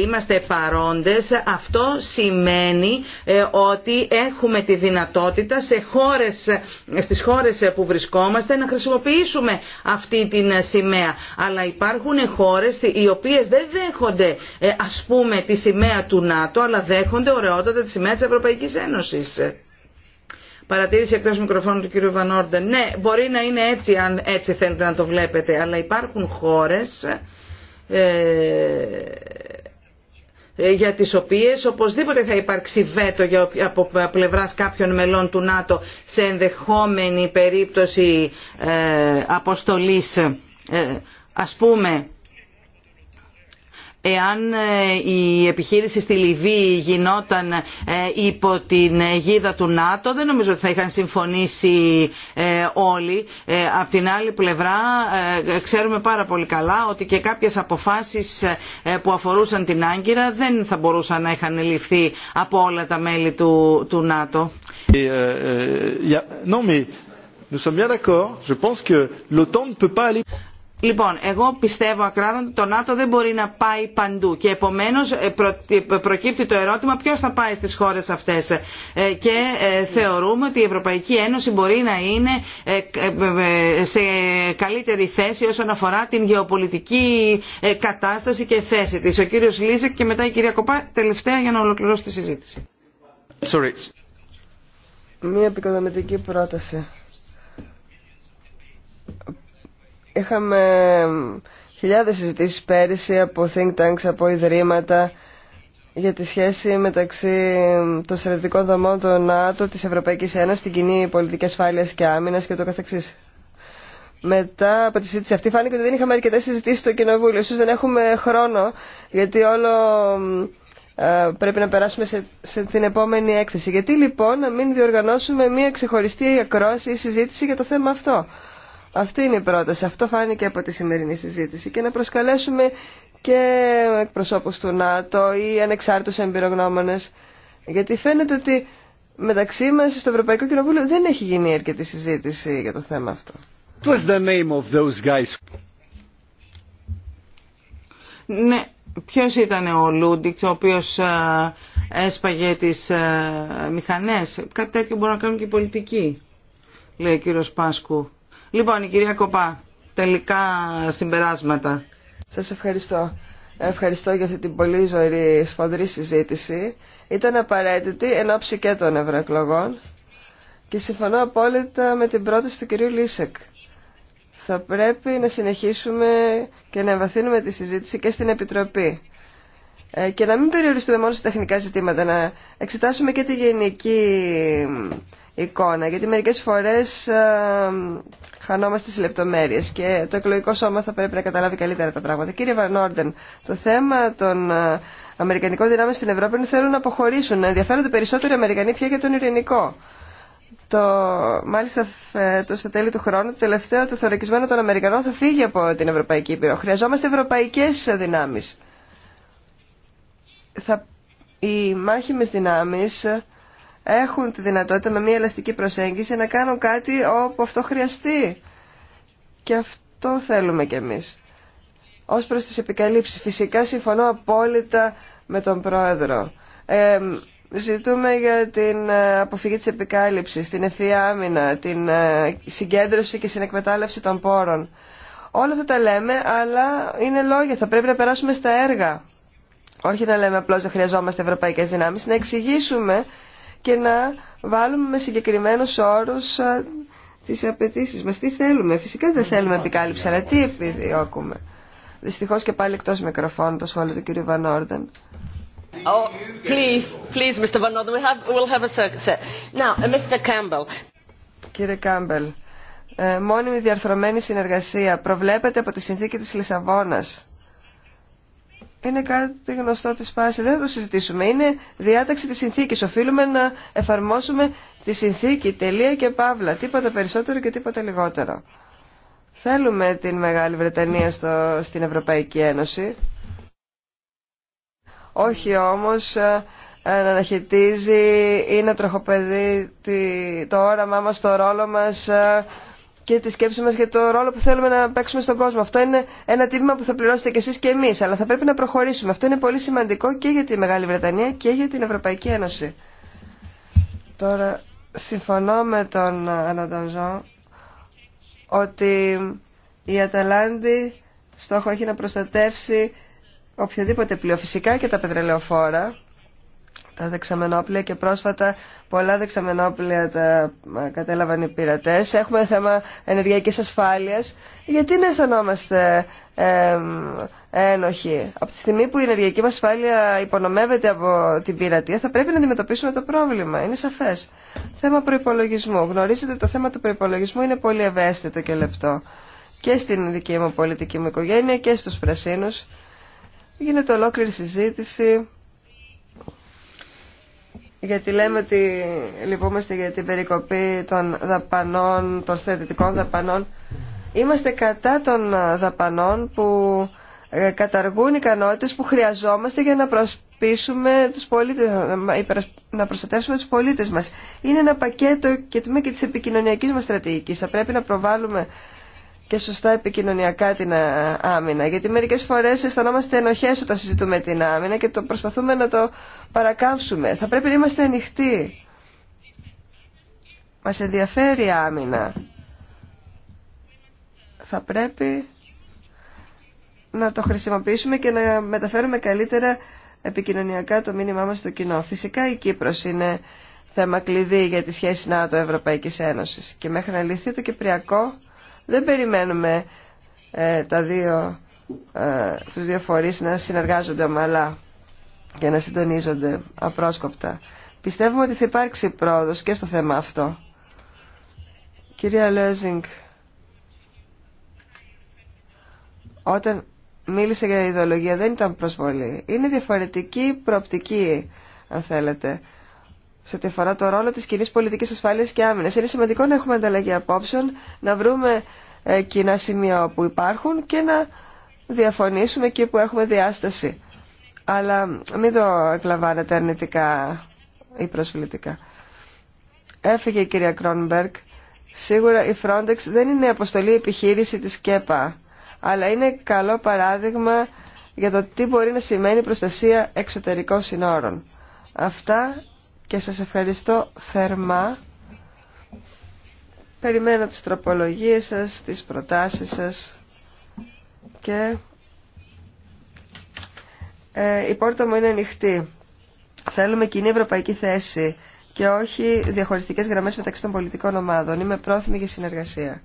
είμαστε παρόντες, αυτό σημαίνει ότι έχουμε τη δυνατότητα σε χώρες, στις χώρες που βρισκόμαστε να χρησιμοποιήσουμε αυτή την σημαία. Αλλά υπάρχουν χώρες οι οποίες δεν δέχονται ας πούμε τη σημαία του ΝΑΤΟ αλλά δέχονται ωραιότατα τη σημαία Ευρωπαϊκή Ευρωπαϊκής Ένωσης. Παρατήρηση εκτός μικροφώνου του κ. Βανόρντε. Ναι, μπορεί να είναι έτσι αν έτσι θέλετε να το βλέπετε, αλλά υπάρχουν χώρες ε, ε, για τις οποίες οπωσδήποτε θα υπάρξει βέτο από πλευράς κάποιων μελών του ΝΑΤΟ σε ενδεχόμενη περίπτωση ε, αποστολής. Ας πούμε, εάν ε, η επιχείρηση στη Λιβύη γινόταν ε, υπό την αιγίδα του ΝΑΤΟ δεν νομίζω ότι θα είχαν συμφωνήσει ε, όλοι. Απ' την άλλη πλευρά ξέρουμε πάρα πολύ καλά ότι και κάποιες αποφάσεις που αφορούσαν την Άγκυρα δεν θα μπορούσαν να είχαν ληφθεί από όλα τα μέλη του, του ΝΑΤΟ. Nous sommes bien d'accord. Λοιπόν, εγώ πιστεύω ακράδαντα το ΝΑΤΟ δεν μπορεί να πάει παντού και επομένως ε, ε, προκύπτει το ερώτημα ποιος θα πάει στις χώρες αυτές ε, και θεωρούμε ότι η Ευρωπαϊκή Ένωση μπορεί να είναι σε καλύτερη θέση όσον αφορά την γεωπολιτική κατάσταση και θέση της. Ο κύριος Λίζεκ και μετά η κυρία Κοπά τελευταία για να ολοκληρώσω τη συζήτηση. Μία επικοδομητική πρόταση. Είχαμε χιλιάδες συζητήσει πέρυσι από think tanks, από ιδρύματα για τη σχέση μεταξύ των στρατιωτικών δομών των ΝΑΤΟ, της Ευρωπαϊκής Ένωσης, την κοινή πολιτική ασφάλεια και άμυνας και το καθεξής. Μετά από τη συζήτηση αυτή φάνηκε ότι δεν είχαμε αρκετέ συζητήσει στο Κοινοβούλιο. Ίσως δεν έχουμε χρόνο, γιατί όλο ε, πρέπει να περάσουμε σε, σε την επόμενη έκθεση. Γιατί λοιπόν να μην διοργανώσουμε μια ξεχωριστή ακρόαση ή συζήτηση για το θέμα αυτό. Αυτή είναι η πρόταση. Αυτό φάνηκε από τη σημερινή συζήτηση. Και να προσκαλέσουμε και εκπροσώπους του ΝΑΤΟ ή ανεξάρτητους εμπειρογνώμονες. Γιατί φαίνεται ότι μεταξύ μας στο Ευρωπαϊκό Κοινοβούλιο δεν έχει γίνει αρκετή συζήτηση για το θέμα αυτό. the name of those guys? Ναι, ποιος ήταν ο Λούντιξ ο οποίος ε, έσπαγε τις ε, μηχανές. Κάτι τέτοιο μπορεί να κάνουν και οι πολιτικοί, λέει ο κύριος Πάσκου. Λοιπόν, η κυρία Κοπά, τελικά συμπεράσματα. Σας ευχαριστώ. Ευχαριστώ για αυτή την πολύ ζωηρή, σφοδρή συζήτηση. Ήταν απαραίτητη εν ώψη και των ευρωεκλογών και συμφωνώ απόλυτα με την πρόταση του κυρίου Λίσεκ. Θα πρέπει να συνεχίσουμε και να εμβαθύνουμε τη συζήτηση και στην Επιτροπή ε, και να μην περιοριστούμε μόνο σε τεχνικά ζητήματα, να εξετάσουμε και τη γενική εικόνα, γιατί μερικές φορές ε, χανόμαστε στις λεπτομέρειες και το εκλογικό σώμα θα πρέπει να καταλάβει καλύτερα τα πράγματα. Κύριε Βανόρντεν, το θέμα των ε, Αμερικανικών δυνάμεων στην Ευρώπη είναι θέλουν να αποχωρήσουν, να ενδιαφέρονται περισσότερο οι Αμερικανοί πια για τον Ειρηνικό. Το, μάλιστα το στα τέλη του χρόνου, το τελευταίο τεθωρακισμένο των Αμερικανών θα φύγει από την Ευρωπαϊκή Ήπειρο. Χρειαζόμαστε ευρωπαϊκές δυνάμεις. Θα, οι μάχημες δυνάμεις έχουν τη δυνατότητα με μια ελαστική προσέγγιση να κάνουν κάτι όπου αυτό χρειαστεί. Και αυτό θέλουμε κι εμείς. Ως προς τις επικαλύψεις, φυσικά συμφωνώ απόλυτα με τον Πρόεδρο. Ε, ζητούμε για την ε, αποφυγή της επικάλυψης, την ευθεία άμυνα, την ε, συγκέντρωση και συνεκμετάλλευση των πόρων. Όλα αυτά τα λέμε, αλλά είναι λόγια. Θα πρέπει να περάσουμε στα έργα. Όχι να λέμε απλώς ότι χρειαζόμαστε ευρωπαϊκές δυνάμεις, να εξηγήσουμε και να βάλουμε με συγκεκριμένους όρους ε, τις απαιτήσει μα. Τι θέλουμε. Φυσικά δεν θέλουμε επικάλυψη, αλλά τι επιδιώκουμε. Δυστυχώ και πάλι εκτό μικροφώνου το σχόλιο του κ. Βαν Όρντεν. Oh, please, please, Mr. Van Orden, have, have a Now, uh, Mr. Campbell. Κύριε Κάμπελ, ε, μόνιμη διαρθρωμένη συνεργασία προβλέπεται από τη συνθήκη της Λισαβόνα είναι κάτι γνωστό τη φάση. Δεν θα το συζητήσουμε. Είναι διάταξη της συνθήκης. Οφείλουμε να εφαρμόσουμε τη συνθήκη, τελεία και παύλα. Τίποτα περισσότερο και τίποτα λιγότερο. Θέλουμε την Μεγάλη Βρετανία στο, στην Ευρωπαϊκή Ένωση. Όχι όμως ε, ε, να αναχαιτίζει ή να τροχοπεδεί το όραμά μα το ρόλο μας ε, και τη σκέψη μα για το ρόλο που θέλουμε να παίξουμε στον κόσμο. Αυτό είναι ένα τίμημα που θα πληρώσετε κι εσείς και εμείς, αλλά θα πρέπει να προχωρήσουμε. Αυτό είναι πολύ σημαντικό και για τη Μεγάλη Βρετανία και για την Ευρωπαϊκή Ένωση. Τώρα, συμφωνώ με τον Ανατονζό ότι η Αταλάντη στόχο έχει να προστατεύσει οποιοδήποτε πλοίο, φυσικά και τα πετρελαιοφόρα, τα δεξαμενόπλια και πρόσφατα πολλά δεξαμενόπλια τα κατέλαβαν οι πειρατέ. Έχουμε θέμα ενεργειακής ασφάλειας. Γιατί να αισθανόμαστε ε, ένοχοι. Από τη στιγμή που η ενεργειακή μας ασφάλεια υπονομεύεται από την πειρατεία θα πρέπει να αντιμετωπίσουμε το πρόβλημα. Είναι σαφές. Θέμα προϋπολογισμού. Γνωρίζετε το θέμα του προϋπολογισμού είναι πολύ ευαίσθητο και λεπτό. Και στην δική μου πολιτική μου οικογένεια και στους Πρασίνου, γίνεται ολόκληρη συζήτηση γιατί λέμε ότι λυπούμαστε για την περικοπή των δαπανών, των στρατητικών δαπανών. Είμαστε κατά των δαπανών που ε, καταργούν ικανότητες που χρειαζόμαστε για να προσπίσουμε τους πολίτες, να προστατεύσουμε τους πολίτες μας. Είναι ένα πακέτο και τμήμα και της επικοινωνιακής μας στρατηγικής. Θα πρέπει να προβάλλουμε και σωστά επικοινωνιακά την ε, άμυνα. Γιατί μερικέ φορέ αισθανόμαστε ενοχέ όταν συζητούμε την άμυνα και το προσπαθούμε να το παρακάμψουμε. Θα πρέπει να είμαστε ανοιχτοί. Μα ενδιαφέρει η άμυνα. Θα πρέπει να το χρησιμοποιήσουμε και να μεταφέρουμε καλύτερα επικοινωνιακά το μήνυμά μας στο κοινό. Φυσικά η Κύπρος είναι θέμα κλειδί για τη σχέση ΝΑΤΟ-Ευρωπαϊκής Ένωσης και μέχρι να λυθεί το Κυπριακό δεν περιμένουμε ε, τα δύο, ε, τους να συνεργάζονται ομαλά και να συντονίζονται απρόσκοπτα. Πιστεύουμε ότι θα υπάρξει πρόοδος και στο θέμα αυτό. Κυρία Λέζινγκ, όταν μίλησε για ιδεολογία δεν ήταν προσβολή. Είναι διαφορετική προοπτική, αν θέλετε σε ό,τι αφορά το ρόλο της κοινή πολιτικής ασφάλειας και άμυνας. Είναι σημαντικό να έχουμε ανταλλαγή απόψεων, να βρούμε ε, κοινά σημεία όπου υπάρχουν και να διαφωνήσουμε εκεί που έχουμε διάσταση. Αλλά μην το εκλαμβάνετε αρνητικά ή προσβλητικά. Έφυγε η κυρία Κρόνμπεργκ. Σίγουρα η Frontex δεν είναι αποστολή επιχείρηση της ΚΕΠΑ, αλλά είναι καλό παράδειγμα για το τι μπορεί να σημαίνει προστασία εξωτερικών συνόρων. Αυτά και σας ευχαριστώ θερμά. Περιμένω τις τροπολογίες σας, τις προτάσεις σας και ε, η πόρτα μου είναι ανοιχτή. Θέλουμε κοινή ευρωπαϊκή θέση και όχι διαχωριστικές γραμμές μεταξύ των πολιτικών ομάδων. Είμαι πρόθυμη για συνεργασία.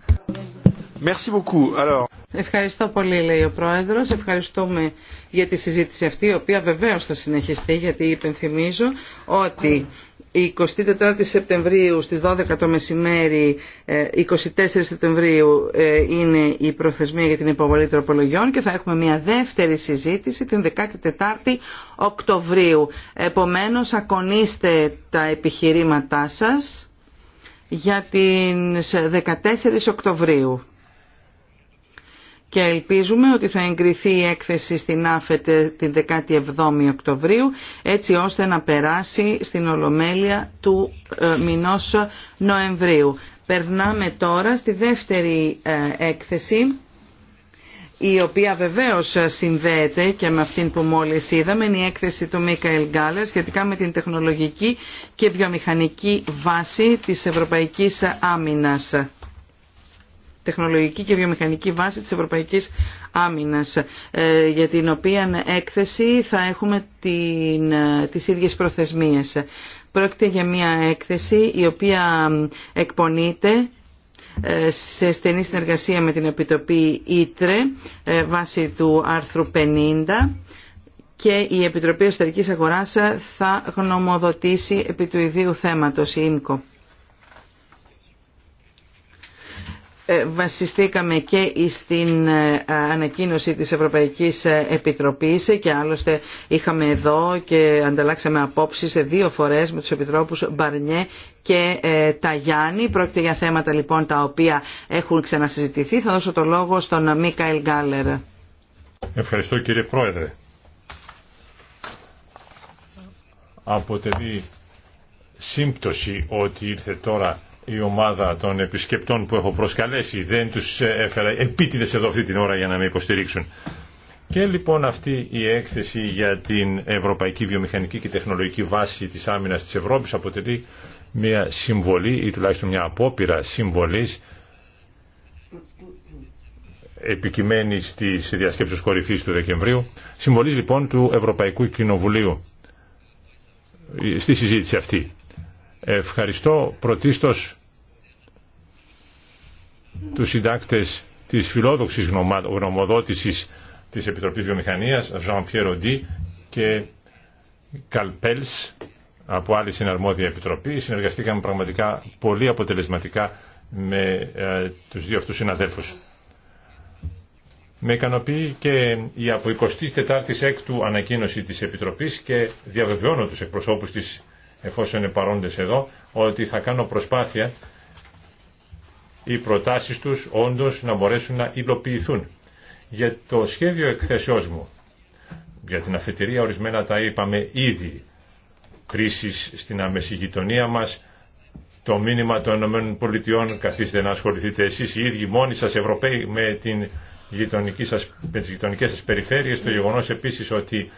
Ευχαριστώ πολύ, λέει ο Πρόεδρος. Ευχαριστούμε για τη συζήτηση αυτή, η οποία βεβαίως θα συνεχιστεί, γιατί υπενθυμίζω ότι η 24 Σεπτεμβρίου στις 12 το μεσημέρι, 24 ε, Σεπτεμβρίου ε, είναι η προθεσμία για την υποβολή τροπολογιών και θα έχουμε μια δεύτερη συζήτηση την 14η Οκτωβρίου. Επομένως, ακονίστε τα επιχειρήματά σας για την 14 Οκτωβρίου και ελπίζουμε ότι θα εγκριθεί η έκθεση στην ΑΦΕΤ την 17η Οκτωβρίου έτσι ώστε να περάσει στην Ολομέλεια του ε, μηνός Νοεμβρίου. Περνάμε τώρα στη δεύτερη ε, έκθεση η οποία βεβαίως συνδέεται και με αυτήν που μόλις είδαμε, είναι η έκθεση του Μίκαελ Γκάλερ σχετικά με την τεχνολογική και βιομηχανική βάση της Ευρωπαϊκής Άμυνας τεχνολογική και βιομηχανική βάση της Ευρωπαϊκής Άμυνας, ε, για την οποία έκθεση θα έχουμε την, ε, τις ίδιες προθεσμίες. Πρόκειται για μια έκθεση η οποία ε, εκπονείται σε στενή συνεργασία με την Επιτροπή Ήτρε βάσει του άρθρου 50 και η Επιτροπή Εσωτερικής Αγοράς θα γνωμοδοτήσει επί του ιδίου θέματος, η ΙΜΚΟ. Ε, βασιστήκαμε και στην ε, ανακοίνωση της Ευρωπαϊκής ε, Επιτροπής και άλλωστε είχαμε εδώ και ανταλλάξαμε απόψεις δύο φορές με τους Επιτρόπους Μπαρνιέ και Ταγιάννη. Πρόκειται για θέματα λοιπόν τα οποία έχουν ξανασυζητηθεί. Θα δώσω το λόγο στον Μίκαελ Γκάλερ. Ευχαριστώ κύριε Πρόεδρε. Αποτελεί σύμπτωση ότι ήρθε τώρα η ομάδα των επισκεπτών που έχω προσκαλέσει. Δεν τους ε, έφερα επίτηδες εδώ αυτή την ώρα για να με υποστηρίξουν. Και λοιπόν αυτή η έκθεση για την Ευρωπαϊκή Βιομηχανική και Τεχνολογική Βάση της Άμυνας της Ευρώπης αποτελεί μια συμβολή ή τουλάχιστον μια απόπειρα συμβολής επικειμένη στις διασκέψεις κορυφής του Δεκεμβρίου, συμβολής λοιπόν του Ευρωπαϊκού Κοινοβουλίου ε, στη συζήτηση αυτή. Ευχαριστώ πρωτίστως τους συντάκτες της φιλόδοξης γνωμοδότησης της Επιτροπής Βιομηχανίας, Πιεροντί και Καλπέλς από άλλη συναρμόδια επιτροπή. Συνεργαστήκαμε πραγματικά πολύ αποτελεσματικά με ε, τους δύο αυτούς συναδέλφους. Με ικανοποιεί και η από 24η έκτου ανακοίνωση της Επιτροπής και διαβεβαιώνω τους εκπροσώπους της εφόσον είναι παρόντες εδώ, ότι θα κάνω προσπάθεια οι προτάσεις τους όντως να μπορέσουν να υλοποιηθούν. Για το σχέδιο εκθέσεώς μου, για την αφετηρία ορισμένα τα είπαμε ήδη, κρίσεις στην άμεση γειτονία μας, το μήνυμα των ΗΠΑ, καθίστε να ασχοληθείτε εσείς οι ίδιοι μόνοι σας Ευρωπαίοι με την σας, με τις γειτονικές σας περιφέρειες, το γεγονός επίσης ότι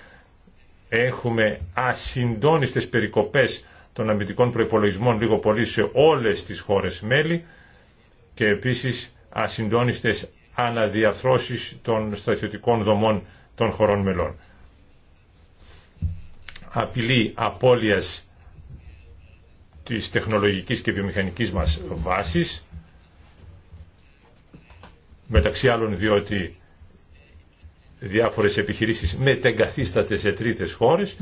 Έχουμε ασυντόνιστες περικοπές των αμυντικών προϋπολογισμών λίγο πολύ σε όλες τις χώρες μέλη και επίσης ασυντόνιστες αναδιαρθρώσεις των στρατιωτικών δομών των χωρών μελών. Απειλή απώλειας της τεχνολογικής και βιομηχανικής μας βάσης μεταξύ άλλων διότι διάφορες επιχειρήσεις μετεγκαθίσταται σε τρίτες χώρες.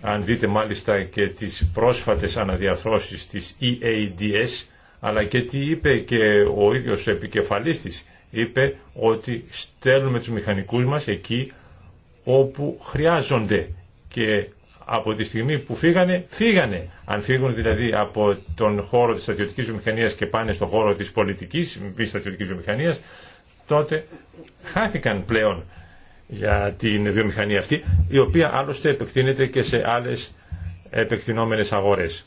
Αν δείτε μάλιστα και τις πρόσφατες αναδιαθρώσεις της EADS, αλλά και τι είπε και ο ίδιος ο επικεφαλής της, είπε ότι στέλνουμε τους μηχανικούς μας εκεί όπου χρειάζονται και από τη στιγμή που φύγανε, φύγανε. Αν φύγουν δηλαδή από τον χώρο της στρατιωτικής βιομηχανίας και πάνε στον χώρο της πολιτικής, μη στρατιωτικής βιομηχανίας, τότε χάθηκαν πλέον για την βιομηχανία αυτή, η οποία άλλωστε επεκτείνεται και σε άλλες επεκτηνόμενες αγορές.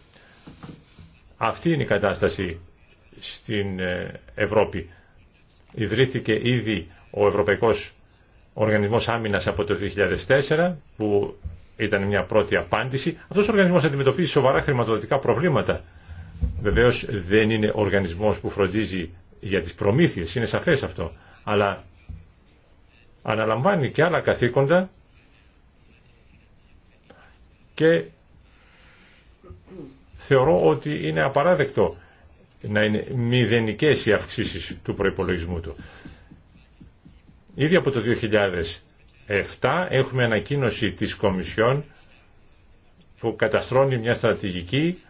Αυτή είναι η κατάσταση στην ε, Ευρώπη. Ιδρύθηκε ήδη ο Ευρωπαϊκός Οργανισμός Άμυνας από το 2004, που ήταν μια πρώτη απάντηση. Αυτός ο οργανισμός αντιμετωπίζει σοβαρά χρηματοδοτικά προβλήματα. Βεβαίως δεν είναι οργανισμός που φροντίζει για τις προμήθειες, είναι σαφές αυτό. Αλλά αναλαμβάνει και άλλα καθήκοντα και θεωρώ ότι είναι απαράδεκτο να είναι μηδενικές οι αυξήσεις του προϋπολογισμού του. Ήδη από το 2007 έχουμε ανακοίνωση της Κομισιόν που καταστρώνει μια στρατηγική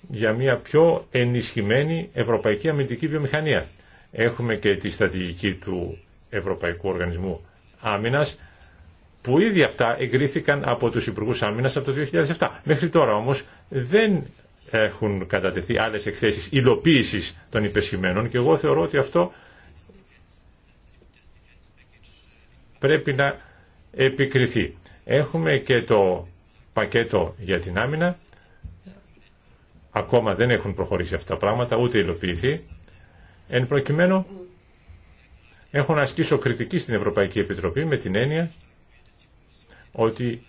για μια πιο ενισχυμένη ευρωπαϊκή αμυντική βιομηχανία. Έχουμε και τη στρατηγική του Ευρωπαϊκού Οργανισμού Άμυνας που ήδη αυτά εγκρίθηκαν από τους Υπουργούς Άμυνας από το 2007. Μέχρι τώρα όμως δεν έχουν κατατεθεί άλλες εκθέσεις υλοποίηση των υπεσχημένων και εγώ θεωρώ ότι αυτό πρέπει να επικριθεί. Έχουμε και το πακέτο για την άμυνα. Ακόμα δεν έχουν προχωρήσει αυτά τα πράγματα, ούτε υλοποιηθεί. Εν προκειμένου έχω να ασκήσω κριτική στην Ευρωπαϊκή Επιτροπή με την έννοια ότι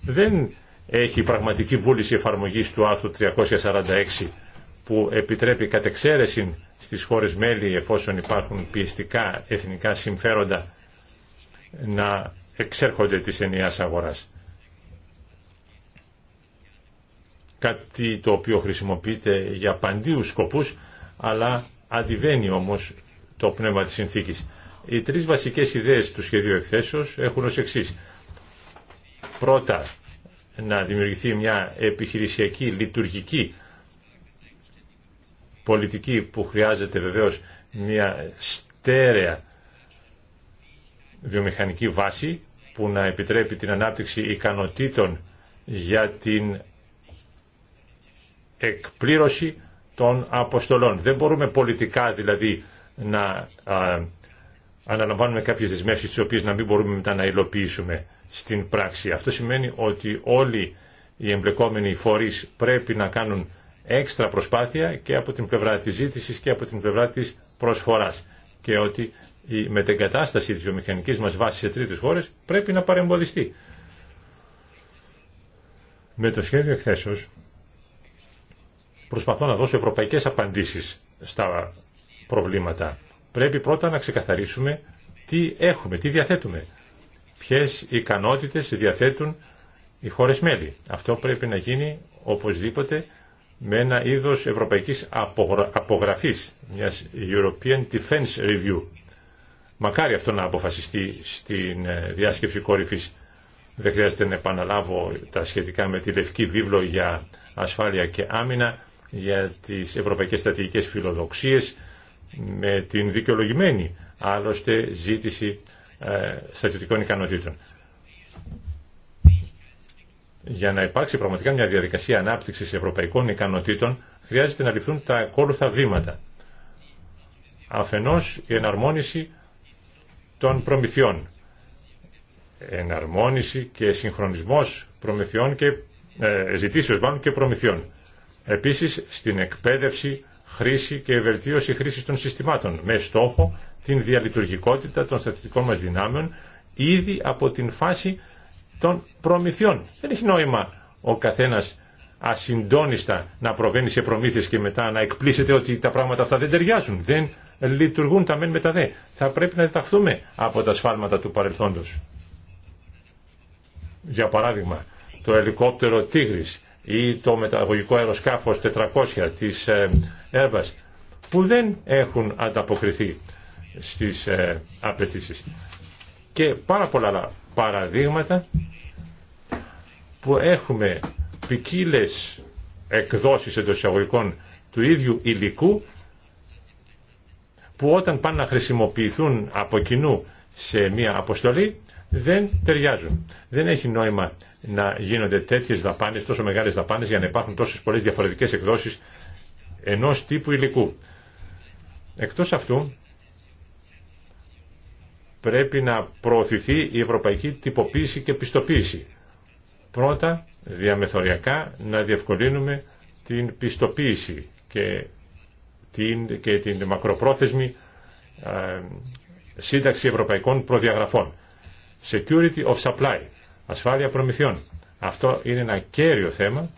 δεν έχει πραγματική βούληση εφαρμογής του άρθρου 346 που επιτρέπει κατεξαίρεση στις χώρες μέλη εφόσον υπάρχουν πιεστικά εθνικά συμφέροντα να εξέρχονται της ενιαίας αγοράς. Κάτι το οποίο χρησιμοποιείται για παντίους σκοπούς αλλά Αντιβαίνει όμως το πνεύμα της συνθήκης. Οι τρεις βασικές ιδέες του σχεδίου εκθέσεως έχουν ως εξή. Πρώτα, να δημιουργηθεί μια επιχειρησιακή, λειτουργική πολιτική που χρειάζεται βεβαίως μια στέρεα βιομηχανική βάση που να επιτρέπει την ανάπτυξη ικανοτήτων για την εκπλήρωση των αποστολών. Δεν μπορούμε πολιτικά δηλαδή να αναλαμβάνουμε κάποιες δεσμεύσεις τις οποίες να μην μπορούμε μετά να υλοποιήσουμε στην πράξη. Αυτό σημαίνει ότι όλοι οι εμπλεκόμενοι φορείς πρέπει να κάνουν έξτρα προσπάθεια και από την πλευρά της ζήτησης και από την πλευρά της προσφοράς και ότι η μετεγκατάσταση της βιομηχανικής μας βάσης σε τρίτες χώρες πρέπει να παρεμποδιστεί. Με το σχέδιο εκθέσεως προσπαθώ να δώσω ευρωπαϊκές απαντήσεις στα προβλήματα. Πρέπει πρώτα να ξεκαθαρίσουμε τι έχουμε, τι διαθέτουμε. Ποιες ικανότητες διαθέτουν οι χώρες μέλη. Αυτό πρέπει να γίνει οπωσδήποτε με ένα είδος ευρωπαϊκής απογραφής, μιας European Defense Review. Μακάρι αυτό να αποφασιστεί στην ε, διάσκεψη κορυφής. Δεν χρειάζεται να επαναλάβω τα σχετικά με τη Λευκή Βίβλο για ασφάλεια και άμυνα για τις ευρωπαϊκές στρατηγικές φιλοδοξίες με την δικαιολογημένη άλλωστε ζήτηση ε, στρατιωτικών ικανοτήτων. Για να υπάρξει πραγματικά μια διαδικασία ανάπτυξης ευρωπαϊκών ικανοτήτων χρειάζεται να ληφθούν τα ακόλουθα βήματα. Αφενός η εναρμόνιση των προμηθειών. Εναρμόνιση και συγχρονισμός προμηθειών και ε, ζητήσεως μάλλον και προμηθειών. Επίσης στην εκπαίδευση, χρήση και βελτίωση χρήσης των συστημάτων με στόχο την διαλειτουργικότητα των στρατιωτικών μας δυνάμεων ήδη από την φάση των προμηθειών. Δεν έχει νόημα ο καθένας ασυντόνιστα να προβαίνει σε προμήθειες και μετά να εκπλήσεται ότι τα πράγματα αυτά δεν ταιριάζουν, δεν λειτουργούν τα μεν με τα δε. Θα πρέπει να διδαχθούμε από τα σφάλματα του παρελθόντος. Για παράδειγμα, το ελικόπτερο Τίγρης ή το μεταγωγικό αεροσκάφος 400 της ΕΡΒΑΣ που δεν έχουν ανταποκριθεί στις ε, απαιτήσει. Και πάρα πολλά παραδείγματα που έχουμε ποικίλε εκδόσεις εντό εισαγωγικών του ίδιου υλικού που όταν πάνε να χρησιμοποιηθούν από κοινού σε μια αποστολή δεν ταιριάζουν. Δεν έχει νόημα να γίνονται τέτοιε δαπάνε, τόσο μεγάλε δαπάνε, για να υπάρχουν τόσε πολλέ διαφορετικέ εκδόσει ενό τύπου υλικού. Εκτό αυτού, πρέπει να προωθηθεί η ευρωπαϊκή τυποποίηση και πιστοποίηση. Πρώτα, διαμεθοριακά, να διευκολύνουμε την πιστοποίηση και την, και την μακροπρόθεσμη ε, σύνταξη ευρωπαϊκών προδιαγραφών. Security of supply, ασφάλεια προμηθειών. Αυτό είναι ένα κέριο θέμα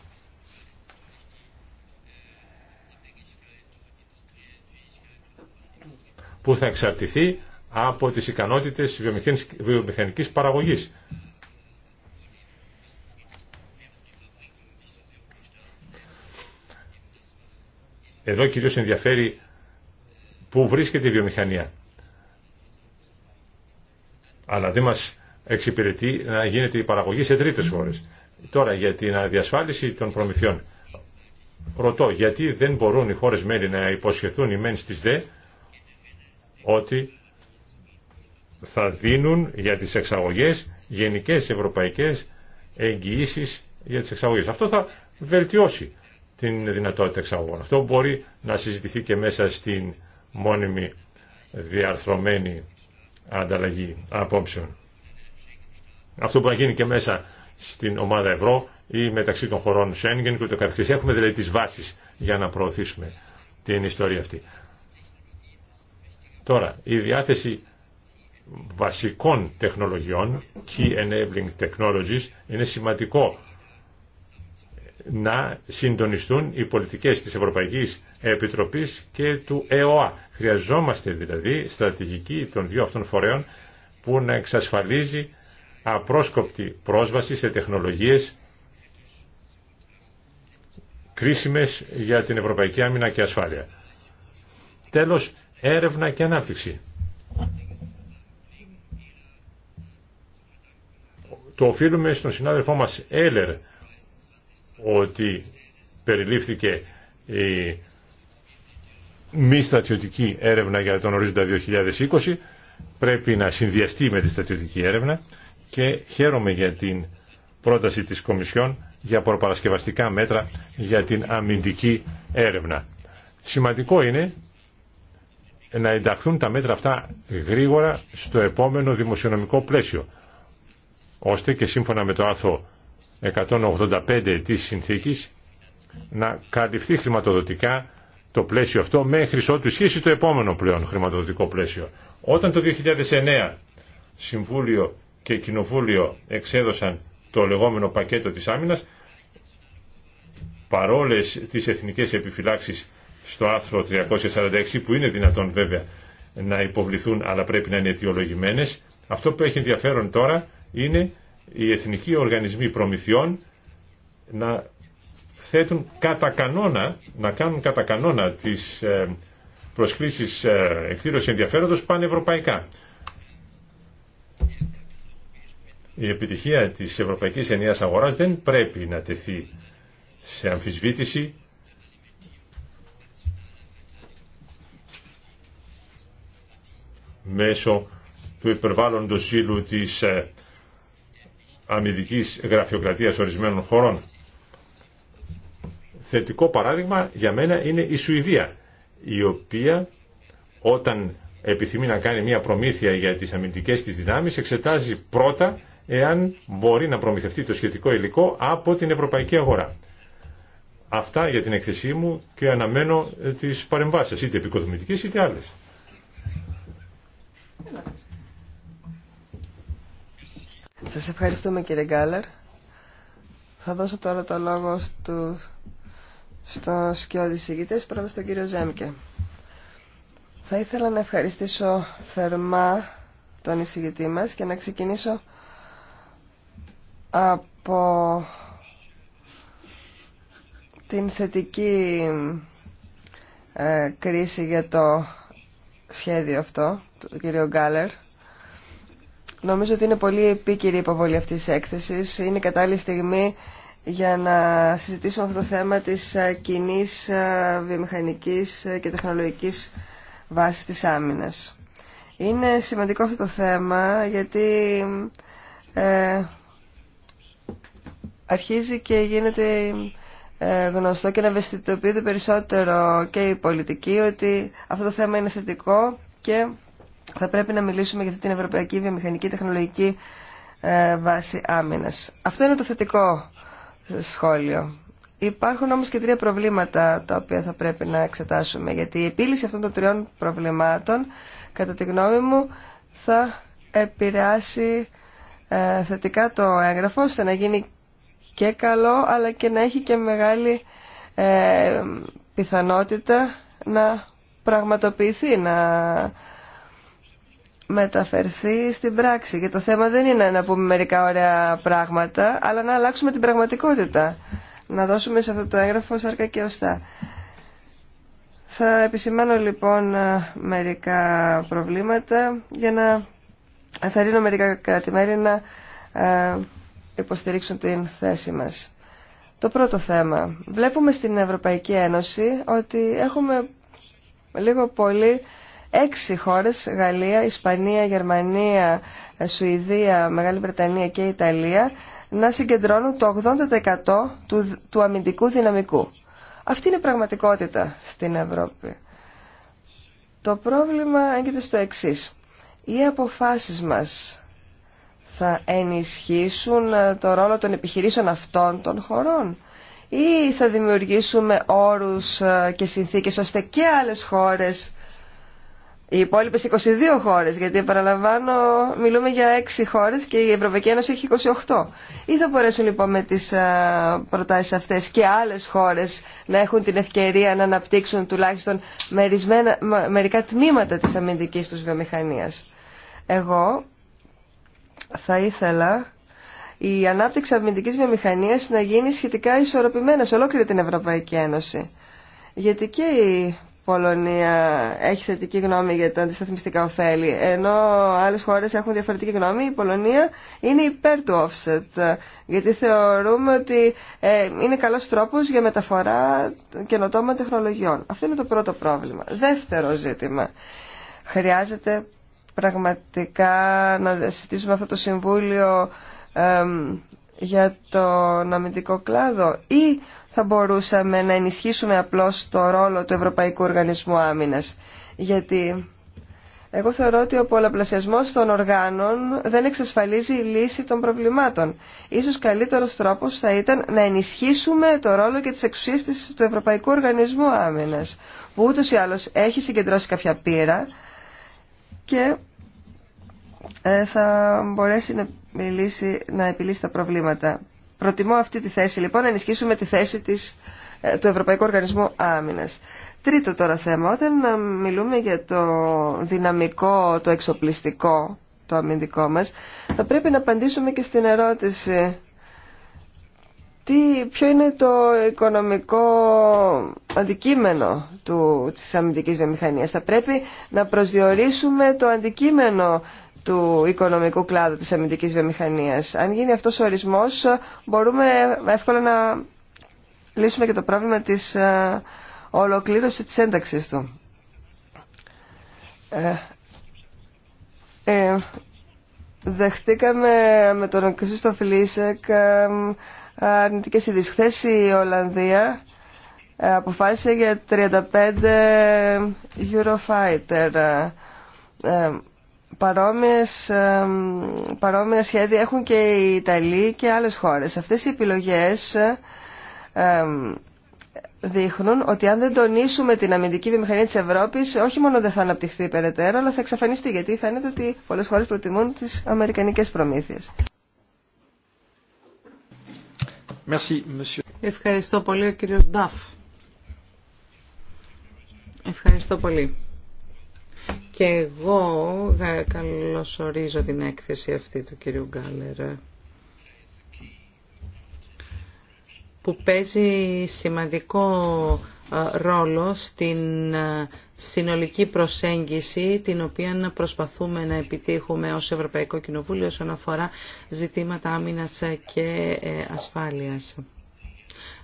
που θα εξαρτηθεί από τις ικανότητες βιομηχανικής παραγωγής. Εδώ κυρίως ενδιαφέρει πού βρίσκεται η βιομηχανία αλλά δεν μας εξυπηρετεί να γίνεται η παραγωγή σε τρίτες χώρες. Τώρα για την αδιασφάλιση των προμηθειών. Ρωτώ, γιατί δεν μπορούν οι χώρες μέλη να υποσχεθούν οι μεν στις δε ότι θα δίνουν για τις εξαγωγές γενικές ευρωπαϊκές εγγυήσεις για τις εξαγωγές. Αυτό θα βελτιώσει την δυνατότητα εξαγωγών. Αυτό μπορεί να συζητηθεί και μέσα στην μόνιμη διαρθρωμένη ανταλλαγή απόψεων. Αυτό που να γίνει και μέσα στην ομάδα ευρώ ή μεταξύ των χωρών Σένγκεν και ούτω καθεξής. Έχουμε δηλαδή τις βάσεις για να προωθήσουμε την ιστορία αυτή. Τώρα, η διάθεση βασικών τεχνολογιών, key enabling technologies, είναι σημαντικό να συντονιστούν οι πολιτικές της Ευρωπαϊκής Επιτροπής και του ΕΟΑ. Χρειαζόμαστε δηλαδή στρατηγική των δύο αυτών φορέων που να εξασφαλίζει απρόσκοπτη πρόσβαση σε τεχνολογίες κρίσιμες για την Ευρωπαϊκή Άμυνα και Ασφάλεια. Τέλος, έρευνα και ανάπτυξη. Το οφείλουμε στον συνάδελφό μας Έλερ ότι περιλήφθηκε η μη στρατιωτική έρευνα για τον ορίζοντα 2020 πρέπει να συνδυαστεί με τη στρατιωτική έρευνα και χαίρομαι για την πρόταση της Κομισιόν για προπαρασκευαστικά μέτρα για την αμυντική έρευνα. Σημαντικό είναι να ενταχθούν τα μέτρα αυτά γρήγορα στο επόμενο δημοσιονομικό πλαίσιο, ώστε και σύμφωνα με το άρθρο 185 της συνθήκης να καλυφθεί χρηματοδοτικά το πλαίσιο αυτό μέχρι ότου ισχύσει το επόμενο πλέον χρηματοδοτικό πλαίσιο. Όταν το 2009 Συμβούλιο και Κοινοβούλιο εξέδωσαν το λεγόμενο πακέτο της άμυνας, παρόλες τις εθνικές επιφυλάξεις στο άρθρο 346 που είναι δυνατόν βέβαια να υποβληθούν αλλά πρέπει να είναι αιτιολογημένες, αυτό που έχει ενδιαφέρον τώρα είναι οι εθνικοί οργανισμοί προμηθειών να θέτουν κατά κανόνα, να κάνουν κατά κανόνα τις ε, προσκλήσεις ε, εκδήλωση ενδιαφέροντος πανευρωπαϊκά. Η επιτυχία της Ευρωπαϊκής Ενιαίας Αγοράς δεν πρέπει να τεθεί σε αμφισβήτηση μέσω του υπερβάλλοντος ύλου της ε, αμυντικής γραφειοκρατίας ορισμένων χωρών. Θετικό παράδειγμα για μένα είναι η Σουηδία, η οποία όταν επιθυμεί να κάνει μια προμήθεια για τις αμυντικές της δυνάμεις εξετάζει πρώτα εάν μπορεί να προμηθευτεί το σχετικό υλικό από την ευρωπαϊκή αγορά. Αυτά για την εκθεσή μου και αναμένω τις παρεμβάσεις, είτε επικοδομητικές είτε άλλες. Σας ευχαριστούμε κύριε Γκάλερ. Θα δώσω τώρα το λόγο στο, στο σκιώδη συγγητές, πρώτα στον κύριο Ζέμκε. Θα ήθελα να ευχαριστήσω θερμά τον εισηγητή μας και να ξεκινήσω από την θετική ε, κρίση για το σχέδιο αυτό του κύριου Γκάλερ Νομίζω ότι είναι πολύ επίκαιρη η υποβολή αυτής της έκθεσης. Είναι κατάλληλη στιγμή για να συζητήσουμε αυτό το θέμα της ε, κοινή ε, βιομηχανικής ε, και τεχνολογικής βάσης της άμυνας. Είναι σημαντικό αυτό το θέμα γιατί αρχίζει και γίνεται γνωστό και να ευαισθητοποιείται περισσότερο και η πολιτική ότι αυτό το θέμα είναι θετικό και θα πρέπει να μιλήσουμε για αυτή την Ευρωπαϊκή Βιομηχανική Τεχνολογική ε, Βάση Άμυνας. Αυτό είναι το θετικό σχόλιο. Υπάρχουν όμως και τρία προβλήματα τα οποία θα πρέπει να εξετάσουμε γιατί η επίλυση αυτών των τριών προβλημάτων κατά τη γνώμη μου θα επηρεάσει ε, θετικά το έγγραφο ώστε να γίνει και καλό αλλά και να έχει και μεγάλη ε, πιθανότητα να πραγματοποιηθεί, να μεταφερθεί στην πράξη. Και το θέμα δεν είναι να πούμε μερικά ωραία πράγματα, αλλά να αλλάξουμε την πραγματικότητα. Να δώσουμε σε αυτό το έγγραφο σάρκα και ωστά Θα επισημάνω λοιπόν μερικά προβλήματα για να αθαρρύνω μερικά κρατημέρη να ε, υποστηρίξουν την θέση μας. Το πρώτο θέμα. Βλέπουμε στην Ευρωπαϊκή Ένωση ότι έχουμε λίγο πολύ Έξι χώρες, Γαλλία, Ισπανία, Γερμανία, Σουηδία, Μεγάλη Βρετανία και Ιταλία, να συγκεντρώνουν το 80% του, του αμυντικού δυναμικού. Αυτή είναι η πραγματικότητα στην Ευρώπη. Το πρόβλημα έγκυται στο εξής. Οι αποφάσεις μας θα ενισχύσουν ε, το ρόλο των επιχειρήσεων αυτών των χωρών ή θα δημιουργήσουμε όρους ε, και συνθήκες ώστε και άλλες χώρες οι υπόλοιπε 22 χώρε, γιατί παραλαμβάνω μιλούμε για 6 χώρε και η Ευρωπαϊκή Ένωση έχει 28. Ή θα μπορέσουν λοιπόν με τι προτάσει αυτέ και άλλε χώρε να έχουν την ευκαιρία να αναπτύξουν τουλάχιστον μερικά τμήματα τη αμυντική του βιομηχανία. Εγώ θα ήθελα η ανάπτυξη αμυντική βιομηχανια να γίνει σχετικά ισορροπημένα σε ολόκληρη την Ευρωπαϊκή Ένωση. Γιατί και Πολωνία έχει θετική γνώμη για τα αντισταθμιστικά ωφέλη, ενώ άλλε χώρε έχουν διαφορετική γνώμη, η Πολωνία είναι υπέρ του offset. Γιατί θεωρούμε ότι ε, είναι καλό τρόπο για μεταφορά καινοτόμων τεχνολογιών. Αυτό είναι το πρώτο πρόβλημα. Δεύτερο ζήτημα. Χρειάζεται πραγματικά να συζητήσουμε αυτό το Συμβούλιο για τον αμυντικό κλάδο ή θα μπορούσαμε να ενισχύσουμε απλώς το ρόλο του Ευρωπαϊκού Οργανισμού Άμυνας. Γιατί εγώ θεωρώ ότι ο πολλαπλασιασμός των οργάνων δεν εξασφαλίζει η λύση των προβλημάτων. Ίσως καλύτερος τρόπος θα ήταν να ενισχύσουμε το ρόλο και τις εξουσίες του Ευρωπαϊκού Οργανισμού Άμυνας, που ούτως ή άλλως έχει συγκεντρώσει κάποια πείρα και ε, θα μπορέσει να να επιλύσει τα προβλήματα. Προτιμώ αυτή τη θέση λοιπόν να ενισχύσουμε τη θέση της, ε, του Ευρωπαϊκού Οργανισμού Άμυνας. Τρίτο τώρα θέμα, όταν ε, μιλούμε για το δυναμικό, το εξοπλιστικό, το αμυντικό μας, θα πρέπει να απαντήσουμε και στην ερώτηση τι, ποιο είναι το οικονομικό αντικείμενο του, της αμυντικής βιομηχανίας. Θα πρέπει να προσδιορίσουμε το αντικείμενο του οικονομικού κλάδου της αμυντικής βιομηχανίας. Αν γίνει αυτός ο ορισμός μπορούμε εύκολα να λύσουμε και το πρόβλημα της ε, ολοκλήρωσης της ένταξης του. Ε, ε, δεχτήκαμε με τον Κρυσίστο Φιλίσεκ ε, αρνητικές ειδήσεις. Χθες η Ολλανδία ε, αποφάσισε για 35 Eurofighter παρόμοιες, παρόμοια σχέδια έχουν και οι Ιταλοί και άλλες χώρες. Αυτές οι επιλογές δείχνουν ότι αν δεν τονίσουμε την αμυντική βιομηχανία της Ευρώπης όχι μόνο δεν θα αναπτυχθεί περαιτέρω αλλά θα εξαφανιστεί γιατί φαίνεται ότι πολλές χώρες προτιμούν τις αμερικανικές προμήθειες. Ευχαριστώ πολύ Νταφ. Ευχαριστώ πολύ. Και εγώ καλωσορίζω την έκθεση αυτή του κυρίου Γκάλερ που παίζει σημαντικό ε, ρόλο στην ε, συνολική προσέγγιση την οποία να προσπαθούμε να επιτύχουμε ως Ευρωπαϊκό Κοινοβούλιο όσον αφορά ζητήματα άμυνας και ε, ασφάλειας.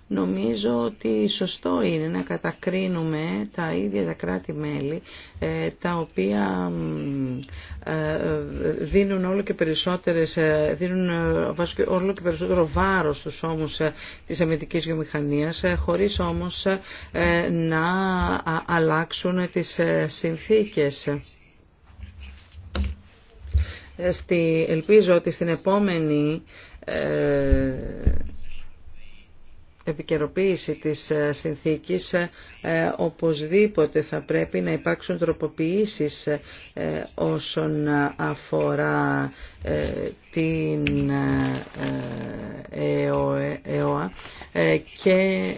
Νομίζω ότι σωστό είναι να κατακρίνουμε τα ίδια τα κράτη-μέλη ε, τα οποία ε, ε, δίνουν όλο και περισσότερες δίνουν όλο και περισσότερο βάρος στους ώμους της αμυντικής βιομηχανίας χωρίς όμως να αλλάξουν τις συνθήκες ελπίζω ότι στην επόμενη επικαιροποίηση της ε, συνθήκης ε, ε, οπωσδήποτε θα πρέπει να υπάρξουν τροποποιήσεις όσον αφορά την ΕΟΑ και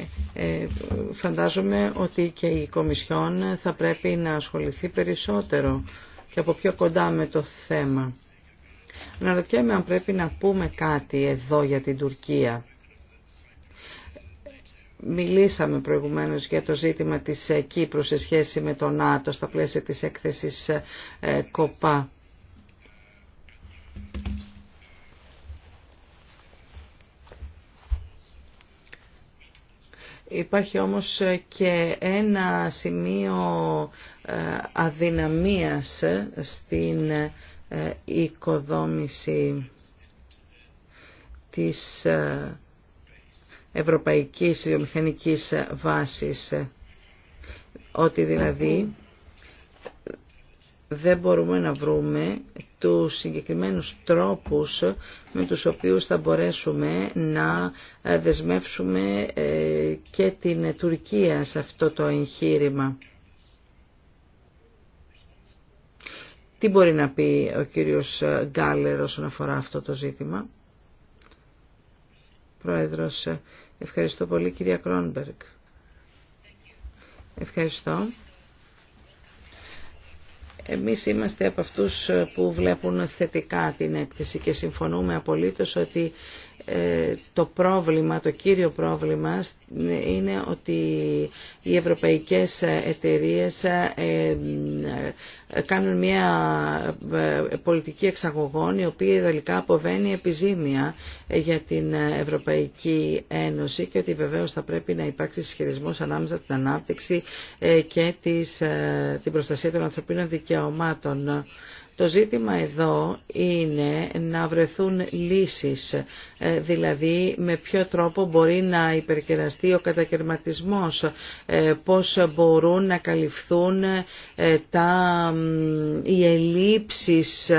φαντάζομαι ότι και η Κομισιόν θα πρέπει να ασχοληθεί περισσότερο και από πιο κοντά με το θέμα. Αναρωτιέμαι αν πρέπει να πούμε κάτι εδώ για την Τουρκία. Μιλήσαμε προηγουμένως για το ζήτημα της ε, Κύπρου σε σχέση με το ΝΑΤΟ στα πλαίσια της έκθεσης ε, ε, ΚΟΠΑ. Υπάρχει όμως και ένα σημείο αδυναμίας στην οικοδόμηση της ευρωπαϊκής βιομηχανικής βάσης. Ότι δηλαδή δεν μπορούμε να βρούμε τους συγκεκριμένους τρόπους με τους οποίους θα μπορέσουμε να δεσμεύσουμε ε, και την Τουρκία σε αυτό το εγχείρημα. Τι μπορεί να πει ο κύριος Γκάλερ όσον αφορά αυτό το ζήτημα. Πρόεδρος. Ευχαριστώ πολύ κυρία Κρόνμπεργκ. Ευχαριστώ. Εμείς είμαστε από αυτούς που βλέπουν θετικά την έκθεση και συμφωνούμε απολύτως ότι ε, το πρόβλημα, το κύριο πρόβλημα είναι ότι οι ευρωπαϊκές εταιρείες ε, ε, κάνουν μια πολιτική εξαγωγών η οποία τελικά αποβαίνει επιζήμια για την Ευρωπαϊκή Ένωση και ότι βεβαίως θα πρέπει να υπάρξει συσχετισμός ανάμεσα στην ανάπτυξη και την προστασία των ανθρωπίνων δικαιωμάτων. Το ζήτημα εδώ είναι να βρεθούν λύσεις, ε, δηλαδή με ποιο τρόπο μπορεί να υπερκεραστεί ο κατακαιρματισμός, ε, πώς μπορούν να καλυφθούν ε, τα, οι ελλείψεις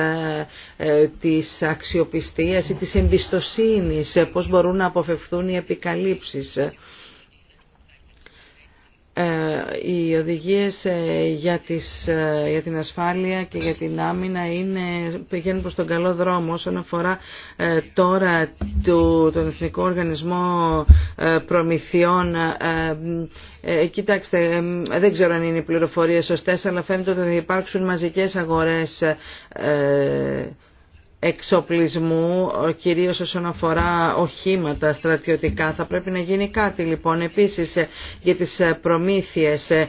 της αξιοπιστίας ή της εμπιστοσύνης, πώς μπορούν να αποφευθούν οι επικαλύψεις. Ε, οι οδηγίες ε, για, τις, ε, για την ασφάλεια και για την άμυνα είναι, πηγαίνουν προς τον καλό δρόμο όσον αφορά τώρα του τον Εθνικό Οργανισμό Προμηθειών κοιτάξτε, δεν ξέρω αν είναι οι πληροφορίες σωστές αλλά φαίνεται ότι θα υπάρξουν μαζικές αγορές εξοπλισμού, κυρίως όσον αφορά οχήματα στρατιωτικά. Θα πρέπει να γίνει κάτι λοιπόν. Επίσης ε, για τις ε, προμήθειες ε,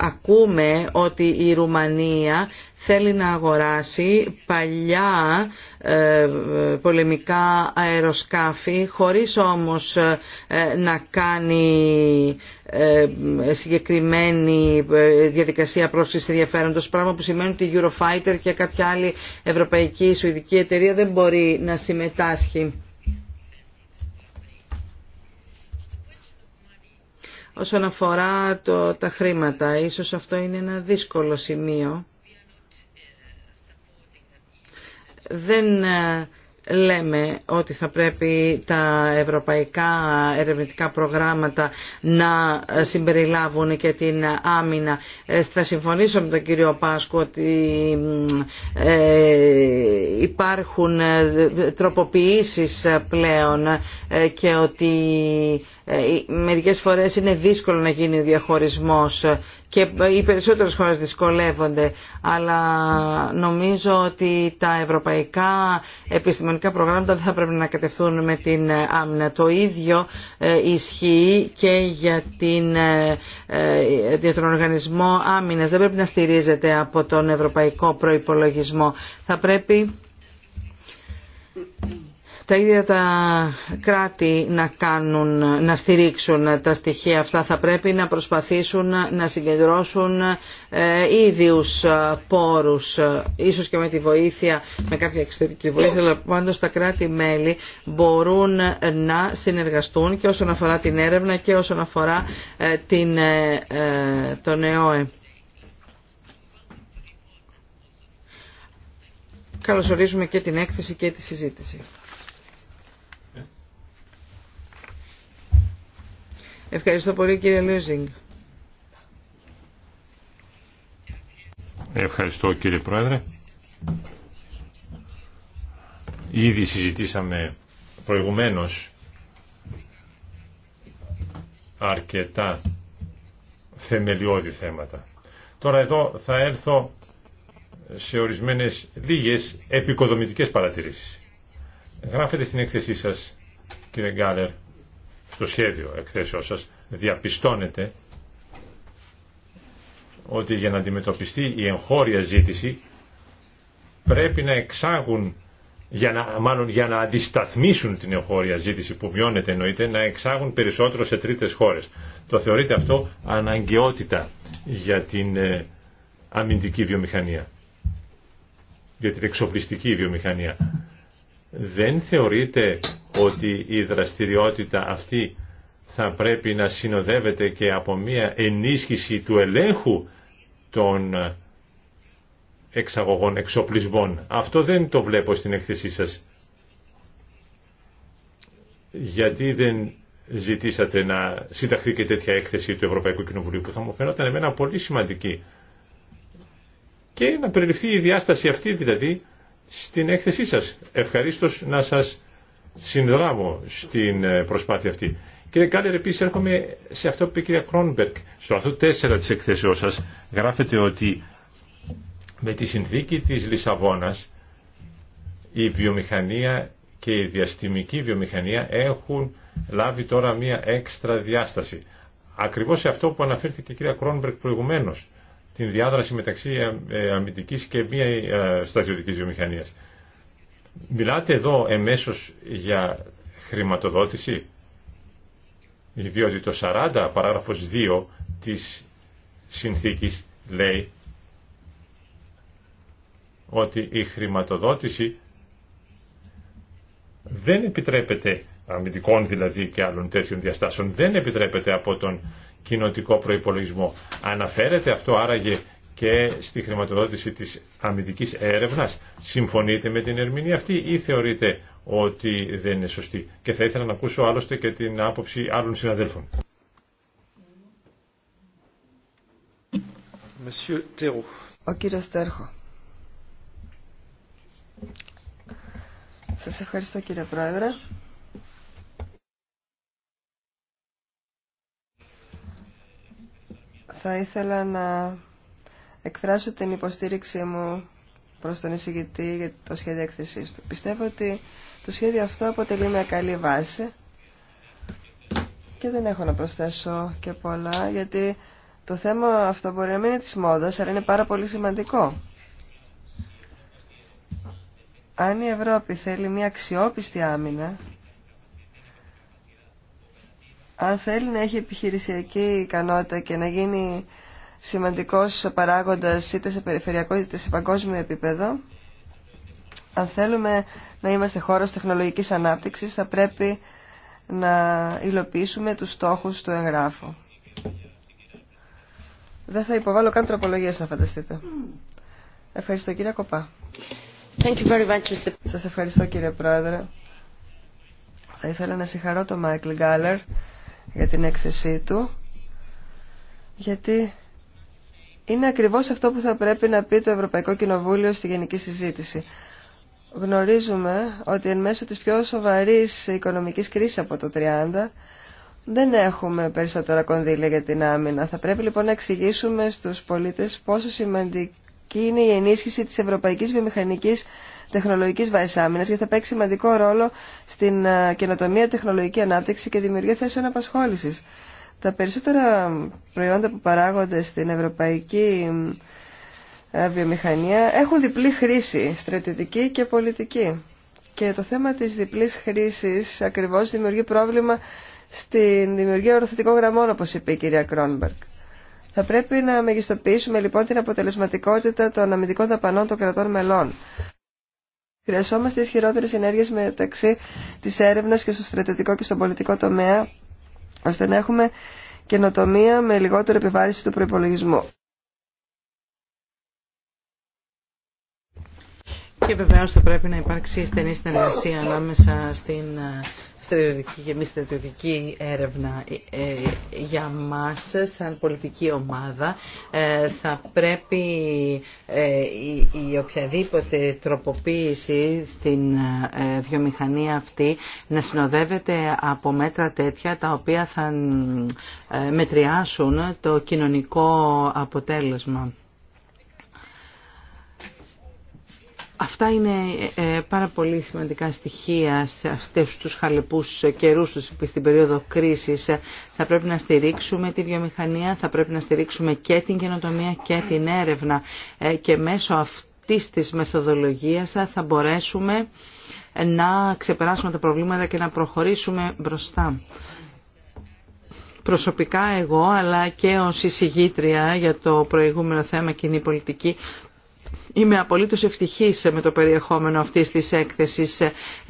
ακούμε ότι η Ρουμανία θέλει να αγοράσει παλιά ε, πολεμικά αεροσκάφη χωρίς όμως ε, να κάνει ε, συγκεκριμένη διαδικασία πρόσφυσης ενδιαφέροντος πράγμα που σημαίνει ότι η Eurofighter και κάποια άλλη ευρωπαϊκή ή σουηδική εταιρεία δεν μπορεί να συμμετάσχει. Όσον αφορά το, τα χρήματα, ίσως αυτό είναι ένα δύσκολο σημείο. δεν ε, λέμε ότι θα πρέπει τα ευρωπαϊκά ερευνητικά προγράμματα να ε, συμπεριλάβουν και την άμυνα. Ε, θα συμφωνήσω με τον κύριο Πάσκο ότι υπάρχουν τροποποιήσεις πλέον και ότι μερικές φορές είναι δύσκολο να γίνει ο διαχωρισμός και οι περισσότερες χώρες δυσκολεύονται αλλά νομίζω ότι τα ευρωπαϊκά επιστημονικά προγράμματα δεν θα πρέπει να κατευθούν με την άμυνα. Το ίδιο ε, ισχύει και για, την, ε, ε, για τον οργανισμό άμυνας. Δεν πρέπει να στηρίζεται από τον ευρωπαϊκό προϋπολογισμό. Θα πρέπει τα ίδια τα κράτη να κάνουν, να στηρίξουν τα στοιχεία αυτά. Θα πρέπει να προσπαθήσουν να συγκεντρώσουν ε, ίδιους ε, πόρους, ε, ίσως και με τη βοήθεια, με κάποια εξωτερική βοήθεια, αλλά πάντως τα κράτη-μέλη μπορούν να συνεργαστούν και όσον αφορά την έρευνα και όσον αφορά ε, την, τον ΕΟΕ. Καλωσορίζουμε και την έκθεση και τη συζήτηση. Ευχαριστώ πολύ κύριε Λούζινγκ. Ευχαριστώ κύριε Πρόεδρε. Ήδη συζητήσαμε προηγουμένως αρκετά θεμελιώδη θέματα. Τώρα εδώ θα έρθω σε ορισμένες λίγες επικοδομητικές παρατηρήσεις. Γράφετε στην έκθεσή σας, κύριε Γκάλερ, στο σχέδιο εκθέσεώς σας διαπιστώνεται ότι για να αντιμετωπιστεί η εγχώρια ζήτηση πρέπει να εξάγουν, για να, μάλλον για να αντισταθμίσουν την εγχώρια ζήτηση που μειώνεται εννοείται, να εξάγουν περισσότερο σε τρίτες χώρες. Το θεωρείται αυτό αναγκαιότητα για την ε, αμυντική βιομηχανία, για την εξοπλιστική βιομηχανία δεν θεωρείτε ότι η δραστηριότητα αυτή θα πρέπει να συνοδεύεται και από μια ενίσχυση του ελέγχου των εξαγωγών εξοπλισμών. Αυτό δεν το βλέπω στην έκθεσή σας. Γιατί δεν ζητήσατε να συνταχθεί και τέτοια έκθεση του Ευρωπαϊκού Κοινοβουλίου που θα μου φαινόταν εμένα πολύ σημαντική. Και να περιληφθεί η διάσταση αυτή δηλαδή στην έκθεσή σας. Ευχαρίστως να σας συνδράμω στην ε, προσπάθεια αυτή. Κύριε Κάλερ, επίσης έρχομαι σε αυτό που είπε η κυρία Κρόνμπερκ. Στο άρθρο 4 της εκθέσεώς σας γράφεται ότι με τη συνθήκη της Λισαβόνας η βιομηχανία και η διαστημική βιομηχανία έχουν λάβει τώρα μία έξτρα διάσταση. Ακριβώς σε αυτό που αναφέρθηκε η κυρία Κρόνμπερκ προηγουμένως την διάδραση μεταξύ ε, ε, αμυντικής και μια ε, στρατιωτικής βιομηχανίας. Μιλάτε εδώ εμέσως για χρηματοδότηση, διότι το 40 παράγραφος 2 της συνθήκης λέει ότι η χρηματοδότηση δεν επιτρέπεται αμυντικών δηλαδή και άλλων τέτοιων διαστάσεων δεν επιτρέπεται από τον κοινοτικό προϋπολογισμό. Αναφέρεται αυτό άραγε και στη χρηματοδότηση της αμυντικής έρευνας. Συμφωνείτε με την ερμηνεία αυτή ή θεωρείτε ότι δεν είναι σωστή. Και θα ήθελα να ακούσω άλλωστε και την άποψη άλλων συναδέλφων. Ο κύριος Τέρχο. Σας ευχαριστώ κύριε Πρόεδρε. Θα ήθελα να εκφράσω την υποστήριξή μου προς τον εισηγητή για το σχέδιο εκθεσής του. Πιστεύω ότι το σχέδιο αυτό αποτελεί μια καλή βάση και δεν έχω να προσθέσω και πολλά γιατί το θέμα αυτό μπορεί να μην είναι της μόδας αλλά είναι πάρα πολύ σημαντικό. Αν η Ευρώπη θέλει μια αξιόπιστη άμυνα αν θέλει να έχει επιχειρησιακή ικανότητα και να γίνει σημαντικός παράγοντας είτε σε περιφερειακό είτε σε παγκόσμιο επίπεδο, αν θέλουμε να είμαστε χώρος τεχνολογικής ανάπτυξης θα πρέπει να υλοποιήσουμε τους στόχους του εγγράφου. Δεν θα υποβάλω καν τροπολογίες να φανταστείτε. Ευχαριστώ κύριε Κοπά. Thank you very much, Mr. Σας ευχαριστώ κύριε Πρόεδρε. Θα ήθελα να συγχαρώ τον Μάικλ Γκάλερ για την έκθεσή του γιατί είναι ακριβώς αυτό που θα πρέπει να πει το Ευρωπαϊκό Κοινοβούλιο στη Γενική Συζήτηση. Γνωρίζουμε ότι εν μέσω της πιο σοβαρής οικονομικής κρίσης από το 30 δεν έχουμε περισσότερα κονδύλια για την άμυνα. Θα πρέπει λοιπόν να εξηγήσουμε στους πολίτες πόσο σημαντική είναι η ενίσχυση της ευρωπαϊκής βιομηχανικής Τεχνολογική βαϊσάμινα γιατί και θα παίξει σημαντικό ρόλο στην ε, καινοτομία, τεχνολογική ανάπτυξη και δημιουργία θέσεων απασχόληση. Τα περισσότερα προϊόντα που παράγονται στην ευρωπαϊκή ε, βιομηχανία έχουν διπλή χρήση, στρατιωτική και πολιτική. Και το θέμα της διπλής χρήσης ακριβώς δημιουργεί πρόβλημα στην δημιουργία ορθωτικών γραμμών, όπως είπε η κυρία Κρόνμπερκ. Θα πρέπει να μεγιστοποιήσουμε λοιπόν την αποτελεσματικότητα των αμυντικών δαπανών των κρατών μελών. Χρειαζόμαστε ισχυρότερε ενέργειε μεταξύ τη έρευνα και στο στρατιωτικό και στον πολιτικό τομέα, ώστε να έχουμε καινοτομία με λιγότερη επιβάρηση του προπολογισμού. Και βεβαίω θα πρέπει να υπάρξει στενή συνεργασία ανάμεσα στην στρατιωτική και μη έρευνα ε, ε, για μας σαν πολιτική ομάδα ε, θα πρέπει η οποιαδήποτε τροποποίηση στην βιομηχανία αυτή να συνοδεύεται από μέτρα τέτοια τα οποία θα μετριάσουν το κοινωνικό αποτέλεσμα. Αυτά είναι ε, ε, πάρα πολύ σημαντικά στοιχεία σε αυτές τους χαλεπούς καιρούς του στην περίοδο κρίσης. Θα πρέπει να στηρίξουμε τη βιομηχανία, θα πρέπει να στηρίξουμε και την καινοτομία και την έρευνα ε, και μέσω αυτής της μεθοδολογίας θα μπορέσουμε να ξεπεράσουμε τα προβλήματα και να προχωρήσουμε μπροστά προσωπικά εγώ αλλά και ως εισηγήτρια για το προηγούμενο θέμα κοινή πολιτική Είμαι απολύτως ευτυχής με το περιεχόμενο αυτής της έκθεσης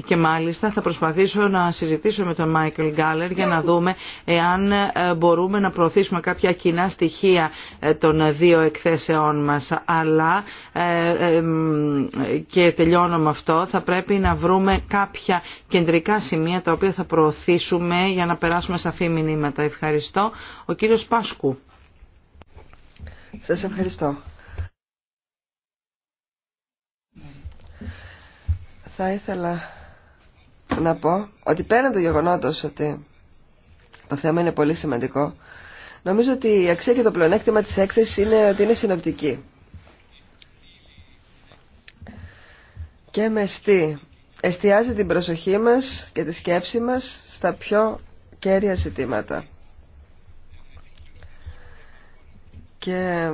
και μάλιστα θα προσπαθήσω να συζητήσω με τον Μάικλ Γκάλερ για να δούμε εάν ε, μπορούμε να προωθήσουμε κάποια κοινά στοιχεία ε, των δύο εκθέσεών μας. Αλλά ε, και τελειώνω με αυτό, θα πρέπει να βρούμε κάποια κεντρικά σημεία τα οποία θα προωθήσουμε για να περάσουμε σαφή μηνύματα. Ευχαριστώ. Ο κύριος Πάσκου. Σας ευχαριστώ. θα ήθελα να πω ότι πέραν του γεγονότος ότι το θέμα είναι πολύ σημαντικό, νομίζω ότι η αξία και το πλεονέκτημα της έκθεσης είναι ότι είναι συνοπτική. Και με στή. Εστιάζει την προσοχή μας και τη σκέψη μας στα πιο κέρια ζητήματα. Και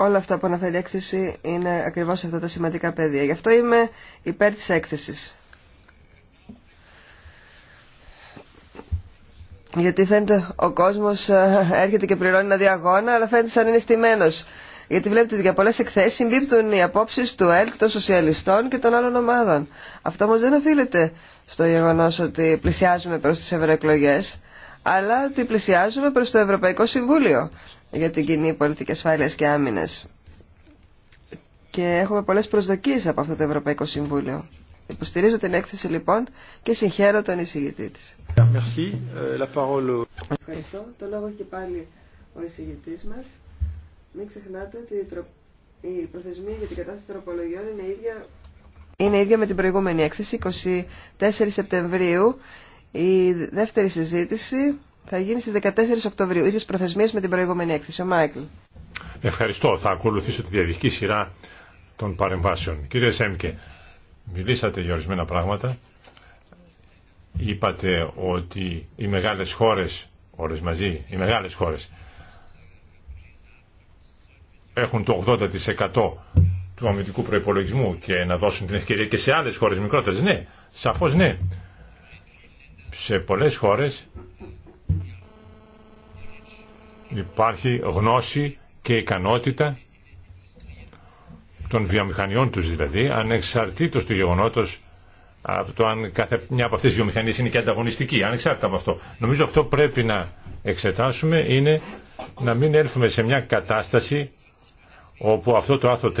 Όλα αυτά που αναφέρει η έκθεση είναι ακριβώς αυτά τα σημαντικά πεδία. Γι' αυτό είμαι υπέρ της έκθεσης. Γιατί φαίνεται ο κόσμος ε, έρχεται και πληρώνει ένα διαγώνα, αλλά φαίνεται σαν είναι στημένος. Γιατί βλέπετε ότι για πολλέ εκθέσει συμπίπτουν οι απόψει του ΕΛΚ, των σοσιαλιστών και των άλλων ομάδων. Αυτό όμω δεν οφείλεται στο γεγονό ότι πλησιάζουμε προ τι ευρωεκλογέ, αλλά ότι πλησιάζουμε προ το Ευρωπαϊκό Συμβούλιο για την κοινή πολιτική ασφάλεια και άμυνες. Και έχουμε πολλές προσδοκίες από αυτό το Ευρωπαϊκό Συμβούλιο. Υποστηρίζω την έκθεση λοιπόν και συγχαίρω τον εισηγητή τη. Ε, Ευχαριστώ. Το λόγο έχει πάλι ο εισηγητή μα. Μην ξεχνάτε ότι η προθεσμία για την κατάσταση τροπολογιών είναι ίδια... Είναι ίδια με την προηγούμενη έκθεση, 24 Σεπτεμβρίου. Η δεύτερη συζήτηση θα γίνει στις 14 Οκτωβρίου, ίδιες προθεσμίες με την προηγούμενη έκθεση. Ο Μάικλ. Ευχαριστώ. Θα ακολουθήσω τη διαδική σειρά των παρεμβάσεων. Κύριε Σέμκε, μιλήσατε για ορισμένα πράγματα. Είπατε ότι οι μεγάλες χώρες, όλες μαζί, οι μεγάλες χώρες, έχουν το 80% του αμυντικού προϋπολογισμού και να δώσουν την ευκαιρία και σε άλλες χώρες μικρότερες. Ναι, σαφώς ναι. Σε πολλές χώρες Υπάρχει γνώση και ικανότητα των βιομηχανιών τους δηλαδή, ανεξαρτήτως του γεγονότος από το αν κάθε μια από αυτές τις βιομηχανίες είναι και ανταγωνιστική, ανεξάρτητα από αυτό. Νομίζω αυτό πρέπει να εξετάσουμε είναι να μην έλθουμε σε μια κατάσταση όπου αυτό το άρθρο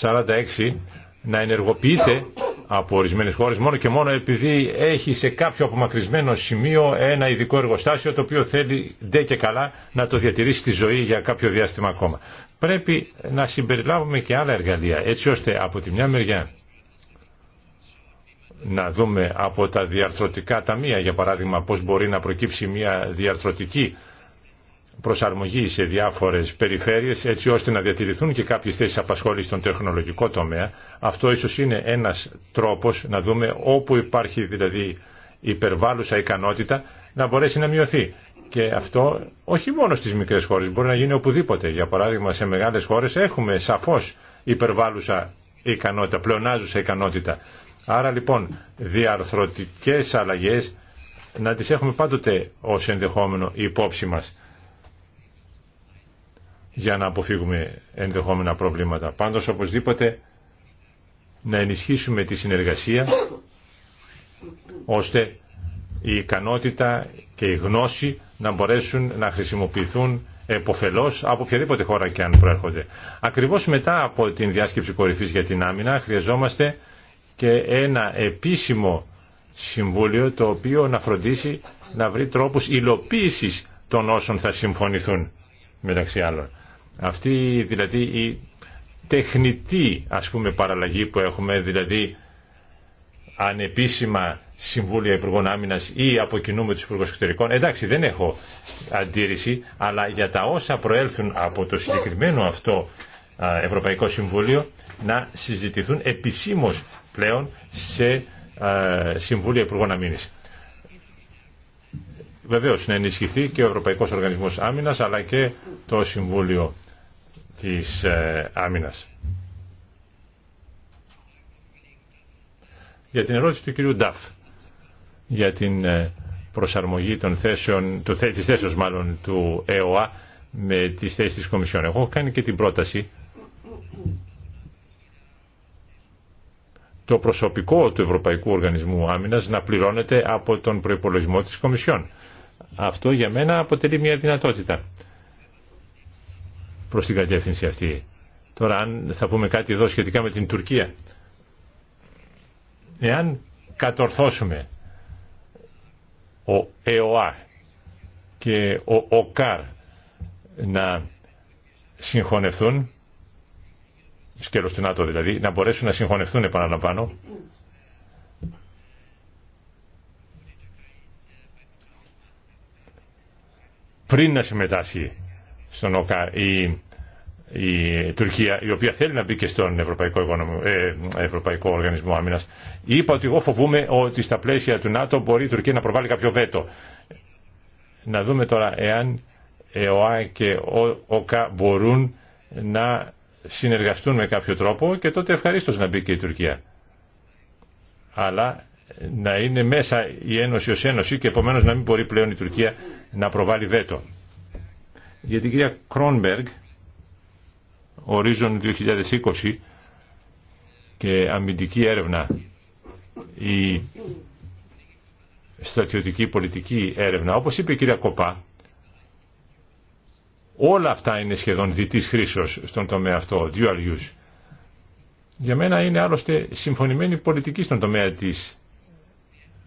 346 να ενεργοποιείται από ορισμένε χώρε μόνο και μόνο επειδή έχει σε κάποιο απομακρυσμένο σημείο ένα ειδικό εργοστάσιο το οποίο θέλει ντε και καλά να το διατηρήσει στη ζωή για κάποιο διάστημα ακόμα. Πρέπει να συμπεριλάβουμε και άλλα εργαλεία έτσι ώστε από τη μια μεριά να δούμε από τα διαρθρωτικά ταμεία για παράδειγμα πώς μπορεί να προκύψει μια διαρθρωτική προσαρμογή σε διάφορες περιφέρειες έτσι ώστε να διατηρηθούν και κάποιες θέσεις απασχόλησης στον τεχνολογικό τομέα. Αυτό ίσως είναι ένας τρόπος να δούμε όπου υπάρχει δηλαδή υπερβάλλουσα ικανότητα να μπορέσει να μειωθεί. Και αυτό όχι μόνο στις μικρές χώρες, μπορεί να γίνει οπουδήποτε. Για παράδειγμα σε μεγάλες χώρες έχουμε σαφώς υπερβάλλουσα ικανότητα, πλεονάζουσα ικανότητα. Άρα λοιπόν διαρθρωτικές αλλαγές να τις έχουμε πάντοτε ως ενδεχόμενο υπόψη μα για να αποφύγουμε ενδεχόμενα προβλήματα. Πάντως οπωσδήποτε να ενισχύσουμε τη συνεργασία ώστε η ικανότητα και η γνώση να μπορέσουν να χρησιμοποιηθούν εποφελώς από οποιαδήποτε χώρα και αν προέρχονται. Ακριβώς μετά από την διάσκεψη κορυφής για την άμυνα χρειαζόμαστε και ένα επίσημο συμβούλιο το οποίο να φροντίσει να βρει τρόπους υλοποίησης των όσων θα συμφωνηθούν μεταξύ άλλων. Αυτή δηλαδή η τεχνητή ας πούμε παραλλαγή που έχουμε, δηλαδή ανεπίσημα συμβούλια Υπουργών Άμυνα ή από κοινού με του Υπουργού Εξωτερικών. Εντάξει, δεν έχω αντίρρηση, αλλά για τα όσα προέλθουν από το συγκεκριμένο αυτό Ευρωπαϊκό Συμβούλιο να συζητηθούν επισήμω πλέον σε Συμβούλια Υπουργών Αμήνη. Βεβαίω, να ενισχυθεί και ο Ευρωπαϊκό Οργανισμό Άμυνα αλλά και το Συμβούλιο της ε, άμυνας. Για την ερώτηση του κυρίου Νταφ για την ε, προσαρμογή των θέσεων, του της θέσεως μάλλον του ΕΟΑ με τις θέσεις της Κομισιόν. Εγώ έχω κάνει και την πρόταση το προσωπικό του Ευρωπαϊκού Οργανισμού Άμυνας να πληρώνεται από τον προϋπολογισμό της Κομισιόν. Αυτό για μένα αποτελεί μια δυνατότητα. Προ την κατεύθυνση αυτή. Τώρα αν θα πούμε κάτι εδώ σχετικά με την Τουρκία. Εάν κατορθώσουμε ο ΕΟΑ και ο ΟΚΑΡ να συγχωνευτούν, σκέλος του ΝΑΤΟ δηλαδή, να μπορέσουν να συγχωνευτούν επαναλαμβάνω, πριν να συμμετάσχει στον ΟΚΑΡ η η Τουρκία, η οποία θέλει να μπει και στον Ευρωπαϊκό, ε, Ευρωπαϊκό Οργανισμό Άμυνα, είπα ότι εγώ φοβούμαι ότι στα πλαίσια του ΝΑΤΟ μπορεί η Τουρκία να προβάλλει κάποιο βέτο. Να δούμε τώρα εάν ΕΟΑ και ο ΟΚΑ μπορούν να συνεργαστούν με κάποιο τρόπο και τότε ευχαρίστως να μπει και η Τουρκία. Αλλά να είναι μέσα η Ένωση ως Ένωση και επομένως να μην μπορεί πλέον η Τουρκία να προβάλλει βέτο. Για την κυρία Κρόνμπεργκ, Ορίζον 2020 και αμυντική έρευνα, η στρατιωτική πολιτική έρευνα, όπως είπε η κυρία Κοπά, όλα αυτά είναι σχεδόν διτής χρήσεως στον τομέα αυτό, dual use. Για μένα είναι άλλωστε συμφωνημένη πολιτική στον τομέα της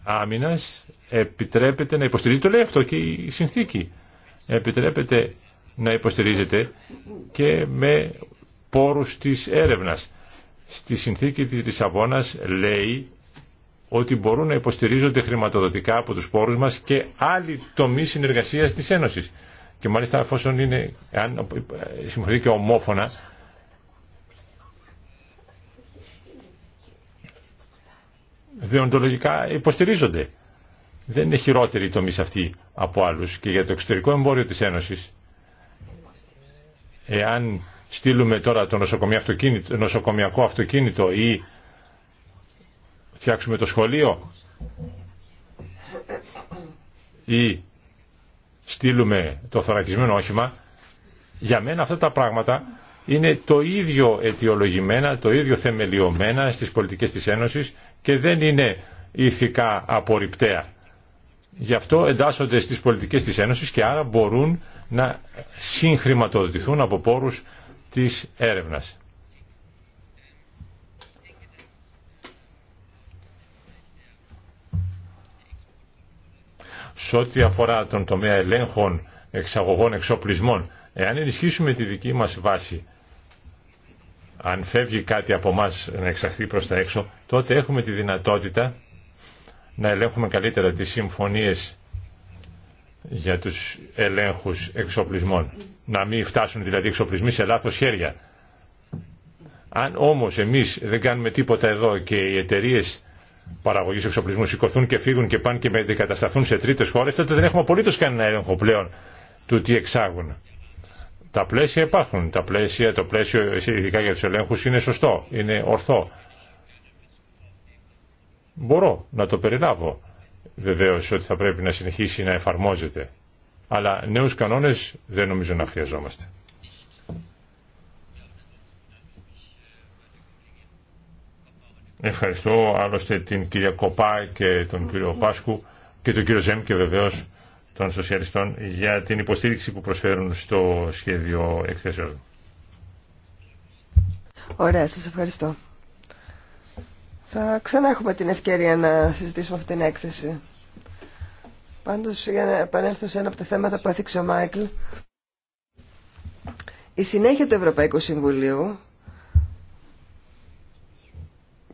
άμυνας επιτρέπεται να υποστηρίζει, το λέει αυτό και η συνθήκη, επιτρέπεται να υποστηρίζεται και με πόρους της έρευνας. Στη συνθήκη της Λισαβόνας λέει ότι μπορούν να υποστηρίζονται χρηματοδοτικά από τους πόρους μας και άλλοι τομείς συνεργασίας της Ένωσης. Και μάλιστα εφόσον είναι, αν συμφωνεί και ομόφωνα, διοντολογικά υποστηρίζονται. Δεν είναι χειρότερη οι τομείς αυτοί από άλλους. Και για το εξωτερικό εμπόριο της Ένωσης Εάν στείλουμε τώρα το αυτοκίνητο, νοσοκομιακό αυτοκίνητο ή φτιάξουμε το σχολείο ή στείλουμε το θωρακισμένο όχημα, για μένα αυτά τα πράγματα είναι το ίδιο αιτιολογημένα, το ίδιο θεμελιωμένα στις πολιτικές της Ένωσης και δεν είναι ηθικά απορριπταία. Γι' αυτό εντάσσονται στις πολιτικές της Ένωσης και άρα μπορούν να συγχρηματοδοτηθούν από πόρους της έρευνας. Σε ό,τι αφορά τον τομέα ελέγχων, εξαγωγών, εξοπλισμών, εάν ενισχύσουμε τη δική μας βάση, αν φεύγει κάτι από εμά να εξαχθεί προς τα έξω, τότε έχουμε τη δυνατότητα να ελέγχουμε καλύτερα τις συμφωνίες για τους ελέγχους εξοπλισμών. Να μην φτάσουν δηλαδή εξοπλισμοί σε λάθος χέρια. Αν όμως εμείς δεν κάνουμε τίποτα εδώ και οι εταιρείε παραγωγής εξοπλισμού σηκωθούν και φύγουν και πάνε και μετεκατασταθούν σε τρίτες χώρες, τότε δεν έχουμε απολύτως κανένα έλεγχο πλέον του τι εξάγουν. Τα πλαίσια υπάρχουν. Τα πλαίσια, το πλαίσιο ειδικά για τους ελέγχους είναι σωστό, είναι ορθό. Μπορώ να το περιλάβω βεβαίως ότι θα πρέπει να συνεχίσει να εφαρμόζεται. Αλλά νέους κανόνες δεν νομίζω να χρειαζόμαστε. Ευχαριστώ άλλωστε την κυρία Κοπά και τον κύριο Πάσκου και τον κύριο Ζέμ και βεβαίως των σοσιαλιστών για την υποστήριξη που προσφέρουν στο σχέδιο εκθέσεων. Ωραία, σας ευχαριστώ. Θα ξανά έχουμε την ευκαιρία να συζητήσουμε αυτή την έκθεση. Πάντως, για να επανέλθω σε ένα από τα θέματα που έθιξε ο Μάικλ, η συνέχεια του Ευρωπαϊκού Συμβουλίου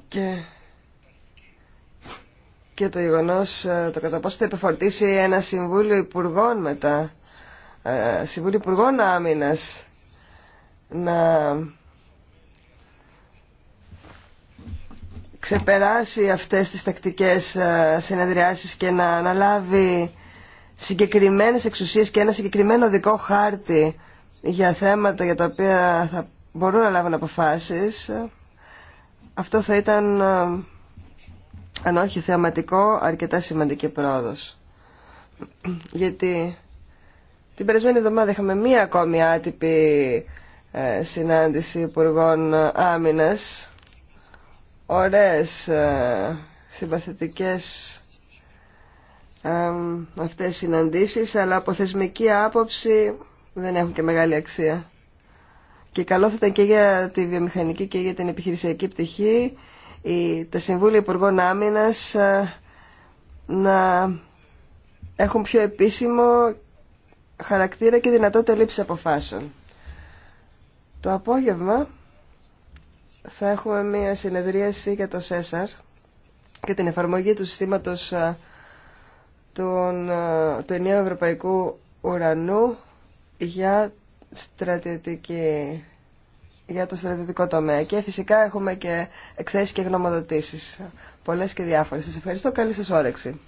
και, και το γεγονό ε, το κατά πόσο θα επιφορτήσει ένα Συμβούλιο Υπουργών μετά, ε, Συμβούλιο Υπουργών Άμυνας, να ξεπεράσει αυτές τις τακτικές ε, συνεδριάσεις και να αναλάβει συγκεκριμένες εξουσίες και ένα συγκεκριμένο δικό χάρτη για θέματα για τα οποία θα μπορούν να λάβουν αποφάσεις ε, αυτό θα ήταν ε, αν όχι θεαματικό αρκετά σημαντική πρόοδος γιατί την περασμένη εβδομάδα είχαμε μία ακόμη άτυπη συνάντηση υπουργών άμυνας ωραίες ε, συμπαθητικές ε, αυτές οι συναντήσεις αλλά από θεσμική άποψη δεν έχουν και μεγάλη αξία. Και καλό θα ήταν και για τη βιομηχανική και για την επιχειρησιακή πτυχή τα Συμβούλια Υπουργών Άμυνας ε, να έχουν πιο επίσημο χαρακτήρα και δυνατότητα λήψη αποφάσεων. Το απόγευμα θα έχουμε μία συνεδρίαση για το ΣΕΣΑΡ και την εφαρμογή του συστήματος ε, ε, του ενιαίου ευρωπαϊκού ουρανού για, στρατιωτική, για το στρατιωτικό τομέα. Και φυσικά έχουμε και εκθέσεις και γνωμοδοτήσεις. Πολλές και διάφορες. Σας ευχαριστώ. Καλή σας όρεξη.